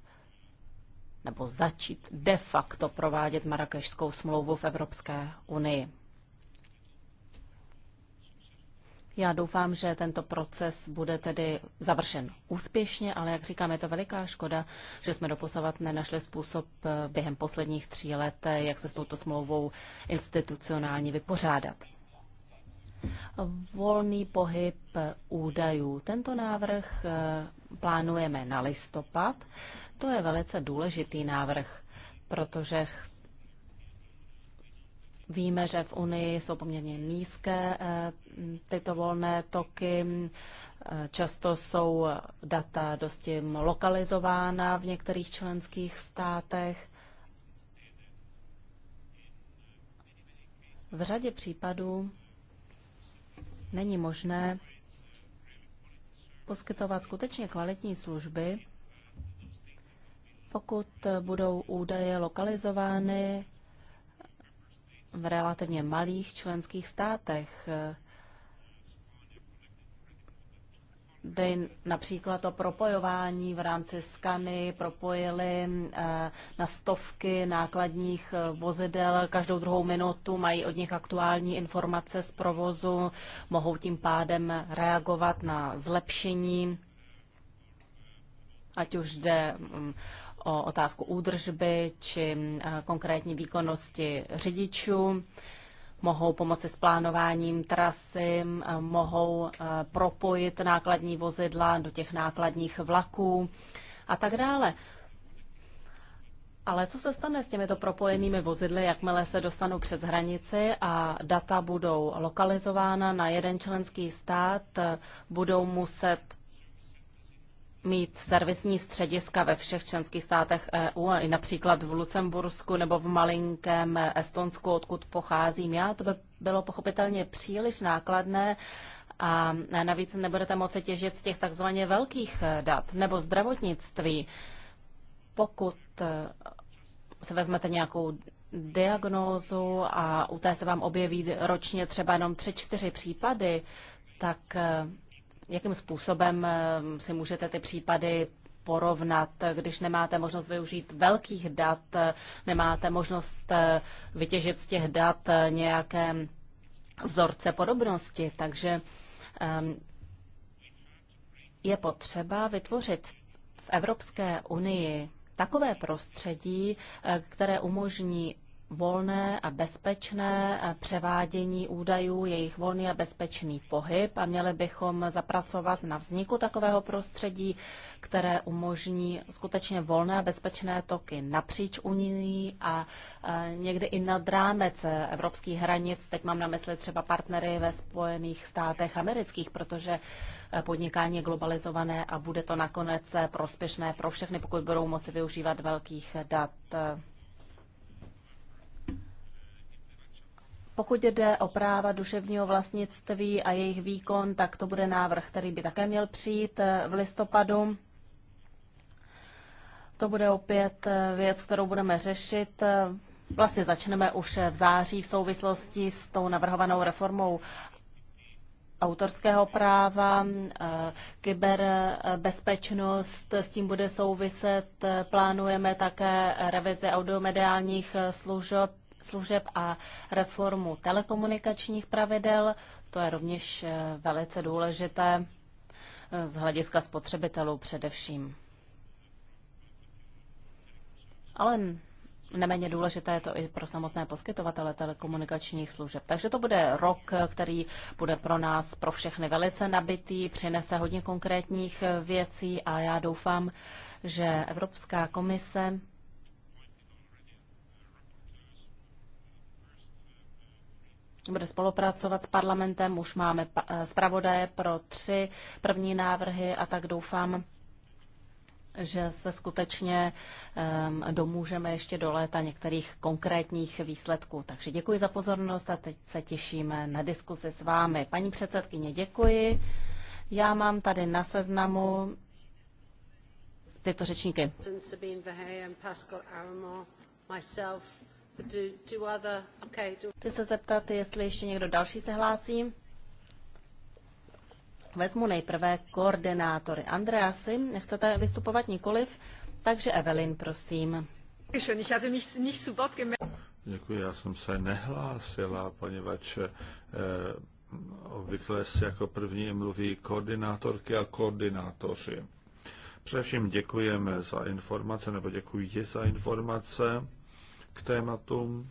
nebo začít de facto provádět marakešskou smlouvu v Evropské unii. Já doufám, že tento proces bude tedy završen úspěšně, ale jak říkám, je to veliká škoda, že jsme doposavat nenašli způsob eh, během posledních tří let, eh, jak se s touto smlouvou institucionálně vypořádat. Volný pohyb údajů. Tento návrh eh, plánujeme na listopad. To je velice důležitý návrh, protože Víme, že v Unii jsou poměrně nízké eh, tyto volné toky. Eh, často jsou data dosti lokalizována v některých členských státech. V řadě případů není možné poskytovat skutečně kvalitní služby, pokud budou údaje lokalizovány v relativně malých členských státech. Jde například to propojování v rámci skany, propojili eh, na stovky nákladních eh, vozidel, každou druhou minutu mají od nich aktuální informace z provozu, mohou tím pádem reagovat na zlepšení, ať už jde mm, o otázku údržby či eh, konkrétní výkonnosti řidičů. Mohou pomoci s plánováním trasy, eh, mohou eh, propojit nákladní vozidla do těch nákladních vlaků a tak dále. Ale co se stane s těmito propojenými vozidly, jakmile se dostanou přes hranici a data budou lokalizována na jeden členský stát, budou muset mít servisní střediska ve všech členských státech EU, i například v Lucembursku nebo v malinkém Estonsku, odkud pocházím já, to by bylo pochopitelně příliš nákladné a navíc nebudete moci těžit z těch takzvaně velkých dat nebo zdravotnictví. Pokud eh, se vezmete nějakou diagnózu a u té se vám objeví ročně třeba jenom 3-4 případy, tak eh, jakým způsobem eh, si můžete ty případy porovnat, když nemáte možnost využít velkých dat, nemáte možnost eh, vytěžit z těch dat eh, nějaké vzorce podobnosti. Takže ehm, je potřeba vytvořit v Evropské unii takové prostředí, které umožní volné a bezpečné převádění údajů, jejich volný a bezpečný pohyb a měli bychom zapracovat na vzniku takového prostředí, které umožní skutečně volné a bezpečné toky napříč Unii a někdy i nad rámec evropských hranic. Teď mám na mysli třeba partnery ve Spojených státech amerických, protože e, podnikání je globalizované a bude to nakonec e, prospěšné pro všechny, pokud budou moci využívat velkých dat. Pokud jde o práva duševního vlastnictví a jejich výkon, tak to bude návrh, který by také měl přijít eh, v listopadu. To bude opět eh, věc, kterou budeme řešit. Eh, vlastně začneme už v září v souvislosti s tou navrhovanou reformou autorského práva, kyberbezpečnost, s tím bude souviset. Plánujeme také revizi audiomediálních služeb služeb a reformu telekomunikačních pravidel. To je rovněž eh, velice důležité eh, z hlediska spotřebitelů především. Ale Neméně důležité je to i pro samotné poskytovatele telekomunikačních služeb. Takže to bude rok, eh, který bude pro nás, pro všechny velice nabitý, přinese hodně konkrétních věcí a já doufám, že Evropská komise bude spolupracovat s parlamentem. Už máme eh, zpravodaje pro tři první návrhy a tak doufám, že se skutečně ehm, domůžeme ještě do léta některých konkrétních výsledků. Takže děkuji za pozornost a teď se těšíme na diskuzi s vámi. Paní předsedkyně, děkuji. Já mám tady na seznamu tyto řečníky. Chci se zeptat, jestli ještě někdo další se hlásí. Vezmu nejprve koordinátory. Andreasi, nechcete vystupovat nikoliv? Takže Evelyn, prosím. Děkuji, já jsem se nehlásila, poněvadž eh, obvykle se jako první mluví koordinátorky a koordinátoři. Především děkujeme za informace, nebo děkuji za informace k tématům.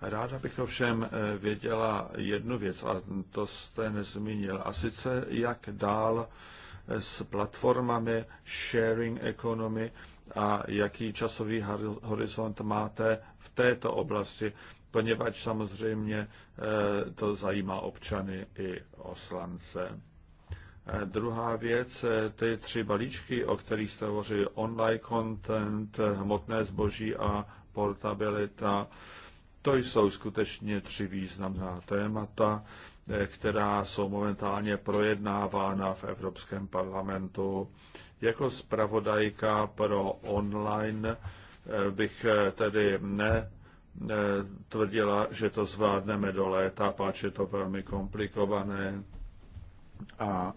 Ráda bych ovšem eh, věděla jednu věc, a to jste nezmínil, a sice jak dál eh, s platformami sharing economy a jaký časový horizont máte v této oblasti, poněvadž samozřejmě eh, to zajímá občany i oslance. Eh, druhá věc, eh, ty tři balíčky, o kterých jste hovořili, online content, eh, hmotné zboží a portabilita, to jsou skutečně tři významná témata, která jsou momentálně projednávána v Evropském parlamentu. Jako zpravodajka pro online bych tedy ne tvrdila, že to zvládneme do léta, páč je to velmi komplikované a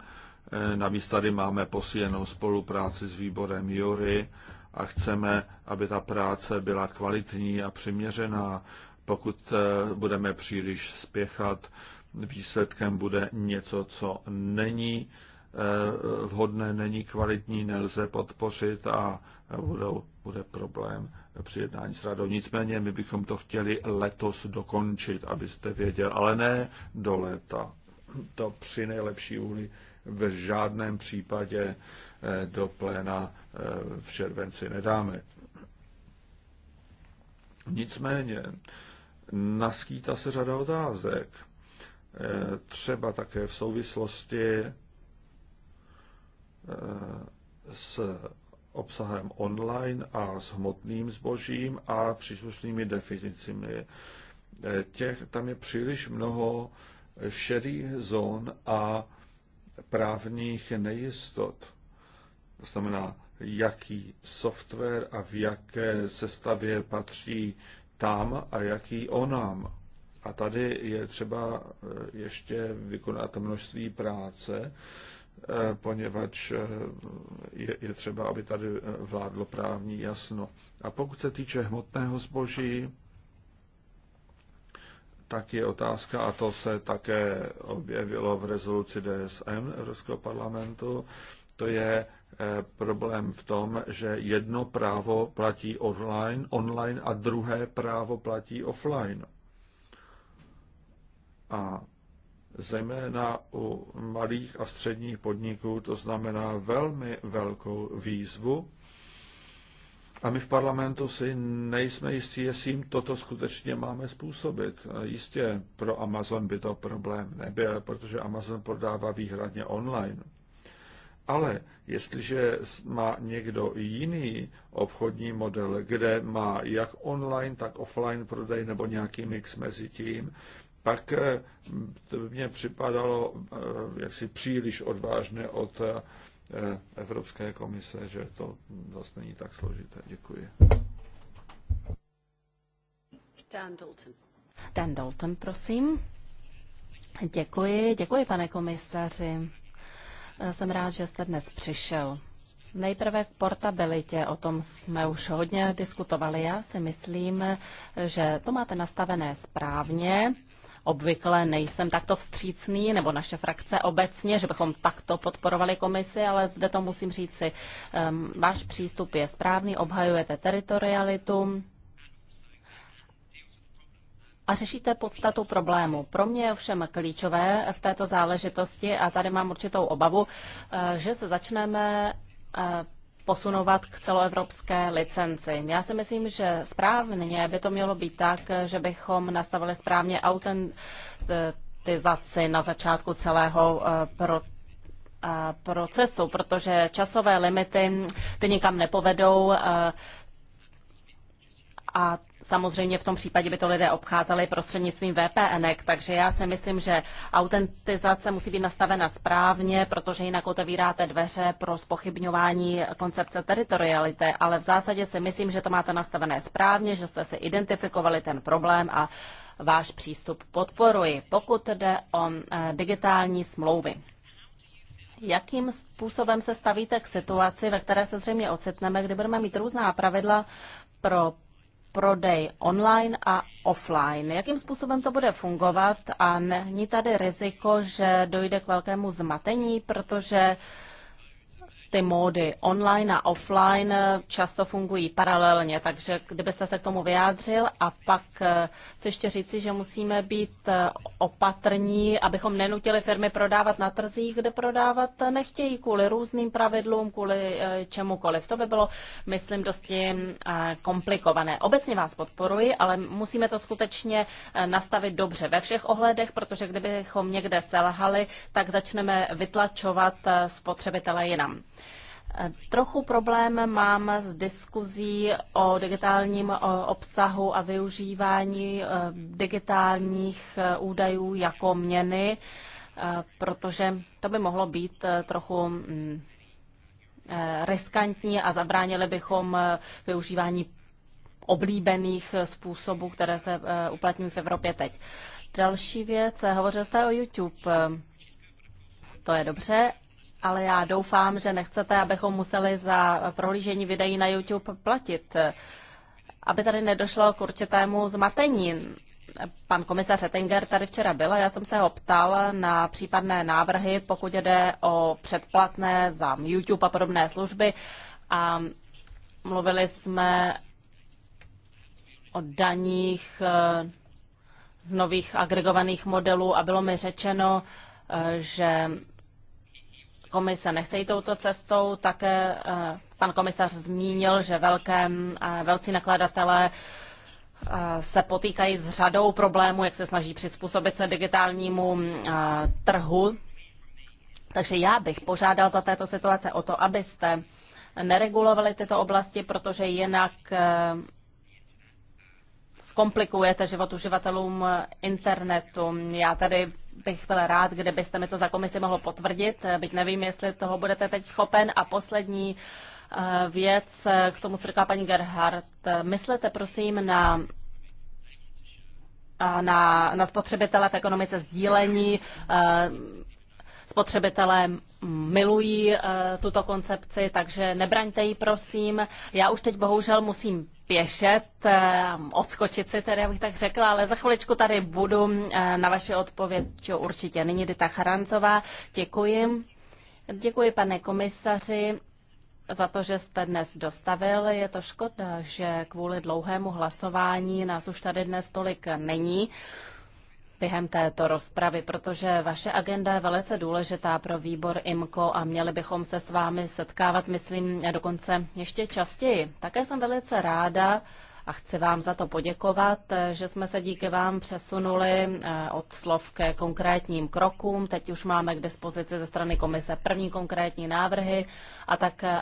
e, navíc tady máme posílenou spolupráci s výborem Jury a chceme, aby ta práce byla kvalitní a přiměřená. Pokud e, budeme příliš spěchat, výsledkem bude něco, co není e, vhodné, není kvalitní, nelze podpořit a budou, bude problém při jednání s radou. Nicméně my bychom to chtěli letos dokončit, abyste věděl, ale ne do léta to při nejlepší úli v žádném případě eh, do pléna eh, v červenci nedáme. Nicméně naskýtá se řada otázek, eh, třeba také v souvislosti s obsahem online a s hmotným zbožím a příslušnými definicemi. Těch, tam je příliš mnoho šedých zón a právních nejistot. To znamená, jaký software a v jaké sestavě patří tam a jaký onám. A tady je třeba eh, ještě vykonat množství práce, eh, poněvadž eh, je, je třeba, aby tady vládlo právní jasno. A pokud se týče hmotného zboží, tak je otázka, a to se také objevilo v rezoluci DSM Evropského parlamentu, to je eh, problém v tom, že jedno právo platí online, online a druhé právo platí offline. A zejména u malých a středních podniků to znamená velmi velkou výzvu, a my v parlamentu si nejsme jistí, jestli jim toto skutečně máme způsobit. Jistě pro Amazon by to problém nebyl, protože Amazon prodává výhradně online. Ale jestliže má někdo jiný obchodní model, kde má jak online, tak offline prodej nebo nějaký mix mezi tím, pak eh, to by mě připadalo eh, jaksi příliš odvážné od eh, Eh, Evropské komise, že to zase není tak složité. Děkuji. Dan Dalton. Dan Dalton, prosím. Děkuji, děkuji, pane komisaři. Eh, jsem rád, že jste dnes přišel. Nejprve k portabilitě, o tom jsme už hodně diskutovali. Já si myslím, že to máte nastavené správně obvykle nejsem takto vstřícný, nebo naše frakce obecně, že bychom takto podporovali komisi, ale zde to musím říci. Ehm, váš přístup je správný, obhajujete teritorialitu, a řešíte podstatu problému. Pro mě je ovšem klíčové v této záležitosti, a tady mám určitou obavu, eh, že se začneme eh, posunovat k celoevropské licenci. Já si myslím, že správně by to mělo být tak, že bychom nastavili správně autentizaci na začátku celého eh, pro eh, procesu, protože časové limity ty nikam nepovedou eh, a Samozřejmě v tom případě by to lidé obcházeli prostřednictvím VPN, takže já si myslím, že autentizace musí být nastavena správně, protože jinak otevíráte dveře pro spochybňování koncepce teritoriality, ale v zásadě si myslím, že to máte nastavené správně, že jste si identifikovali ten problém a váš přístup podporuji, pokud jde o eh, digitální smlouvy. Jakým způsobem se stavíte k situaci, ve které se zřejmě ocitneme, kdy budeme mít různá pravidla pro prodej online a offline. Jakým způsobem to bude fungovat a není tady riziko, že dojde k velkému zmatení, protože uh, ty módy online a offline často fungují paralelně, takže kdybyste se k tomu vyjádřil a pak eh, chci ještě říci, že musíme být eh, opatrní, abychom nenutili firmy prodávat na trzích, kde prodávat nechtějí kvůli různým pravidlům, kvůli eh, čemukoliv. To by bylo, myslím, dosti komplikované. Obecně vás podporuji, ale musíme to skutečně nastavit dobře ve všech ohledech, protože kdybychom někde selhali, tak začneme vytlačovat spotřebitele jinam. Trochu problém mám s diskuzí o digitálním obsahu a využívání eh, digitálních eh, údajů jako měny, eh, protože to by mohlo být trochu mm, riskantní a zabránili bychom využívání oblíbených způsobů, které se uplatňují v Evropě teď. Další věc, hovořil jste o YouTube. To je dobře, ale já doufám, že nechcete, abychom museli za prohlížení videí na YouTube platit, aby tady nedošlo k určitému zmatení. Pan komisař Ettinger tady včera byl a já jsem se ho ptal na případné návrhy, pokud jde o předplatné za YouTube a podobné služby. A mluvili jsme o daních eh, z nových agregovaných modelů a bylo mi řečeno, eh, že komise nechtějí touto cestou, Tak eh, pan komisař zmínil, že velké, eh, velcí nakladatelé eh, se potýkají s řadou problémů, jak se snaží přizpůsobit se digitálnímu trhu. Takže já bych požádal za této situace o to, abyste neregulovali tyto oblasti, protože jinak komplikujete život uživatelům internetu. Já tady bych byl rád, kdybyste mi to za komisi mohlo potvrdit, byť nevím, jestli toho budete teď schopen. A poslední eh, věc eh, k tomu, co říká paní Gerhardt. Myslete prosím na eh, na, na spotřebitele v ekonomice sdílení. Spotřebitelé milují eh, tuto koncepci, takže nebraňte ji, prosím. Já už teď bohužel musím pěšet, eh, odskočit si tedy, abych tak řekla, ale za chviličku tady budu eh, na vaše odpověď určitě. Nyní Dita Charancová, děkuji. Děkuji, pane komisaři, za to, že jste dnes dostavil. Je to škoda, že kvůli dlouhému hlasování nás už tady dnes tolik není během této rozpravy, protože vaše agenda je velice důležitá pro výbor IMCO a měli bychom se s vámi setkávat, myslím, dokonce ještě častěji. Také jsem velice ráda a chci vám za to poděkovat, že jsme se díky vám přesunuli eh, od slov ke konkrétním krokům. Teď už máme k dispozici ze strany komise první konkrétní návrhy a tak eh,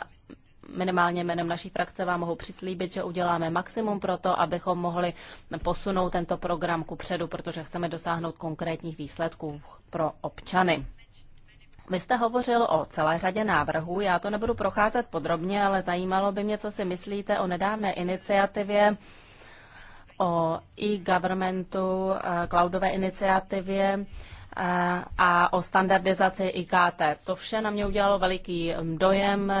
minimálně jménem naší frakce vám mohu přislíbit, že uděláme maximum pro to, abychom mohli posunout tento program ku předu, protože chceme dosáhnout konkrétních výsledků pro občany. Vy jste hovořil o celé řadě návrhů, já to nebudu procházet podrobně, ale zajímalo by mě, co si myslíte o nedávné iniciativě o e-governmentu, eh, cloudové iniciativě, a o standardizaci IKT. To vše na mě udělalo veliký mm, dojem.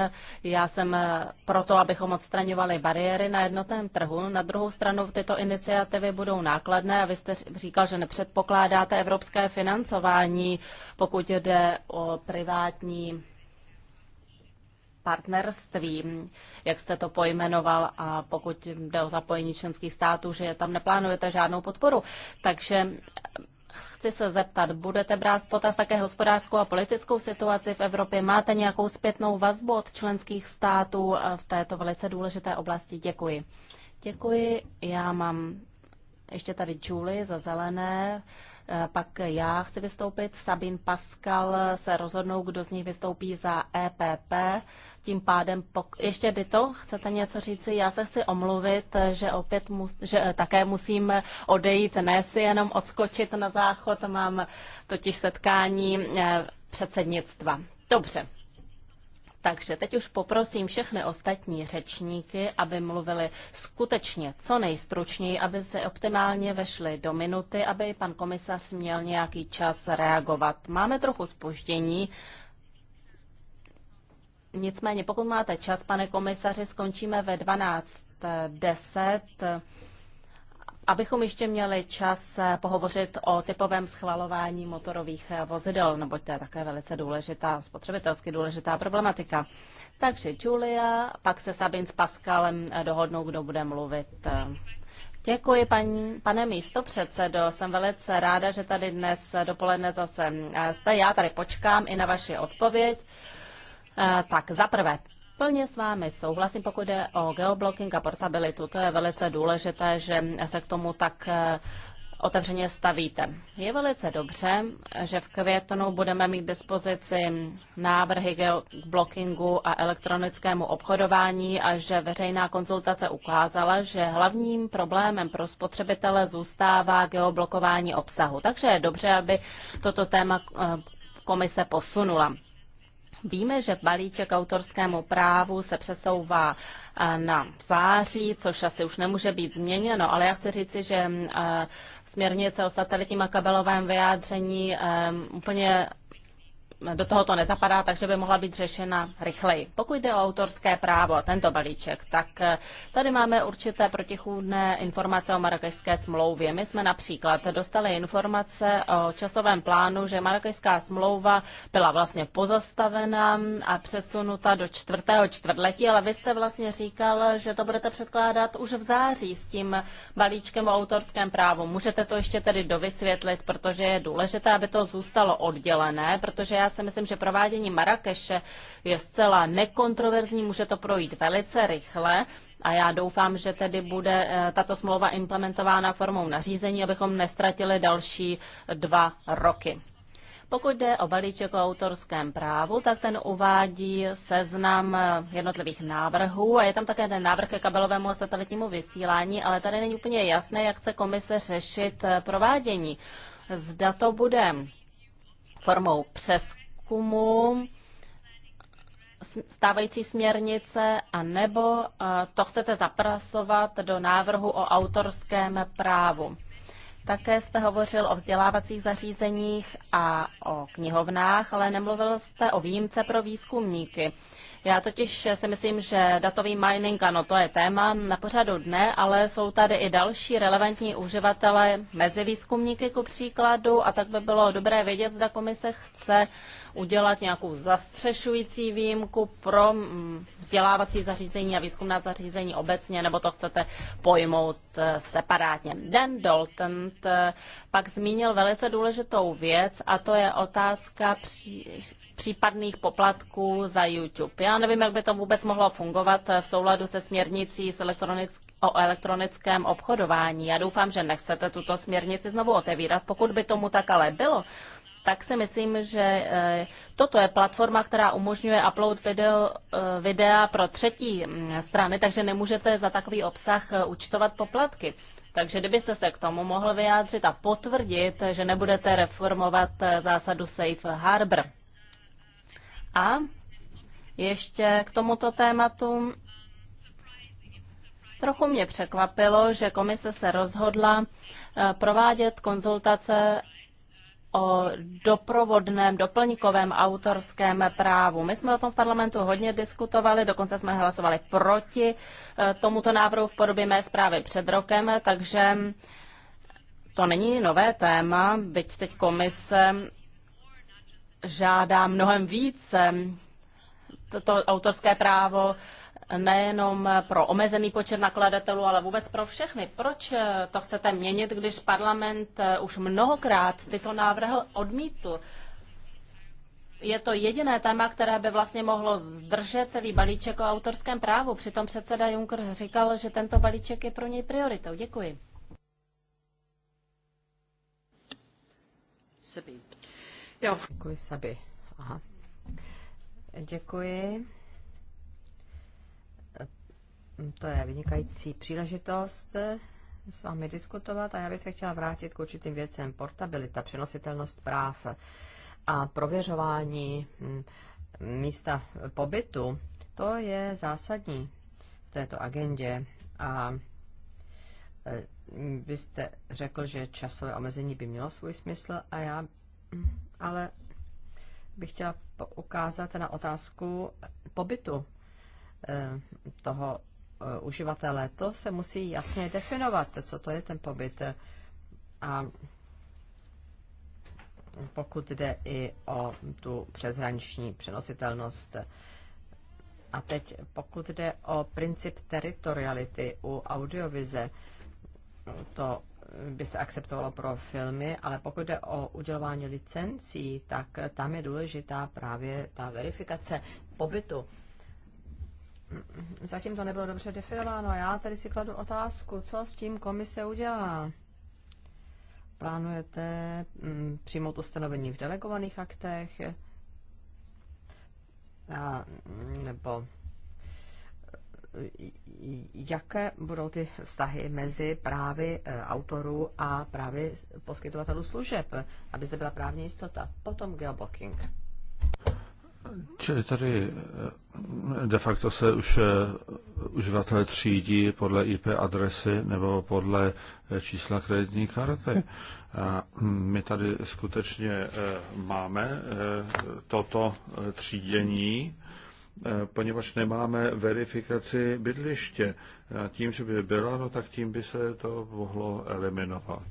Já jsem eh, proto, abychom odstraňovali bariéry na jednotném trhu. Na druhou stranu tyto iniciativy budou nákladné a vy jste říkal, že nepředpokládáte evropské financování, pokud jde o privátní partnerství, jak jste to pojmenoval, a pokud jde o zapojení členských států, že tam neplánujete žádnou podporu. Takže chci se zeptat, budete brát v potaz také hospodářskou a politickou situaci v Evropě? Máte nějakou zpětnou vazbu od členských států eh, v této velice důležité oblasti? Děkuji. Děkuji. Já mám ještě tady Julie za zelené, eh, pak já chci vystoupit, Sabin Pascal se rozhodnou, kdo z nich vystoupí za EPP, tím pádem, pok- ještě Dito, chcete něco říci? Já se chci omluvit, že opět mus- že eh, také musím odejít, ne si jenom odskočit na záchod, mám totiž setkání eh, předsednictva. Dobře. Takže teď už poprosím všechny ostatní řečníky, aby mluvili skutečně co nejstručněji, aby se optimálně vešli do minuty, aby pan komisař měl nějaký čas reagovat. Máme trochu spoždění, Nicméně, pokud máte čas, pane komisaři, skončíme ve 12.10, abychom ještě měli čas eh, pohovořit o typovém schvalování motorových eh, vozidel, nebo to je také velice důležitá, spotřebitelsky důležitá problematika. Takže Julia, pak se Sabin s Pascalem eh, dohodnou, kdo bude mluvit. Děkuji, paní, pane místo předsedo. Jsem velice ráda, že tady dnes dopoledne zase jste. Já tady počkám i na vaši odpověď. Eh, tak za prvé, plně s vámi souhlasím, pokud jde o geoblocking a portabilitu. To je velice důležité, že se k tomu tak eh, otevřeně stavíte. Je velice dobře, že v květnu budeme mít k dispozici návrhy k blockingu a elektronickému obchodování a že veřejná konzultace ukázala, že hlavním problémem pro spotřebitele zůstává geoblokování obsahu. Takže je dobře, aby toto téma eh, komise posunula. Víme, že balíček autorskému právu se přesouvá eh, na září, což asi už nemůže být změněno, ale já chci říci, že eh, směrnice o satelitním a kabelovém vyjádření eh, úplně do tohoto nezapadá, takže by mohla být řešena rychleji. Pokud jde o autorské právo, tento balíček, tak eh, tady máme určité protichůdné informace o marakešské smlouvě. My jsme například dostali informace o časovém plánu, že marakešská smlouva byla vlastně pozastavena a přesunuta do čtvrtého čtvrtletí, ale vy jste vlastně říkal, že to budete předkládat už v září s tím balíčkem o autorském právu. Můžete to ještě tedy dovysvětlit, protože je důležité, aby to zůstalo oddělené, protože já si myslím, že provádění Marrakeše je zcela nekontroverzní, může to projít velice rychle. A já doufám, že tedy bude eh, tato smlouva implementována formou nařízení, abychom nestratili další dva roky. Pokud jde o balíček o autorském právu, tak ten uvádí seznam eh, jednotlivých návrhů a je tam také ten návrh ke kabelovému a satelitnímu vysílání, ale tady není úplně jasné, jak chce komise řešit eh, provádění. Zda to bude formou přeskumu stávající směrnice a nebo eh, to chcete zapracovat do návrhu o autorském právu. Také jste hovořil o vzdělávacích zařízeních a o knihovnách, ale nemluvil jste o výjimce pro výzkumníky. Já totiž si myslím, že datový mining, ano, to je téma na pořadu dne, ale jsou tady i další relevantní uživatelé mezi výzkumníky ku příkladu a tak by bylo dobré vědět, zda komise chce udělat nějakou zastřešující výjimku pro mm, vzdělávací zařízení a výzkumná zařízení obecně, nebo to chcete pojmout e, separátně. Dan Dalton e, pak zmínil velice důležitou věc a to je otázka pří případných poplatků za YouTube. Já nevím, jak by to vůbec mohlo fungovat v souladu se směrnicí s elektronickým o elektronickém obchodování. Já doufám, že nechcete tuto směrnici znovu otevírat. Pokud by tomu tak ale bylo, tak si myslím, že eh, toto je platforma, která umožňuje upload video, eh, videa pro třetí mm, strany, takže nemůžete za takový obsah eh, účtovat poplatky. Takže kdybyste se k tomu mohl vyjádřit a potvrdit, že nebudete reformovat zásadu Safe Harbor. A ještě k tomuto tématu Trochu mě překvapilo, že komise se rozhodla eh, provádět konzultace o doprovodném, doplňkovém autorském právu. My jsme o tom v parlamentu hodně diskutovali, dokonce jsme hlasovali proti eh, tomuto návrhu v podobě mé zprávy před rokem, takže to není nové téma, byť teď komise žádá mnohem více ehm, toto autorské právo nejenom pro omezený počet nakladatelů, ale vůbec pro všechny. Proč eh, to chcete měnit, když parlament eh, už mnohokrát tyto návrhy odmítl? Je to jediné téma, které by vlastně mohlo zdržet celý balíček o autorském právu. Přitom předseda Juncker říkal, že tento balíček je pro něj prioritou. Děkuji. Sabine. Jo. Děkuji, Sabi. Aha. Děkuji. To je vynikající příležitost s vámi diskutovat a já bych se chtěla vrátit k určitým věcem. Portabilita, přenositelnost práv a prověřování hm, místa pobytu, to je zásadní v této agendě. A byste hm, řekl, že časové omezení by mělo svůj smysl a já hm, ale bych chtěla ukázat na otázku pobytu eh, toho eh, uživatele. To se musí jasně definovat, co to je ten pobyt. A pokud jde i o tu přeshraniční přenositelnost. A teď pokud jde o princip teritoriality u audiovize, to by se akceptovalo pro filmy, ale pokud jde o udělování licencí, tak tam je důležitá právě ta verifikace pobytu. Zatím to nebylo dobře definováno a já tady si kladu otázku, co s tím komise udělá. Plánujete mm, přijmout ustanovení v delegovaných aktech? A, nebo jaké budou ty vztahy mezi právy eh, autorů a právy poskytovatelů služeb, aby zde byla právní jistota. Potom geoblocking. Čili tady eh, de facto se už eh, uživatelé třídí podle IP adresy nebo podle čísla kreditní karty. A hm, my tady skutečně máme toto třídění Eh, poněvadž nemáme verifikaci bydliště. A tím, že by byla, no tak tím by se to mohlo eliminovat.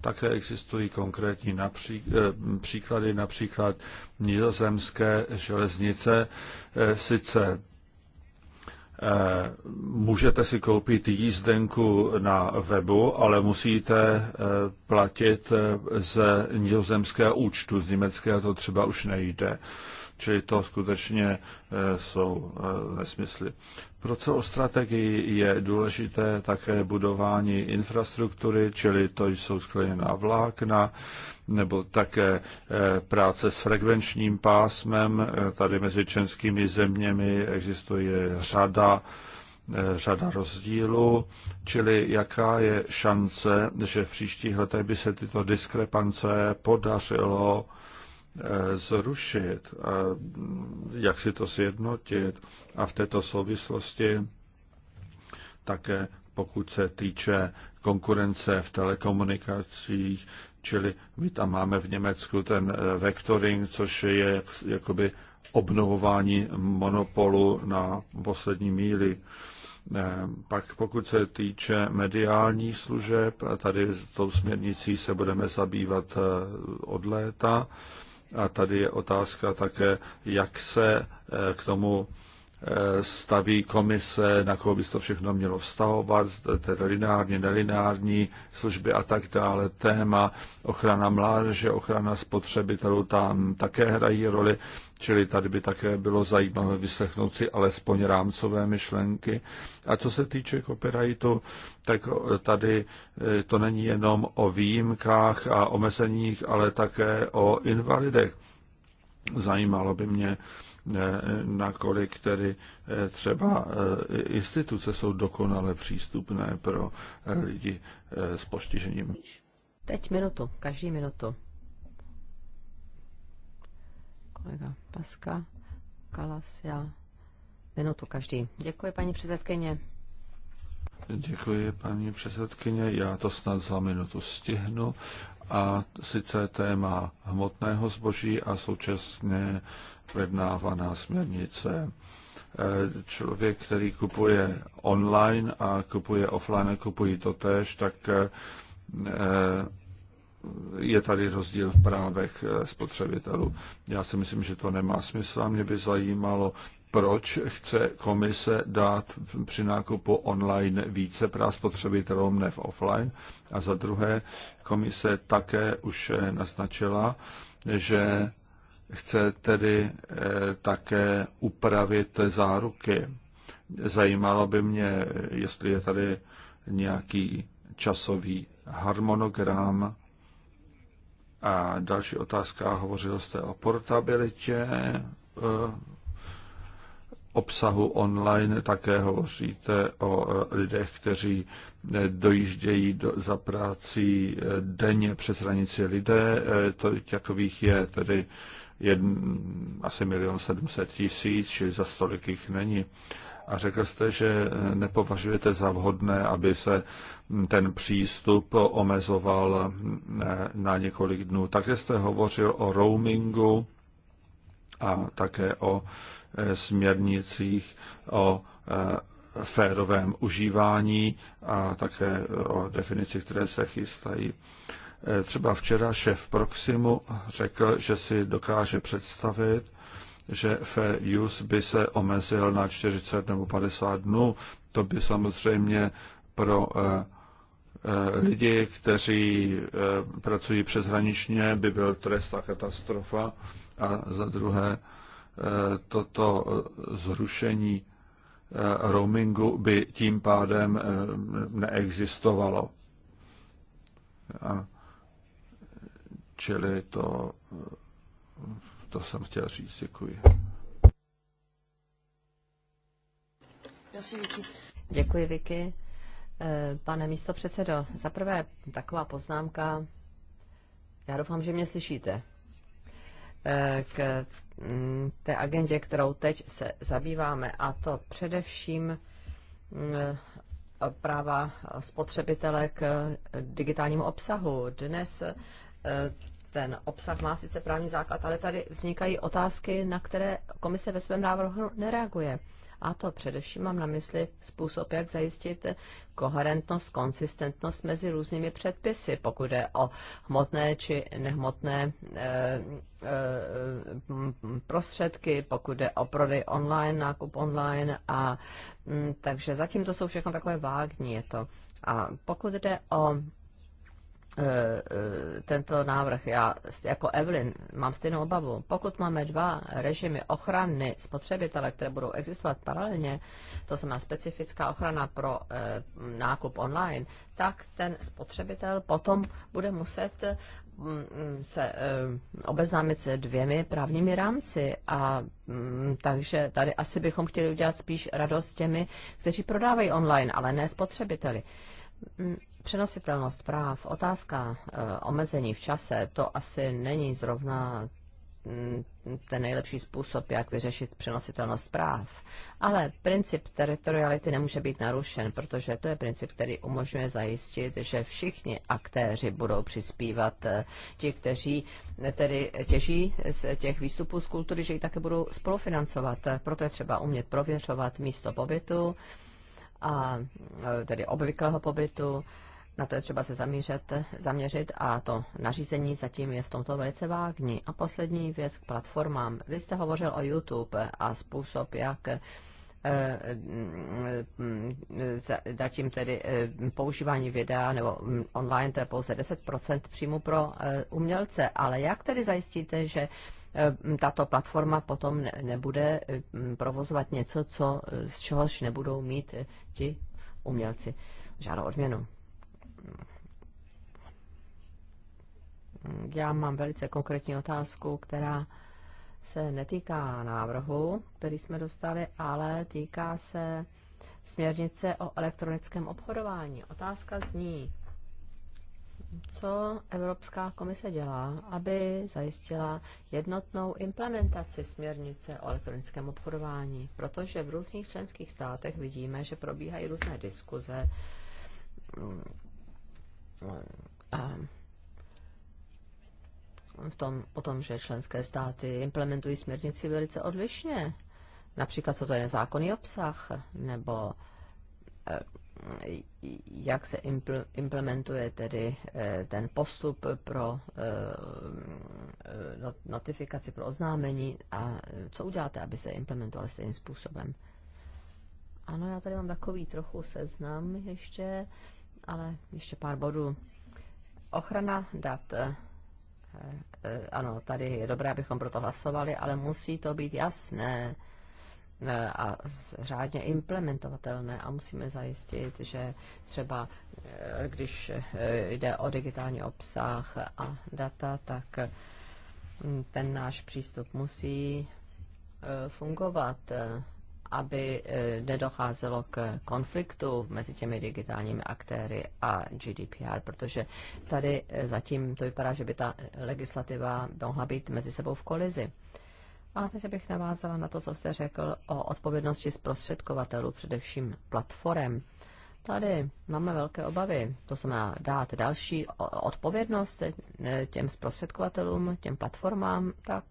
Také existují konkrétní napří, eh, příklady, například nizozemské železnice. Eh, sice můžete si koupit jízdenku na webu, ale musíte platit z nizozemského účtu, z německého to třeba už nejde. Čili to skutečně eh, jsou eh, nesmysly. Pro celou strategii je důležité také budování infrastruktury, čili to jsou skleněná vlákna, nebo také eh, práce s frekvenčním pásmem. Tady mezi českými zeměmi existuje řada řada rozdílů, čili jaká je šance, že v příštích letech by se tyto diskrepance podařilo Eh, zrušit, a jak si to sjednotit a v této souvislosti také pokud se týče konkurence v telekomunikacích, čili my tam máme v Německu ten eh, vectoring, což je jakoby obnovování monopolu na poslední míli. Eh, pak pokud se týče mediálních služeb, tady tou směrnicí se budeme zabývat od léta, a tady je otázka také, jak se eh, k tomu staví komise, na koho by se to všechno mělo vztahovat, tedy lineární, nelineární služby a tak dále, téma, ochrana mládeže, ochrana spotřebitelů tam také hrají roli, čili tady by také bylo zajímavé vyslechnout si alespoň rámcové myšlenky. A co se týče copyrightu, tak tady eh, to není jenom o výjimkách a omezeních, ale také o invalidech. Zajímalo by mě, Eh, nakolik tedy eh, třeba eh, instituce jsou dokonale přístupné pro lidi s postižením. Teď minutu, každý minutu. Kolega Paska, Kalas, já. Minutu každý. Děkuji, paní předsedkyně. Děkuji, paní předsedkyně. Já to snad za minutu stihnu a sice téma hmotného zboží a současně projednávaná směrnice. E, člověk, který kupuje online a kupuje offline kupují to tež, tak e, je tady rozdíl v právech e, spotřebitelů. Já si myslím, že to nemá smysl a mě by zajímalo, proč chce komise dát při nákupu online více práv spotřebitelům ne v offline. A za druhé, komise také už eh, naznačila, že chce tedy eh, také upravit záruky. Zajímalo by mě, jestli je tady nějaký časový harmonogram. A další otázka, hovořil jste o portabilitě eh, obsahu online také hovoříte o eh, lidech, kteří eh, dojíždějí za práci eh, denně přes hranici lidé. To, takových je tedy jedn, asi milion sedmset tisíc, čili za stolik jich není. A řekl jste, že nepovažujete za vhodné, aby se hm, ten přístup omezoval hm, na několik dnů. Takže jste hovořil o roamingu a také o směrnicích o eh, férovém užívání a také o definicích, které se chystají. Eh, třeba včera šéf Proximu řekl, že si dokáže představit, že fair use by se omezil na 40 nebo 50 dnů. To by samozřejmě pro eh, lidi, kteří pracují přeshraničně, by byl trest a katastrofa. A za druhé, toto eh, zrušení eh, roamingu by tím pádem eh, neexistovalo. Čili to, to jsem chtěl říct. Děkuji. Děkuji, Vicky. Pane místo předsedo, za prvé taková poznámka. Já doufám, že mě slyšíte. K Mm, té agendě, kterou teď se zabýváme, a to především mm, práva spotřebitele k digitálnímu obsahu. Dnes e, ten obsah má sice právní základ, ale tady vznikají otázky, na které komise ve svém návrhu nereaguje. A to především mám na mysli způsob, jak zajistit koherentnost, konsistentnost mezi různými předpisy, pokud je o hmotné či nehmotné e, e, prostředky, pokud je o prodej online, nákup online. A, m, mm, takže zatím to jsou všechno takové vágní. Je to. A pokud jde o Eh, eh, tento návrh. Já jako Evelyn mám stejnou obavu. Pokud máme dva režimy ochrany spotřebitele, které budou existovat paralelně, to znamená specifická ochrana pro e, nákup online, tak ten spotřebitel potom bude muset mm, mm, se obeznámit se dvěmi právními rámci a mm, takže tady asi bychom chtěli udělat spíš radost těmi, kteří prodávají online, ale ne spotřebiteli Přenositelnost práv, otázka eh, omezení v čase, to asi není zrovna mm, ten nejlepší způsob, jak vyřešit přenositelnost práv. Ale princip teritoriality nemůže být narušen, protože to je princip, který umožňuje zajistit, že všichni aktéři budou přispívat. Eh, ti, kteří eh, tedy těží z těch výstupů z kultury, že ji také budou spolufinancovat. Proto je třeba umět prověřovat místo pobytu, a tedy obvyklého pobytu, na to je třeba se zaměřit, zaměřit a to nařízení zatím je v tomto velice vágní. A poslední věc k platformám. Vy jste hovořil o YouTube a způsob, jak eh, mm, zatím tedy eh, používání videa nebo mm, online to je pouze 10% příjmu pro eh, umělce, ale jak tedy zajistíte, že tato platforma potom nebude mm, provozovat něco, co, z čehož nebudou mít ti umělci žádnou odměnu? já mám velice konkrétní otázku, která se netýká návrhu, který jsme dostali, ale týká se směrnice o elektronickém obchodování. Otázka zní, co Evropská komise dělá, aby zajistila jednotnou implementaci směrnice o elektronickém obchodování, protože v různých členských státech vidíme, že probíhají různé diskuze a v tom, o tom, že členské státy implementují směrnici velice odlišně. Například, co to je nezákonný obsah, nebo eh, jak se implementuje tedy eh, ten postup pro eh, notifikaci, pro oznámení a co uděláte, aby se implementovali stejným způsobem. Ano, já tady mám takový trochu seznam ještě ale ještě pár bodů. Ochrana dat. Eh, eh, ano, tady je dobré, abychom proto hlasovali, ale musí to být jasné eh, a řádně implementovatelné a musíme zajistit, že třeba když jde o digitální obsah a data, tak mm, ten náš přístup musí fungovat aby eh, nedocházelo k konfliktu mezi těmi digitálními aktéry a GDPR, protože tady eh, zatím to vypadá, že by ta legislativa mohla být mezi sebou v kolizi. A teď bych navázala na to, co jste řekl o odpovědnosti zprostředkovatelů, především platform. Tady máme velké obavy, to znamená dát další odpovědnost eh, těm zprostředkovatelům, těm platformám, tak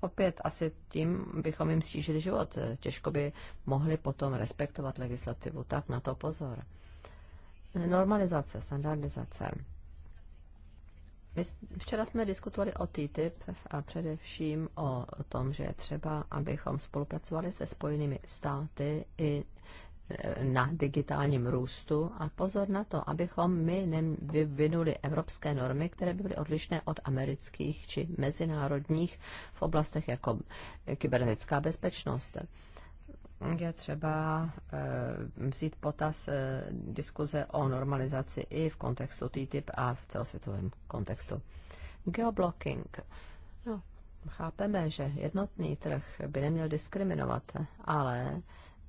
opět asi tím bychom jim stížili život. Těžko by mohli potom respektovat legislativu, tak na to pozor. Normalizace, standardizace. My včera jsme diskutovali o TTIP a především o tom, že je třeba, abychom spolupracovali se spojenými státy i na digitálním růstu a pozor na to, abychom my vyvinuli evropské normy, které by byly odlišné od amerických či mezinárodních v oblastech jako kybernetická bezpečnost je třeba eh, vzít potaz eh, diskuze o normalizaci i v kontextu TTIP a v celosvětovém kontextu. Geoblocking. No, chápeme, že jednotný trh by neměl diskriminovat, ale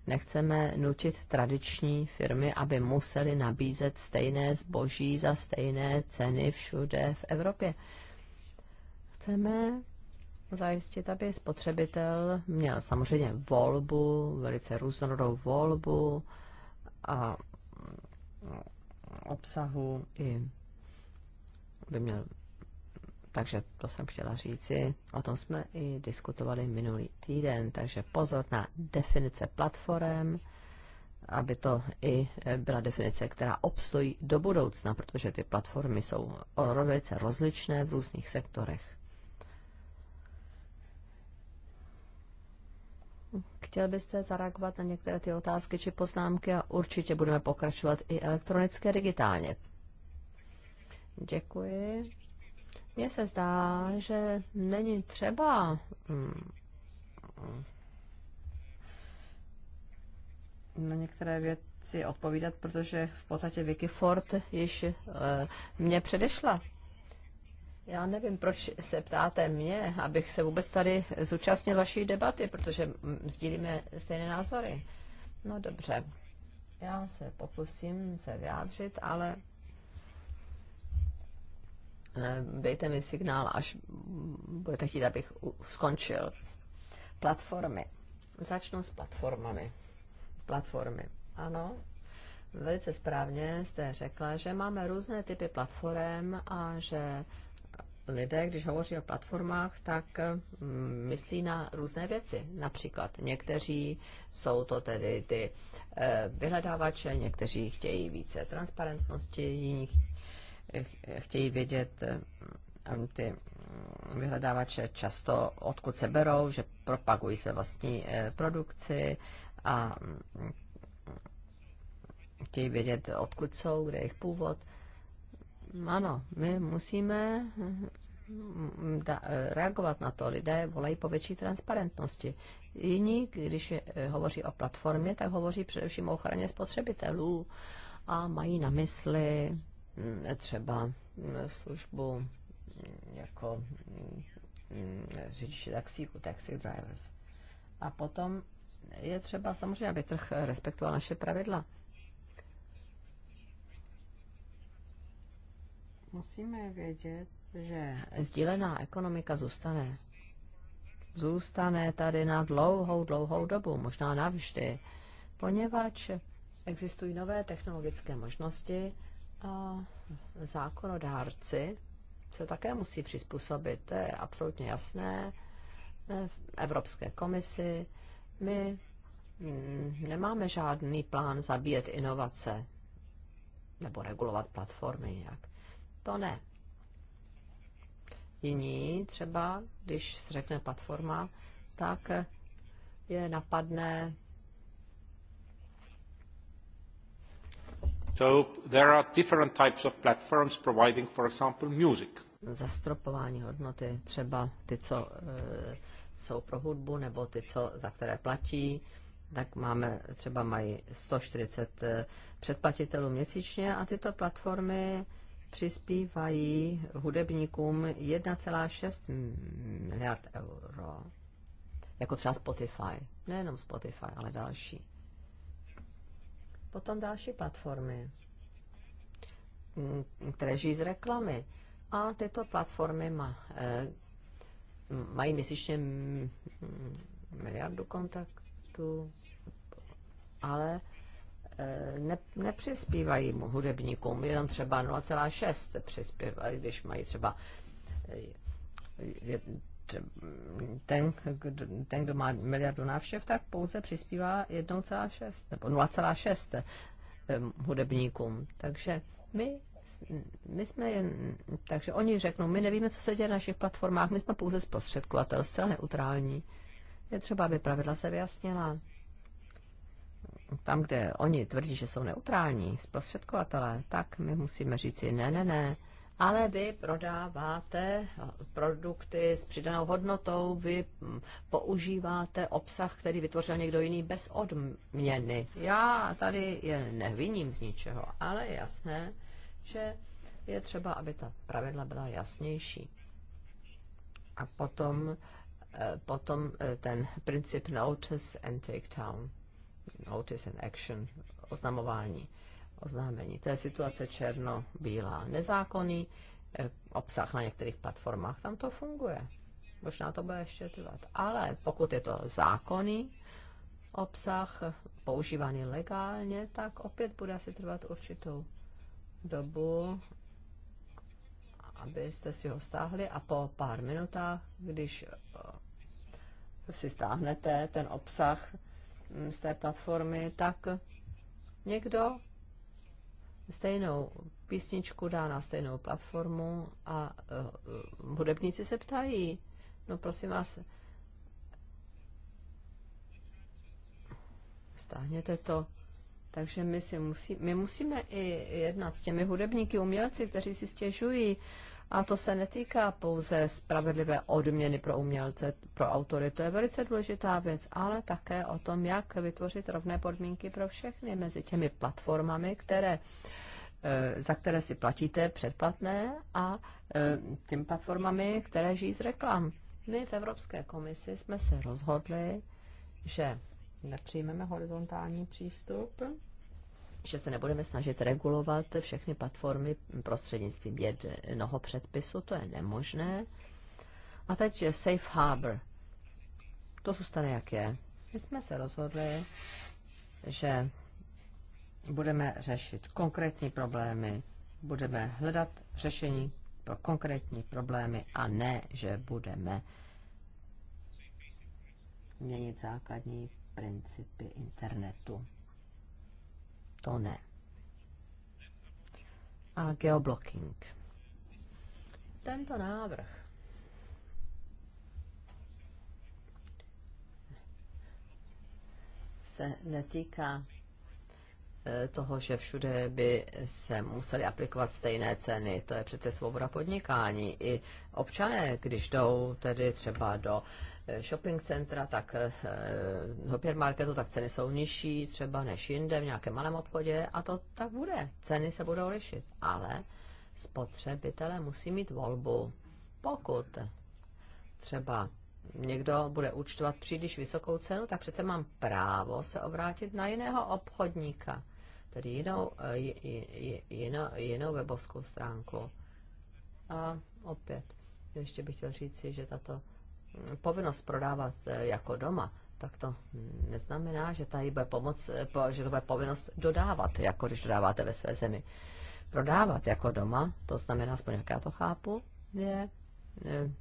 nechceme nutit tradiční firmy, aby museli nabízet stejné zboží za stejné ceny všude v Evropě. Chceme zajistit, aby spotřebitel měl samozřejmě volbu, velice různorodou volbu a obsahu i by měl takže to jsem chtěla říci. O tom jsme i diskutovali minulý týden, takže pozor na definice platform, aby to i eh, byla definice, která obstojí do budoucna, protože ty platformy jsou velice rozličné v různých sektorech. Chtěl byste zareagovat na některé ty otázky či poznámky a určitě budeme pokračovat i elektronické digitálně. Děkuji. Mně se zdá, že není třeba mm, na některé věci odpovídat, protože v podstatě Vicky Ford již eh, mě předešla. Já nevím, proč se ptáte mě, abych se vůbec tady zúčastnil vaší debaty, protože mm, sdílíme stejné názory. No dobře, já se pokusím se vyjádřit, ale Eh, dejte mi signál, až budete chtít, abych skončil. Platformy. Začnu s platformami. Platformy. Ano, velice správně jste řekla, že máme různé typy platform a že lidé, když hovoří o platformách, tak mm, myslí na různé věci. Například někteří jsou to tedy ty eh, vyhledávače, někteří chtějí více transparentnosti, jiní Eh, chtějí vědět eh, ty vyhledávače často, odkud se berou, že propagují své vlastní eh, produkci a mm, chtějí vědět, odkud jsou, kde je jejich původ. Ano, my musíme mm, reagovat na to. Lidé volají po větší transparentnosti. Jiní, když hovoří o platformě, tak hovoří především o ochraně spotřebitelů a mají na mysli třeba mm, službu mm, jako mm, řidiči taxíku, taxi drivers. A potom je třeba samozřejmě, aby trh respektoval naše pravidla. Musíme vědět, že sdílená ekonomika zůstane. Zůstane tady na dlouhou, dlouhou dobu, možná navždy, poněvadž existují nové technologické možnosti, a zákonodárci se také musí přizpůsobit, to je absolutně jasné. E, v Evropské komisi my mm, nemáme žádný plán zabíjet inovace nebo regulovat platformy nějak. To ne. Jiní třeba, když se řekne platforma, tak je napadne So there are different types of platforms providing, for example, music. Zastropování hodnoty, třeba ty, co e, jsou pro hudbu, nebo ty, co, za které platí, tak máme, třeba mají 140 e, předplatitelů měsíčně a tyto platformy přispívají hudebníkům 1,6 miliard euro. Jako třeba Spotify. Nejenom Spotify, ale další. Potom další platformy, mm, které žijí z reklamy. A tyto platformy má, eh, mají měsíčně miliardu kontaktů, ale eh, ne, nepřispívají mu hudebníkům, jenom třeba 0,6 přispívají, když mají třeba eh, ten, ten, kdo má miliardu návštěv, tak pouze přispívá 1,6 nebo 0,6 eh, hudebníkům. Takže my, my jsme jen, takže oni řeknou, my nevíme, co se děje na našich platformách, my jsme pouze zprostředkovatel, zcela neutrální. Je třeba, aby pravidla se vyjasnila. Tam, kde oni tvrdí, že jsou neutrální zprostředkovatelé, tak my musíme říci ne, ne, ne, ale vy prodáváte produkty s přidanou hodnotou, vy používáte obsah, který vytvořil někdo jiný bez odměny. Já tady je neviním z ničeho, ale je jasné, že je třeba, aby ta pravidla byla jasnější. A potom, eh, potom eh, ten princip notice and take down, notice and action, oznamování oznámení. To je situace černo-bílá. Nezákonný eh, obsah na některých platformách, tam to funguje. Možná to bude ještě trvat. Ale pokud je to zákonný obsah, používaný legálně, tak opět bude asi trvat určitou dobu, abyste si ho stáhli a po pár minutách, když eh, si stáhnete ten obsah mm, z té platformy, tak někdo stejnou písničku dá na stejnou platformu a uh, hudebníci se ptají, no prosím vás, stáhněte to. Takže my, si musí, my musíme i jednat s těmi hudebníky, umělci, kteří si stěžují, uh, a to se netýká pouze spravedlivé odměny pro umělce, pro autory. To je velice důležitá věc, ale také o tom, jak vytvořit rovné podmínky pro všechny mezi těmi platformami, které eh, za které si platíte předplatné a eh, těm platformami, které žijí z reklam. My v Evropské komisi jsme se rozhodli, že nepřijmeme horizontální přístup, že se nebudeme snažit regulovat všechny platformy prostřednictvím jednoho předpisu, to je nemožné. A teď je Safe Harbor. To zůstane jak je. My jsme se rozhodli, že budeme řešit konkrétní problémy, budeme hledat řešení pro konkrétní problémy a ne, že budeme měnit základní principy internetu to ne. A geoblocking. Tento návrh se netýká e, toho, že všude by se museli aplikovat stejné ceny. To je přece svoboda podnikání. I občané, když jdou tedy třeba do uh, shopping centra, tak eh, hypermarketu, tak ceny jsou nižší třeba než jinde v nějakém malém obchodě a to tak bude. Ceny se budou lišit, ale spotřebitelé musí mít volbu. Pokud třeba někdo bude účtovat příliš vysokou cenu, tak přece mám právo se obrátit na jiného obchodníka, tedy jinou, eh, jinou, jinou webovskou stránku. A opět, ještě bych chtěl říci, že tato povinnost prodávat eh, jako doma, tak to neznamená, že tady bude pomoc, eh, že to bude povinnost dodávat, jako když dodáváte ve své zemi. Prodávat jako doma, to znamená, aspoň jak já to chápu, je, je,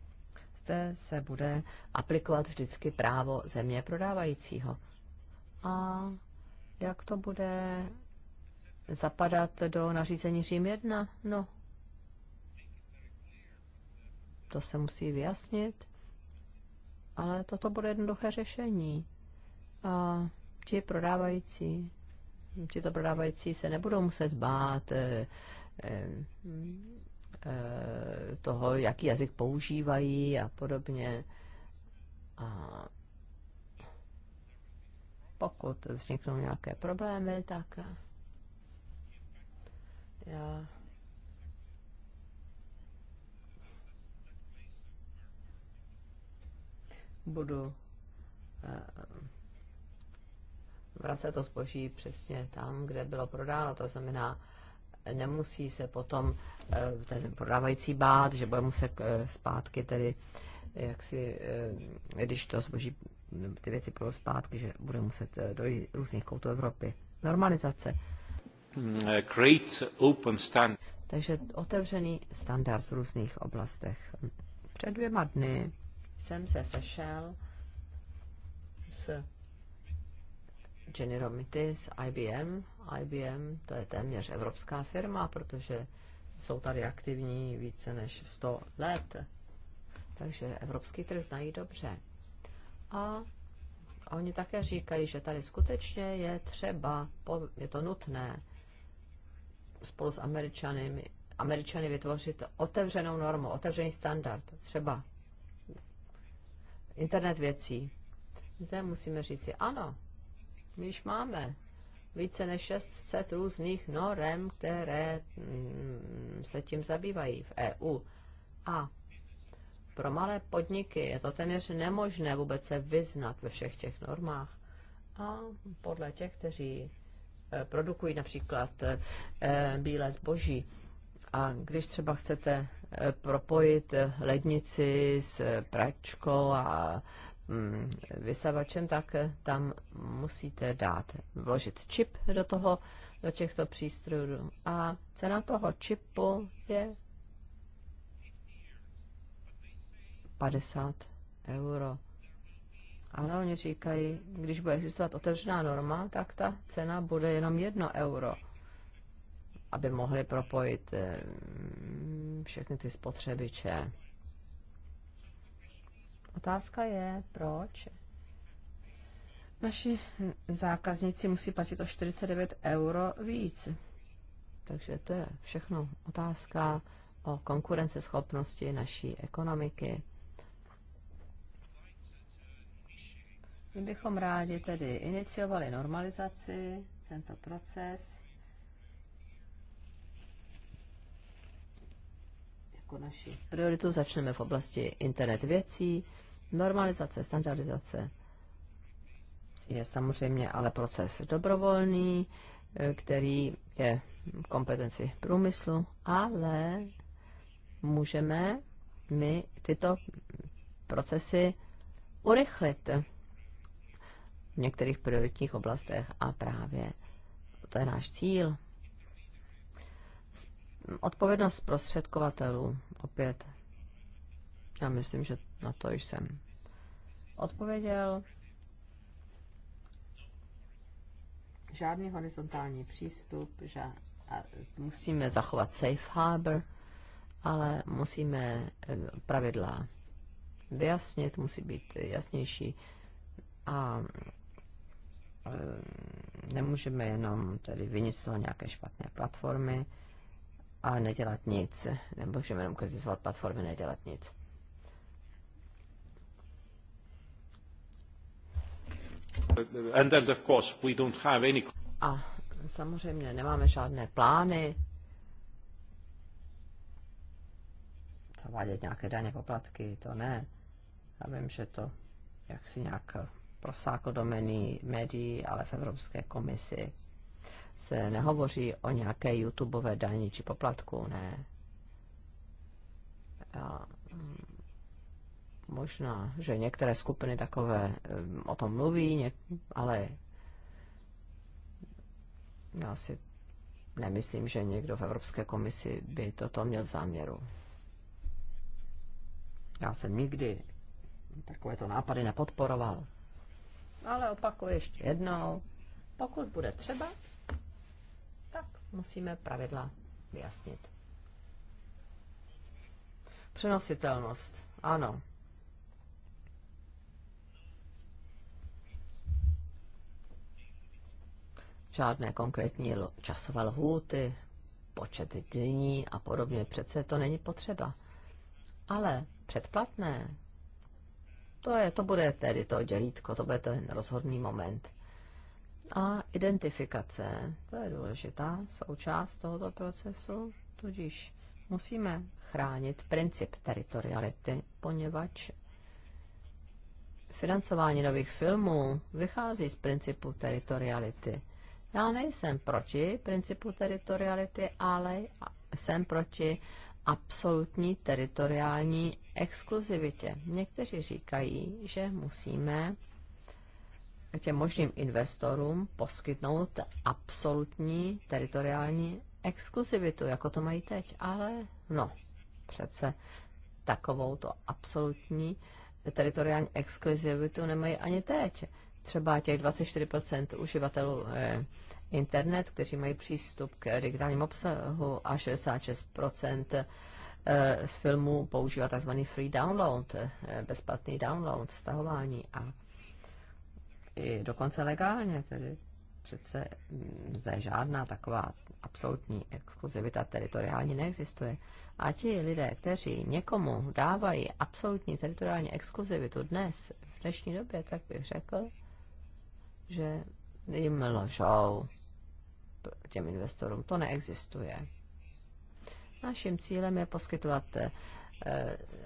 eh, se bude aplikovat vždycky právo země prodávajícího. A jak to bude zapadat do nařízení Řím 1? No, to se musí vyjasnit ale toto bude jednoduché řešení. A ti prodávající, ti to prodávající se nebudou muset bát e, e, toho, jaký jazyk používají a podobně. A pokud vzniknou nějaké problémy, tak já budu eh, vracet to zboží přesně tam, kde bylo prodáno. To znamená, nemusí se potom eh, ten prodávající bát, že bude muset eh, zpátky tedy, jak si, když to zboží, ty věci budou zpátky, že bude muset do různých koutů Evropy. Normalizace. Create hmm, open standard. Takže otevřený standard v různých oblastech. Před dvěma dny jsem se sešel s Jenny z IBM. IBM to je téměř evropská firma, protože jsou tady aktivní více než 100 let. Takže evropský trh znají dobře. A oni také říkají, že tady skutečně je třeba, je to nutné spolu s Američany, Američany vytvořit otevřenou normu, otevřený standard. Třeba internet věcí. Zde musíme říci ano, my již máme více než 600 různých norem, které mm, se tím zabývají v EU. A pro malé podniky je to téměř nemožné vůbec se vyznat ve všech těch normách. A podle těch, kteří eh, produkují například eh, eh, bílé zboží, a když třeba chcete Eh, propojit eh, lednici s pračkou a mm, vysavačem, tak eh, tam musíte dát, vložit čip do toho, do těchto přístrojů. A cena toho čipu je 50 euro. Ale oni říkají, když bude existovat otevřená norma, tak ta cena bude jenom 1 euro aby mohli propojit eh, všechny ty spotřebiče. Otázka je, proč? Naši zákazníci musí platit o 49 euro víc. Takže to je všechno otázka o konkurenceschopnosti naší ekonomiky. My bychom rádi tedy iniciovali normalizaci, tento proces, jako naši prioritu začneme v oblasti internet věcí, normalizace, standardizace. Je samozřejmě ale proces dobrovolný, eh, který je kompetenci průmyslu, ale můžeme my tyto procesy urychlit v některých prioritních oblastech a právě to je náš cíl. Odpovědnost prostředkovatelů, opět, já myslím, že na to jsem odpověděl. Žádný horizontální přístup, že musíme zachovat safe harbor, ale musíme eh, pravidla vyjasnit, musí být jasnější a eh, nemůžeme jenom tedy vinit z toho nějaké špatné platformy a nedělat nic. Nemůžeme jenom kritizovat platformy, nedělat nic. And, and of course we don't have any... A samozřejmě nemáme žádné plány zavádět nějaké daně, poplatky, to ne. Já vím, že to jaksi nějak prosáklo do médií, ale v Evropské komisi se nehovoří o nějaké YouTubeové daní či poplatku, ne. A, mm, možná, že některé skupiny takové mm, o tom mluví, ale já si nemyslím, že někdo v Evropské komisi by toto měl v záměru. Já jsem nikdy takovéto nápady nepodporoval. Ale opakuji ještě jednou, pokud bude třeba, musíme pravidla vyjasnit. Přenositelnost. Ano. Žádné konkrétní časové lhůty, počet dní a podobně. Přece to není potřeba. Ale předplatné, to, je, to bude tedy to dělítko, to bude ten rozhodný moment. A identifikace, to je důležitá součást tohoto procesu, tudíž musíme chránit princip teritoriality, poněvadž financování nových filmů vychází z principu teritoriality. Já nejsem proti principu teritoriality, ale jsem proti absolutní teritoriální exkluzivitě. Někteří říkají, že musíme těm možným investorům poskytnout absolutní teritoriální exkluzivitu, jako to mají teď. Ale no, přece takovou to absolutní teritoriální exkluzivitu nemají ani teď. Třeba těch 24% uživatelů eh, internet, kteří mají přístup k digitálnímu obsahu a 66% eh, z filmů používá tzv. free download, eh, bezplatný download, stahování a i dokonce legálně, tedy přece mm, zde žádná taková absolutní exkluzivita teritoriální neexistuje. A ti lidé, kteří někomu dávají absolutní teritoriální exkluzivitu dnes, v dnešní době, tak bych řekl, že jim lžou těm investorům. To neexistuje. Naším cílem je poskytovat eh,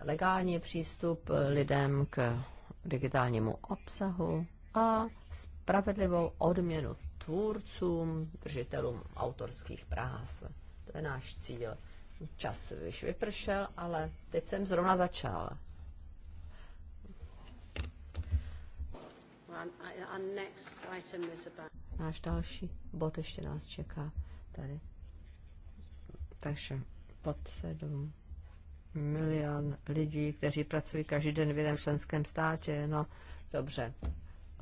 legální přístup lidem k digitálnímu obsahu, a spravedlivou odměnu tvůrcům, držitelům autorských práv. To je náš cíl. Čas už vypršel, ale teď jsem zrovna začal. Náš další bod ještě nás čeká tady. Takže pod sedm milion lidí, kteří pracují každý den v jednom členském státě. No, dobře,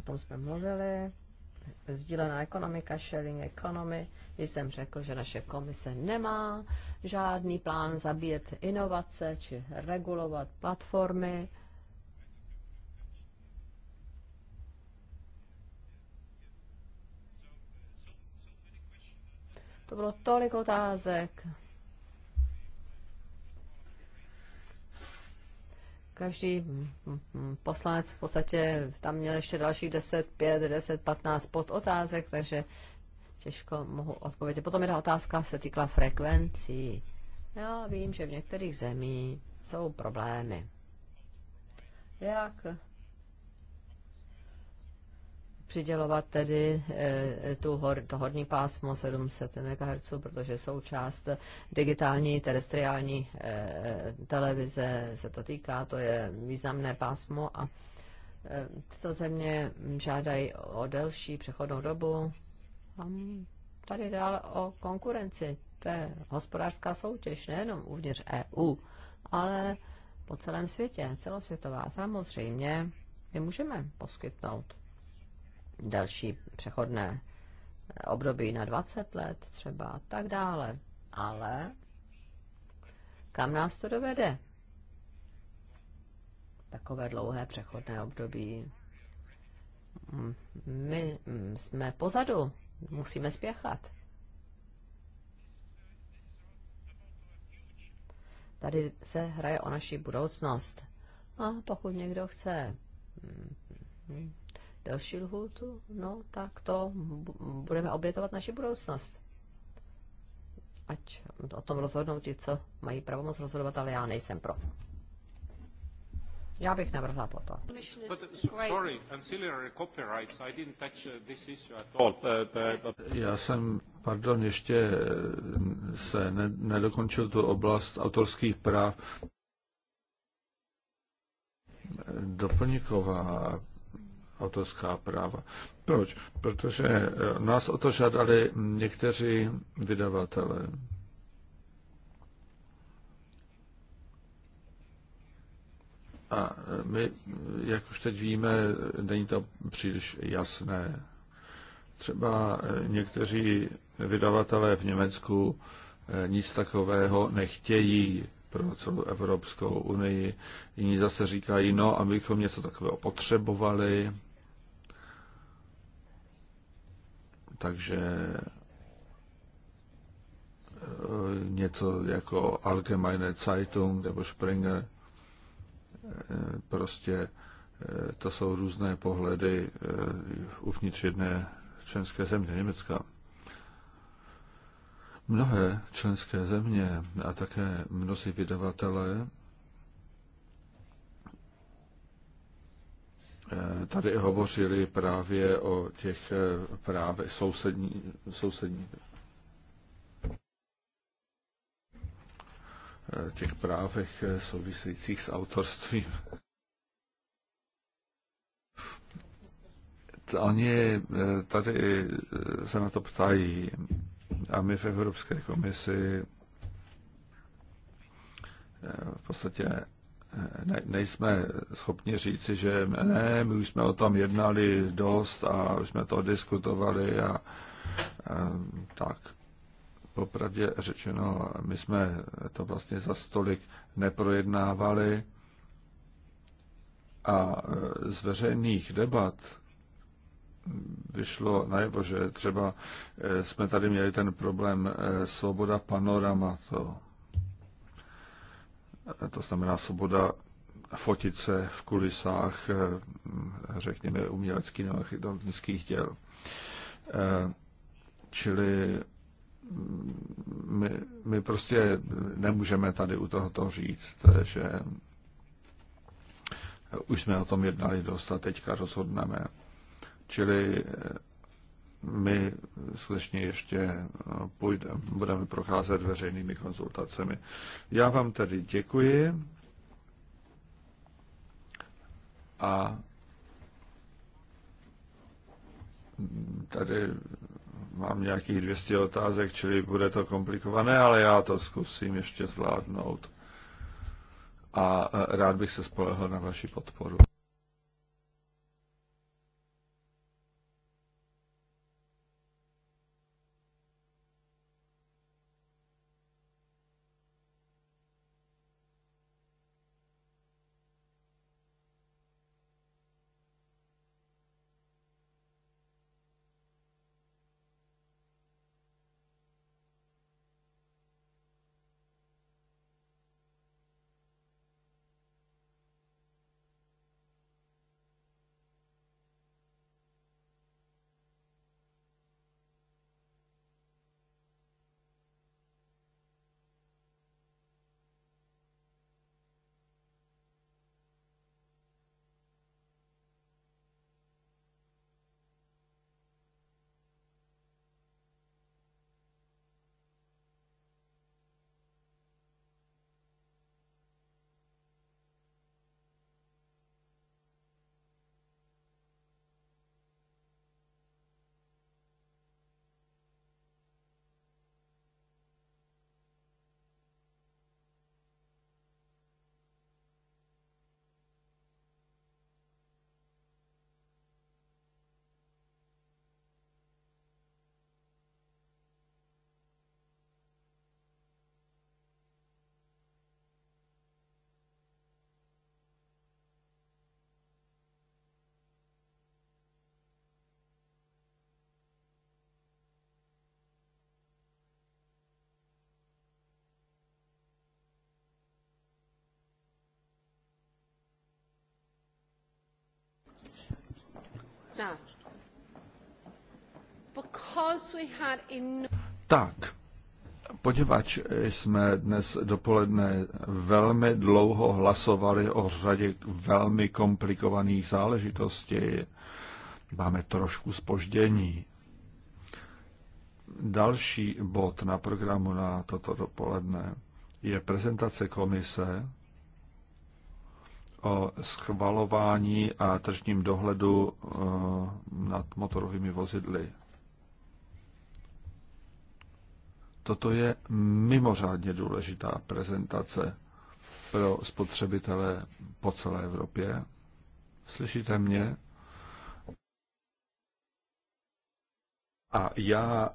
tom jsme mluvili. Sdílená ekonomika, sharing economy. Jsem řekl, že naše komise nemá žádný plán zabíjet inovace či regulovat platformy. To bylo tolik otázek, každý poslanec v podstatě tam měl ještě dalších 10, 5, 10, 15 pod otázek, takže těžko mohu odpovědět. Potom jedna otázka se týkla frekvencí. Já vím, že v některých zemích jsou problémy. Jak přidělovat tedy eh, tu hor, to horní pásmo 700 MHz, protože součást digitální terestriální eh, televize se to týká, to je významné pásmo a eh, tyto země žádají o delší přechodnou dobu. A tady dále o konkurenci. To je hospodářská soutěž nejenom uvnitř EU, ale po celém světě, celosvětová. Samozřejmě my můžeme poskytnout další přechodné období na 20 let třeba a tak dále. Ale kam nás to dovede? Takové dlouhé přechodné období. My jsme pozadu, musíme spěchat. Tady se hraje o naši budoucnost. A pokud někdo chce delší lhůtu, no tak to budeme obětovat naši budoucnost. Ať o tom rozhodnou ti, co mají pravomoc rozhodovat, ale já nejsem pro. Já bych navrhla toto. Uh, uh, uh, já jsem, pardon, ještě se nedokončil tu oblast autorských práv. Doplňková autorská práva. Proč? Protože eh, nás o to žádali někteří vydavatelé. A eh, my, jak už teď víme, není to příliš jasné. Třeba eh, někteří vydavatelé v Německu nic takového nechtějí pro celou Evropskou unii. Jiní zase říkají, no, abychom něco takového potřebovali, Takže eh, něco jako Allgemeine Zeitung nebo Springer, eh, prostě eh, to jsou různé pohledy uvnitř jedné členské země Německa. Mnohé členské země a také mnozí vydavatelé Eh, tady hovořili právě o těch eh, právě sousední, sousední eh, těch právech souvisejících s autorstvím. Oni tady se na to ptají a my v Evropské komisi v podstatě ne, nejsme schopni říci, že ne, my už jsme o tom jednali dost a už jsme to diskutovali a, a tak. Popravdě řečeno, my jsme to vlastně za stolik neprojednávali a e, z veřejných debat vyšlo najevo, že třeba e, jsme tady měli ten problém e, svoboda panorama, to to znamená svoboda fotit se v kulisách, eh, řekněme, uměleckých nebo architektonických děl. Eh, čili mm, my, my prostě nemůžeme tady u tohoto říct, že už jsme o tom jednali dost a teďka rozhodneme. Čili eh, my skutečně ještě eh, půjdeme, budeme procházet veřejnými konzultacemi. Já vám tedy děkuji a tady mám nějakých 200 otázek, čili bude to komplikované, ale já to zkusím ještě zvládnout. A eh, rád bych se spolehl na vaši podporu. Tak, poněvadž jsme dnes dopoledne velmi dlouho hlasovali o řadě velmi komplikovaných záležitostí, máme trošku spoždění. Další bod na programu na toto dopoledne je prezentace komise o schvalování a tržním dohledu eh, nad motorovými vozidly. Toto je mimořádně důležitá prezentace pro spotřebitele po celé Evropě. Slyšíte mě? A já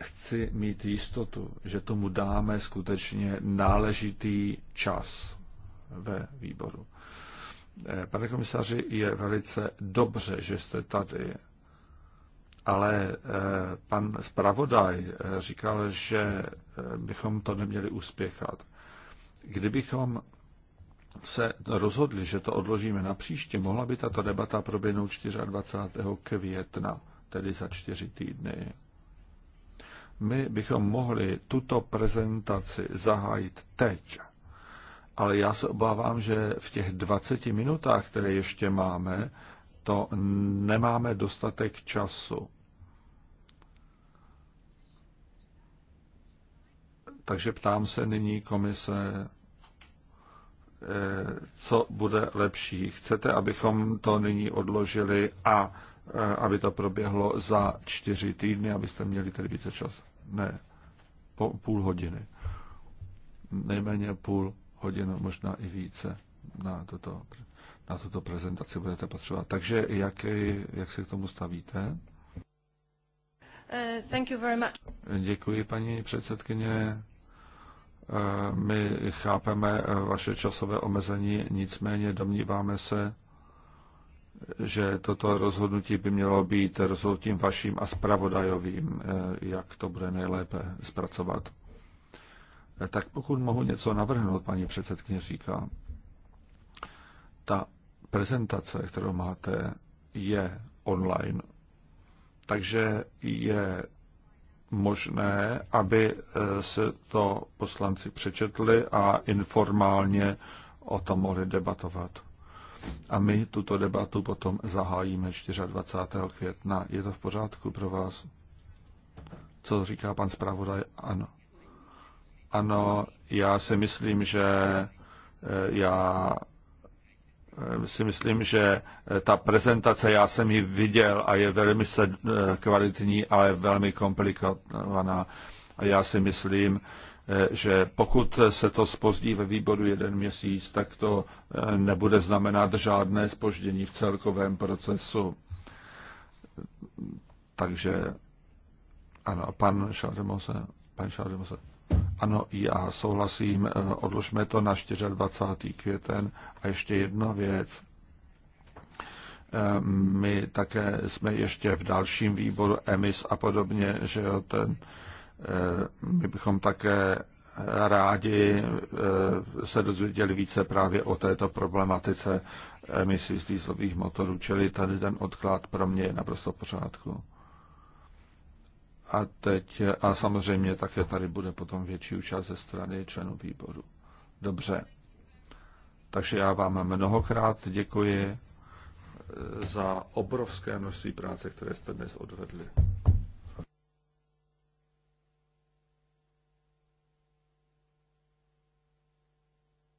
chci mít jistotu, že tomu dáme skutečně náležitý čas ve výboru. Eh, pane komisaři, je velice dobře, že jste tady, ale eh, pan zpravodaj eh, říkal, že bychom to neměli uspěchat. Kdybychom se rozhodli, že to odložíme na příště, mohla by tato debata proběhnout 24. května, tedy za čtyři týdny. My bychom mohli tuto prezentaci zahájit teď ale já se obávám, že v těch 20 minutách, které ještě máme, to nemáme dostatek času. Takže ptám se nyní komise, eh, co bude lepší. Chcete, abychom to nyní odložili a eh, aby to proběhlo za čtyři týdny, abyste měli tedy více čas? Ne, po, půl hodiny. Nejméně půl hodin, možná i více na toto na tuto prezentaci budete potřebovat. Takže jak, jak se k tomu stavíte? Uh, thank you very much. Děkuji, paní předsedkyně. Eh, my chápeme eh, vaše časové omezení, nicméně domníváme se, že toto rozhodnutí by mělo být rozhodnutím vaším a spravodajovým, jak to bude nejlépe zpracovat. Tak pokud mohu něco navrhnout, paní předsedkyně říká, ta prezentace, kterou máte, je online, takže je možné, aby eh, se to poslanci přečetli a informálně o tom mohli debatovat. A my tuto debatu potom zahájíme 24. května. Je to v pořádku pro vás? Co říká pan zpravodaj? Ano. Ano, já si myslím, že eh, já eh, si myslím, že eh, ta prezentace, já jsem ji viděl a je velmi kvalitní, ale velmi komplikovaná. A já si myslím, že pokud se to spozdí ve výboru jeden měsíc, tak to nebude znamenat žádné spoždění v celkovém procesu. Takže ano, pan Šaldemose, pan Šaldemose. Ano, já souhlasím, eh, odložme to na 24. květen. A ještě jedna věc. Eh, my také jsme ještě v dalším výboru EMIS a podobně, že jo, ten, eh, my bychom také rádi se dozvěděli více právě o této problematice emisí z dýzlových motorů, čili tady ten odklad pro mě je naprosto v pořádku. A, teď, a samozřejmě také tady bude potom větší účast ze strany členů výboru. Dobře. Takže já vám mnohokrát děkuji eh, za obrovské množství práce, které jste dnes odvedli.